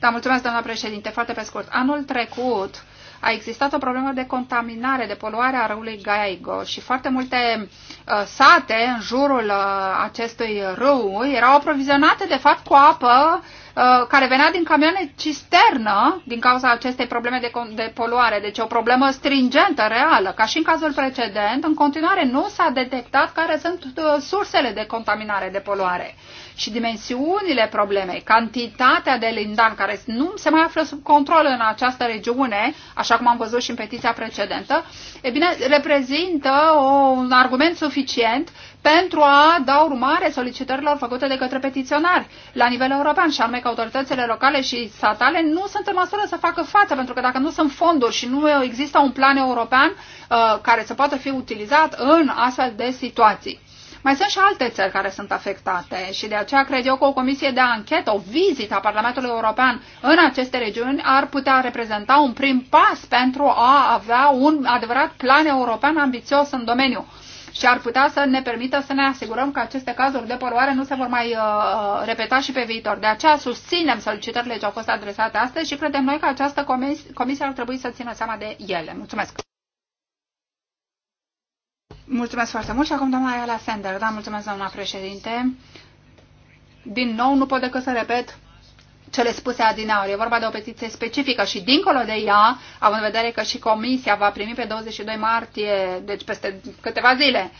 Da, mulțumesc, doamna președinte, foarte pe scurt. Anul trecut a existat o problemă de contaminare, de poluare a râului Gaigo și foarte multe uh, sate în jurul uh, acestui râu erau aprovizionate, de fapt, cu apă uh, Uh, care venea din camioane cisternă din cauza acestei probleme de, de poluare. Deci o problemă stringentă, reală. Ca și în cazul precedent, în continuare nu s-a detectat care sunt uh, sursele de contaminare, de poluare. Și dimensiunile problemei, cantitatea de lindan care nu se mai află sub control în această regiune, așa cum am văzut și în petiția precedentă, e bine, reprezintă o, un argument suficient pentru a da urmare solicitărilor făcute de către petiționari la nivel european și anume că autoritățile locale și statale nu sunt în măsură să facă față, pentru că dacă nu sunt fonduri și nu există un plan european uh, care să poată fi utilizat în astfel de situații. Mai sunt și alte țări care sunt afectate și de aceea cred eu că o comisie de anchetă, o vizită a Parlamentului European în aceste regiuni ar putea reprezenta un prim pas pentru a avea un adevărat plan european ambițios în domeniu și ar putea să ne permită să ne asigurăm că aceste cazuri de poluare nu se vor mai uh, uh, repeta și pe viitor. De aceea susținem solicitările ce au fost adresate astăzi și credem noi că această comis comisie ar trebui să țină seama de ele. Mulțumesc! Mulțumesc foarte mult și acum doamna Ayala Sender. Da, mulțumesc doamna președinte. Din nou, nu pot decât să repet cele spuse adineauri. E vorba de o petiție specifică și dincolo de ea, având în vedere că și comisia va primi pe 22 martie, deci peste câteva zile,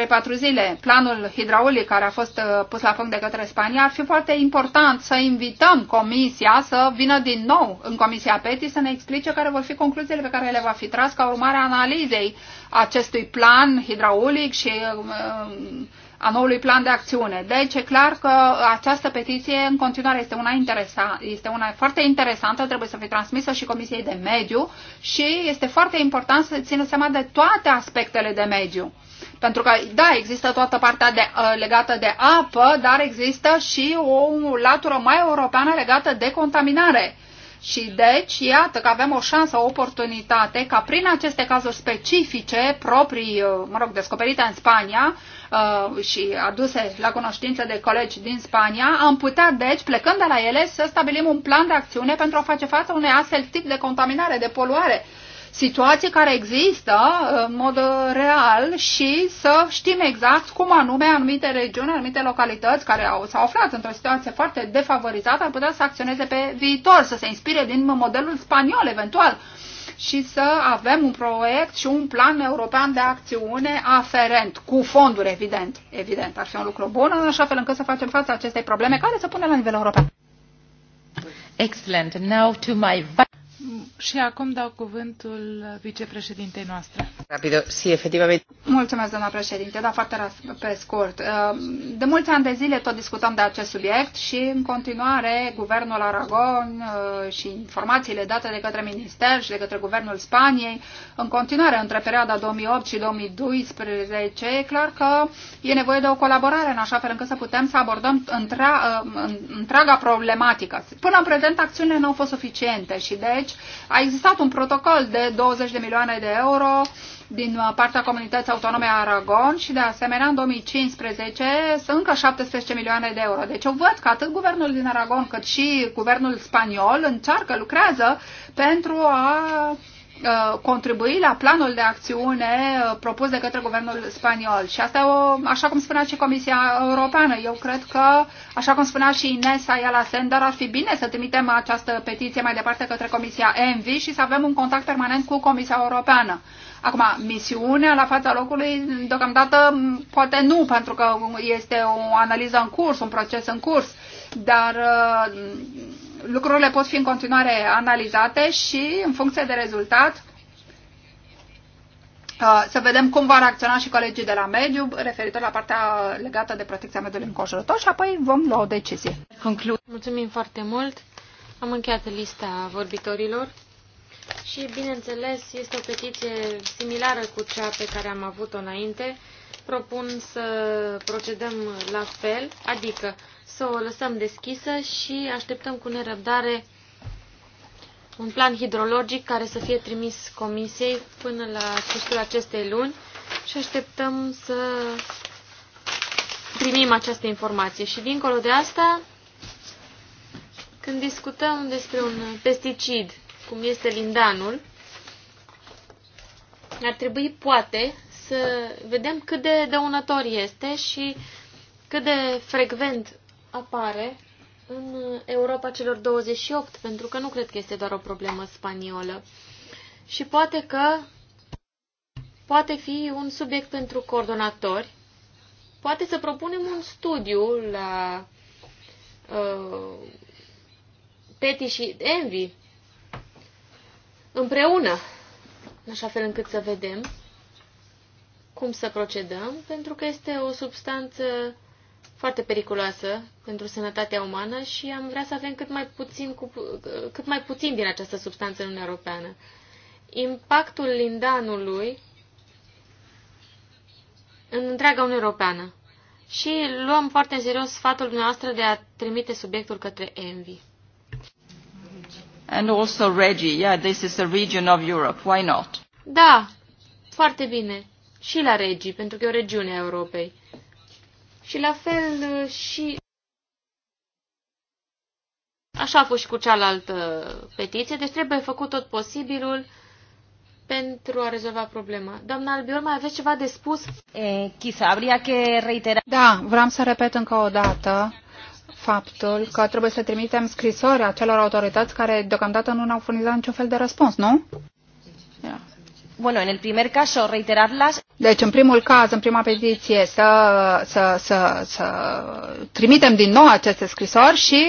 3-4 zile, planul hidraulic care a fost uh, pus la punct de către Spania, ar fi foarte important să invităm comisia să vină din nou în Comisia PETI să ne explice care vor fi concluziile pe care le va fi tras ca urmare a analizei acestui plan hidraulic și uh, a noului plan de acțiune. Deci e clar că această petiție în continuare este una, interesa, este una foarte interesantă, trebuie să fie transmisă și Comisiei de Mediu și este foarte important să țină seama de toate aspectele de mediu. Pentru că, da, există toată partea de, uh, legată de apă, dar există și o latură mai europeană legată de contaminare. Și deci, iată că avem o șansă, o oportunitate ca prin aceste cazuri specifice, proprii, uh, mă rog, descoperite în Spania, Uh, și aduse la cunoștință de colegi din Spania, am putea, deci, plecând de la ele, să stabilim un plan de acțiune pentru a face față unei astfel tip de contaminare, de poluare situații care există uh, în mod uh, real și să știm exact cum anume anumite regiuni, anumite localități care au, s-au aflat într-o situație foarte defavorizată ar putea să acționeze pe viitor, să se inspire din modelul spaniol eventual și să avem un proiect și un plan european de acțiune aferent, cu fonduri, evident. Evident, ar fi un lucru bun, în așa fel încât să facem față acestei probleme care se pune la nivel european. Excellent. Now to my... Și acum dau cuvântul vicepreședintei noastre. Rapido, sí, efectivamente. Mulțumesc, doamna președinte, dar foarte pe scurt. Uh, de mulți ani de zile tot discutăm de acest subiect și în continuare guvernul Aragon uh, și informațiile date de către minister și de către guvernul Spaniei, în continuare între perioada 2008 și 2012, e clar că e nevoie de o colaborare în așa fel încât să putem să abordăm întrea, uh, întreaga problematică. Până în prezent, acțiunile nu au fost suficiente și deci a existat un protocol de 20 de milioane de euro din uh, partea comunității autonome Aragon și de asemenea în 2015 sunt încă 17 milioane de euro. Deci eu văd că atât guvernul din Aragon cât și guvernul spaniol încearcă, lucrează pentru a Uh, contribui la planul de acțiune uh, propus de către guvernul spaniol. Și asta, o, așa cum spunea și Comisia Europeană, eu cred că, așa cum spunea și Ines Ayala Sender, ar fi bine să trimitem această petiție mai departe către Comisia ENVI și să avem un contact permanent cu Comisia Europeană. Acum, misiunea la fața locului, deocamdată, poate nu, pentru că este o analiză în curs, un proces în curs, dar uh, lucrurile pot fi în continuare analizate și în funcție de rezultat uh, să vedem cum va reacționa și colegii de la mediu referitor la partea legată de protecția mediului înconjurător și apoi vom lua o decizie. Conclu Mulțumim foarte mult. Am încheiat lista vorbitorilor și, bineînțeles, este o petiție similară cu cea pe care am avut-o înainte propun să procedăm la fel, adică să o lăsăm deschisă și așteptăm cu nerăbdare un plan hidrologic care să fie trimis comisiei până la sfârșitul acestei luni și așteptăm să primim această informație. Și dincolo de asta, când discutăm despre un pesticid, cum este lindanul, ar trebui poate să vedem cât de dăunător este și cât de frecvent apare în Europa celor 28, pentru că nu cred că este doar o problemă spaniolă. Și poate că poate fi un subiect pentru coordonatori. Poate să propunem un studiu la uh, Peti și Envy împreună, în așa fel încât să vedem cum să procedăm, pentru că este o substanță foarte periculoasă pentru sănătatea umană și am vrea să avem cât mai puțin, cu, cât mai puțin din această substanță în Uniunea Europeană. Impactul lindanului în întreaga Uniune Europeană. Și luăm foarte în serios sfatul dumneavoastră de a trimite subiectul către ENVI. And also Reggie, yeah, this is a region of Europe, why not? Da, foarte bine și la regii, pentru că e o regiune a Europei. Și la fel uh, și... Așa a fost și cu cealaltă petiție, deci trebuie făcut tot posibilul pentru a rezolva problema. Doamna Albior, mai aveți ceva de spus? E, că reitera... Da, vreau să repet încă o dată faptul că trebuie să trimitem scrisori acelor autorități care deocamdată nu ne-au furnizat niciun fel de răspuns, nu? Bueno, en el primer caso, reiterarlas. Deci, în primul caz, în prima petiție, să, să, să, să trimitem din nou aceste scrisori și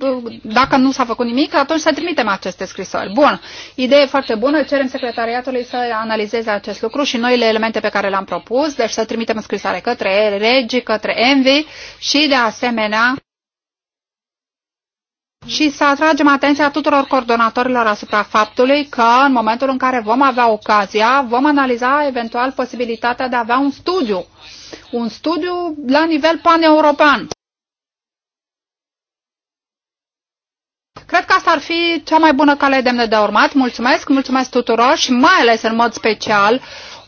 uh, dacă nu s-a făcut nimic, atunci să trimitem aceste scrisori. Bun, idee foarte bună, cerem secretariatului să analizeze acest lucru și noile elemente pe care le-am propus, deci să trimitem scrisoare către regi, către Envi și, de asemenea, și să atragem atenția tuturor coordonatorilor asupra faptului că în momentul în care vom avea ocazia, vom analiza eventual posibilitatea de a avea un studiu, un studiu la nivel paneuropean. Cred că asta ar fi cea mai bună cale demnă de urmat. Mulțumesc, mulțumesc tuturor și mai ales în mod special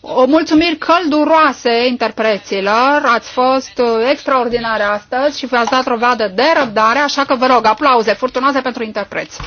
o mulțumiri călduroase interpreților, ați fost uh, extraordinare astăzi și v-ați dat dovadă de răbdare, așa că vă rog, aplauze furtunoase pentru interpreți.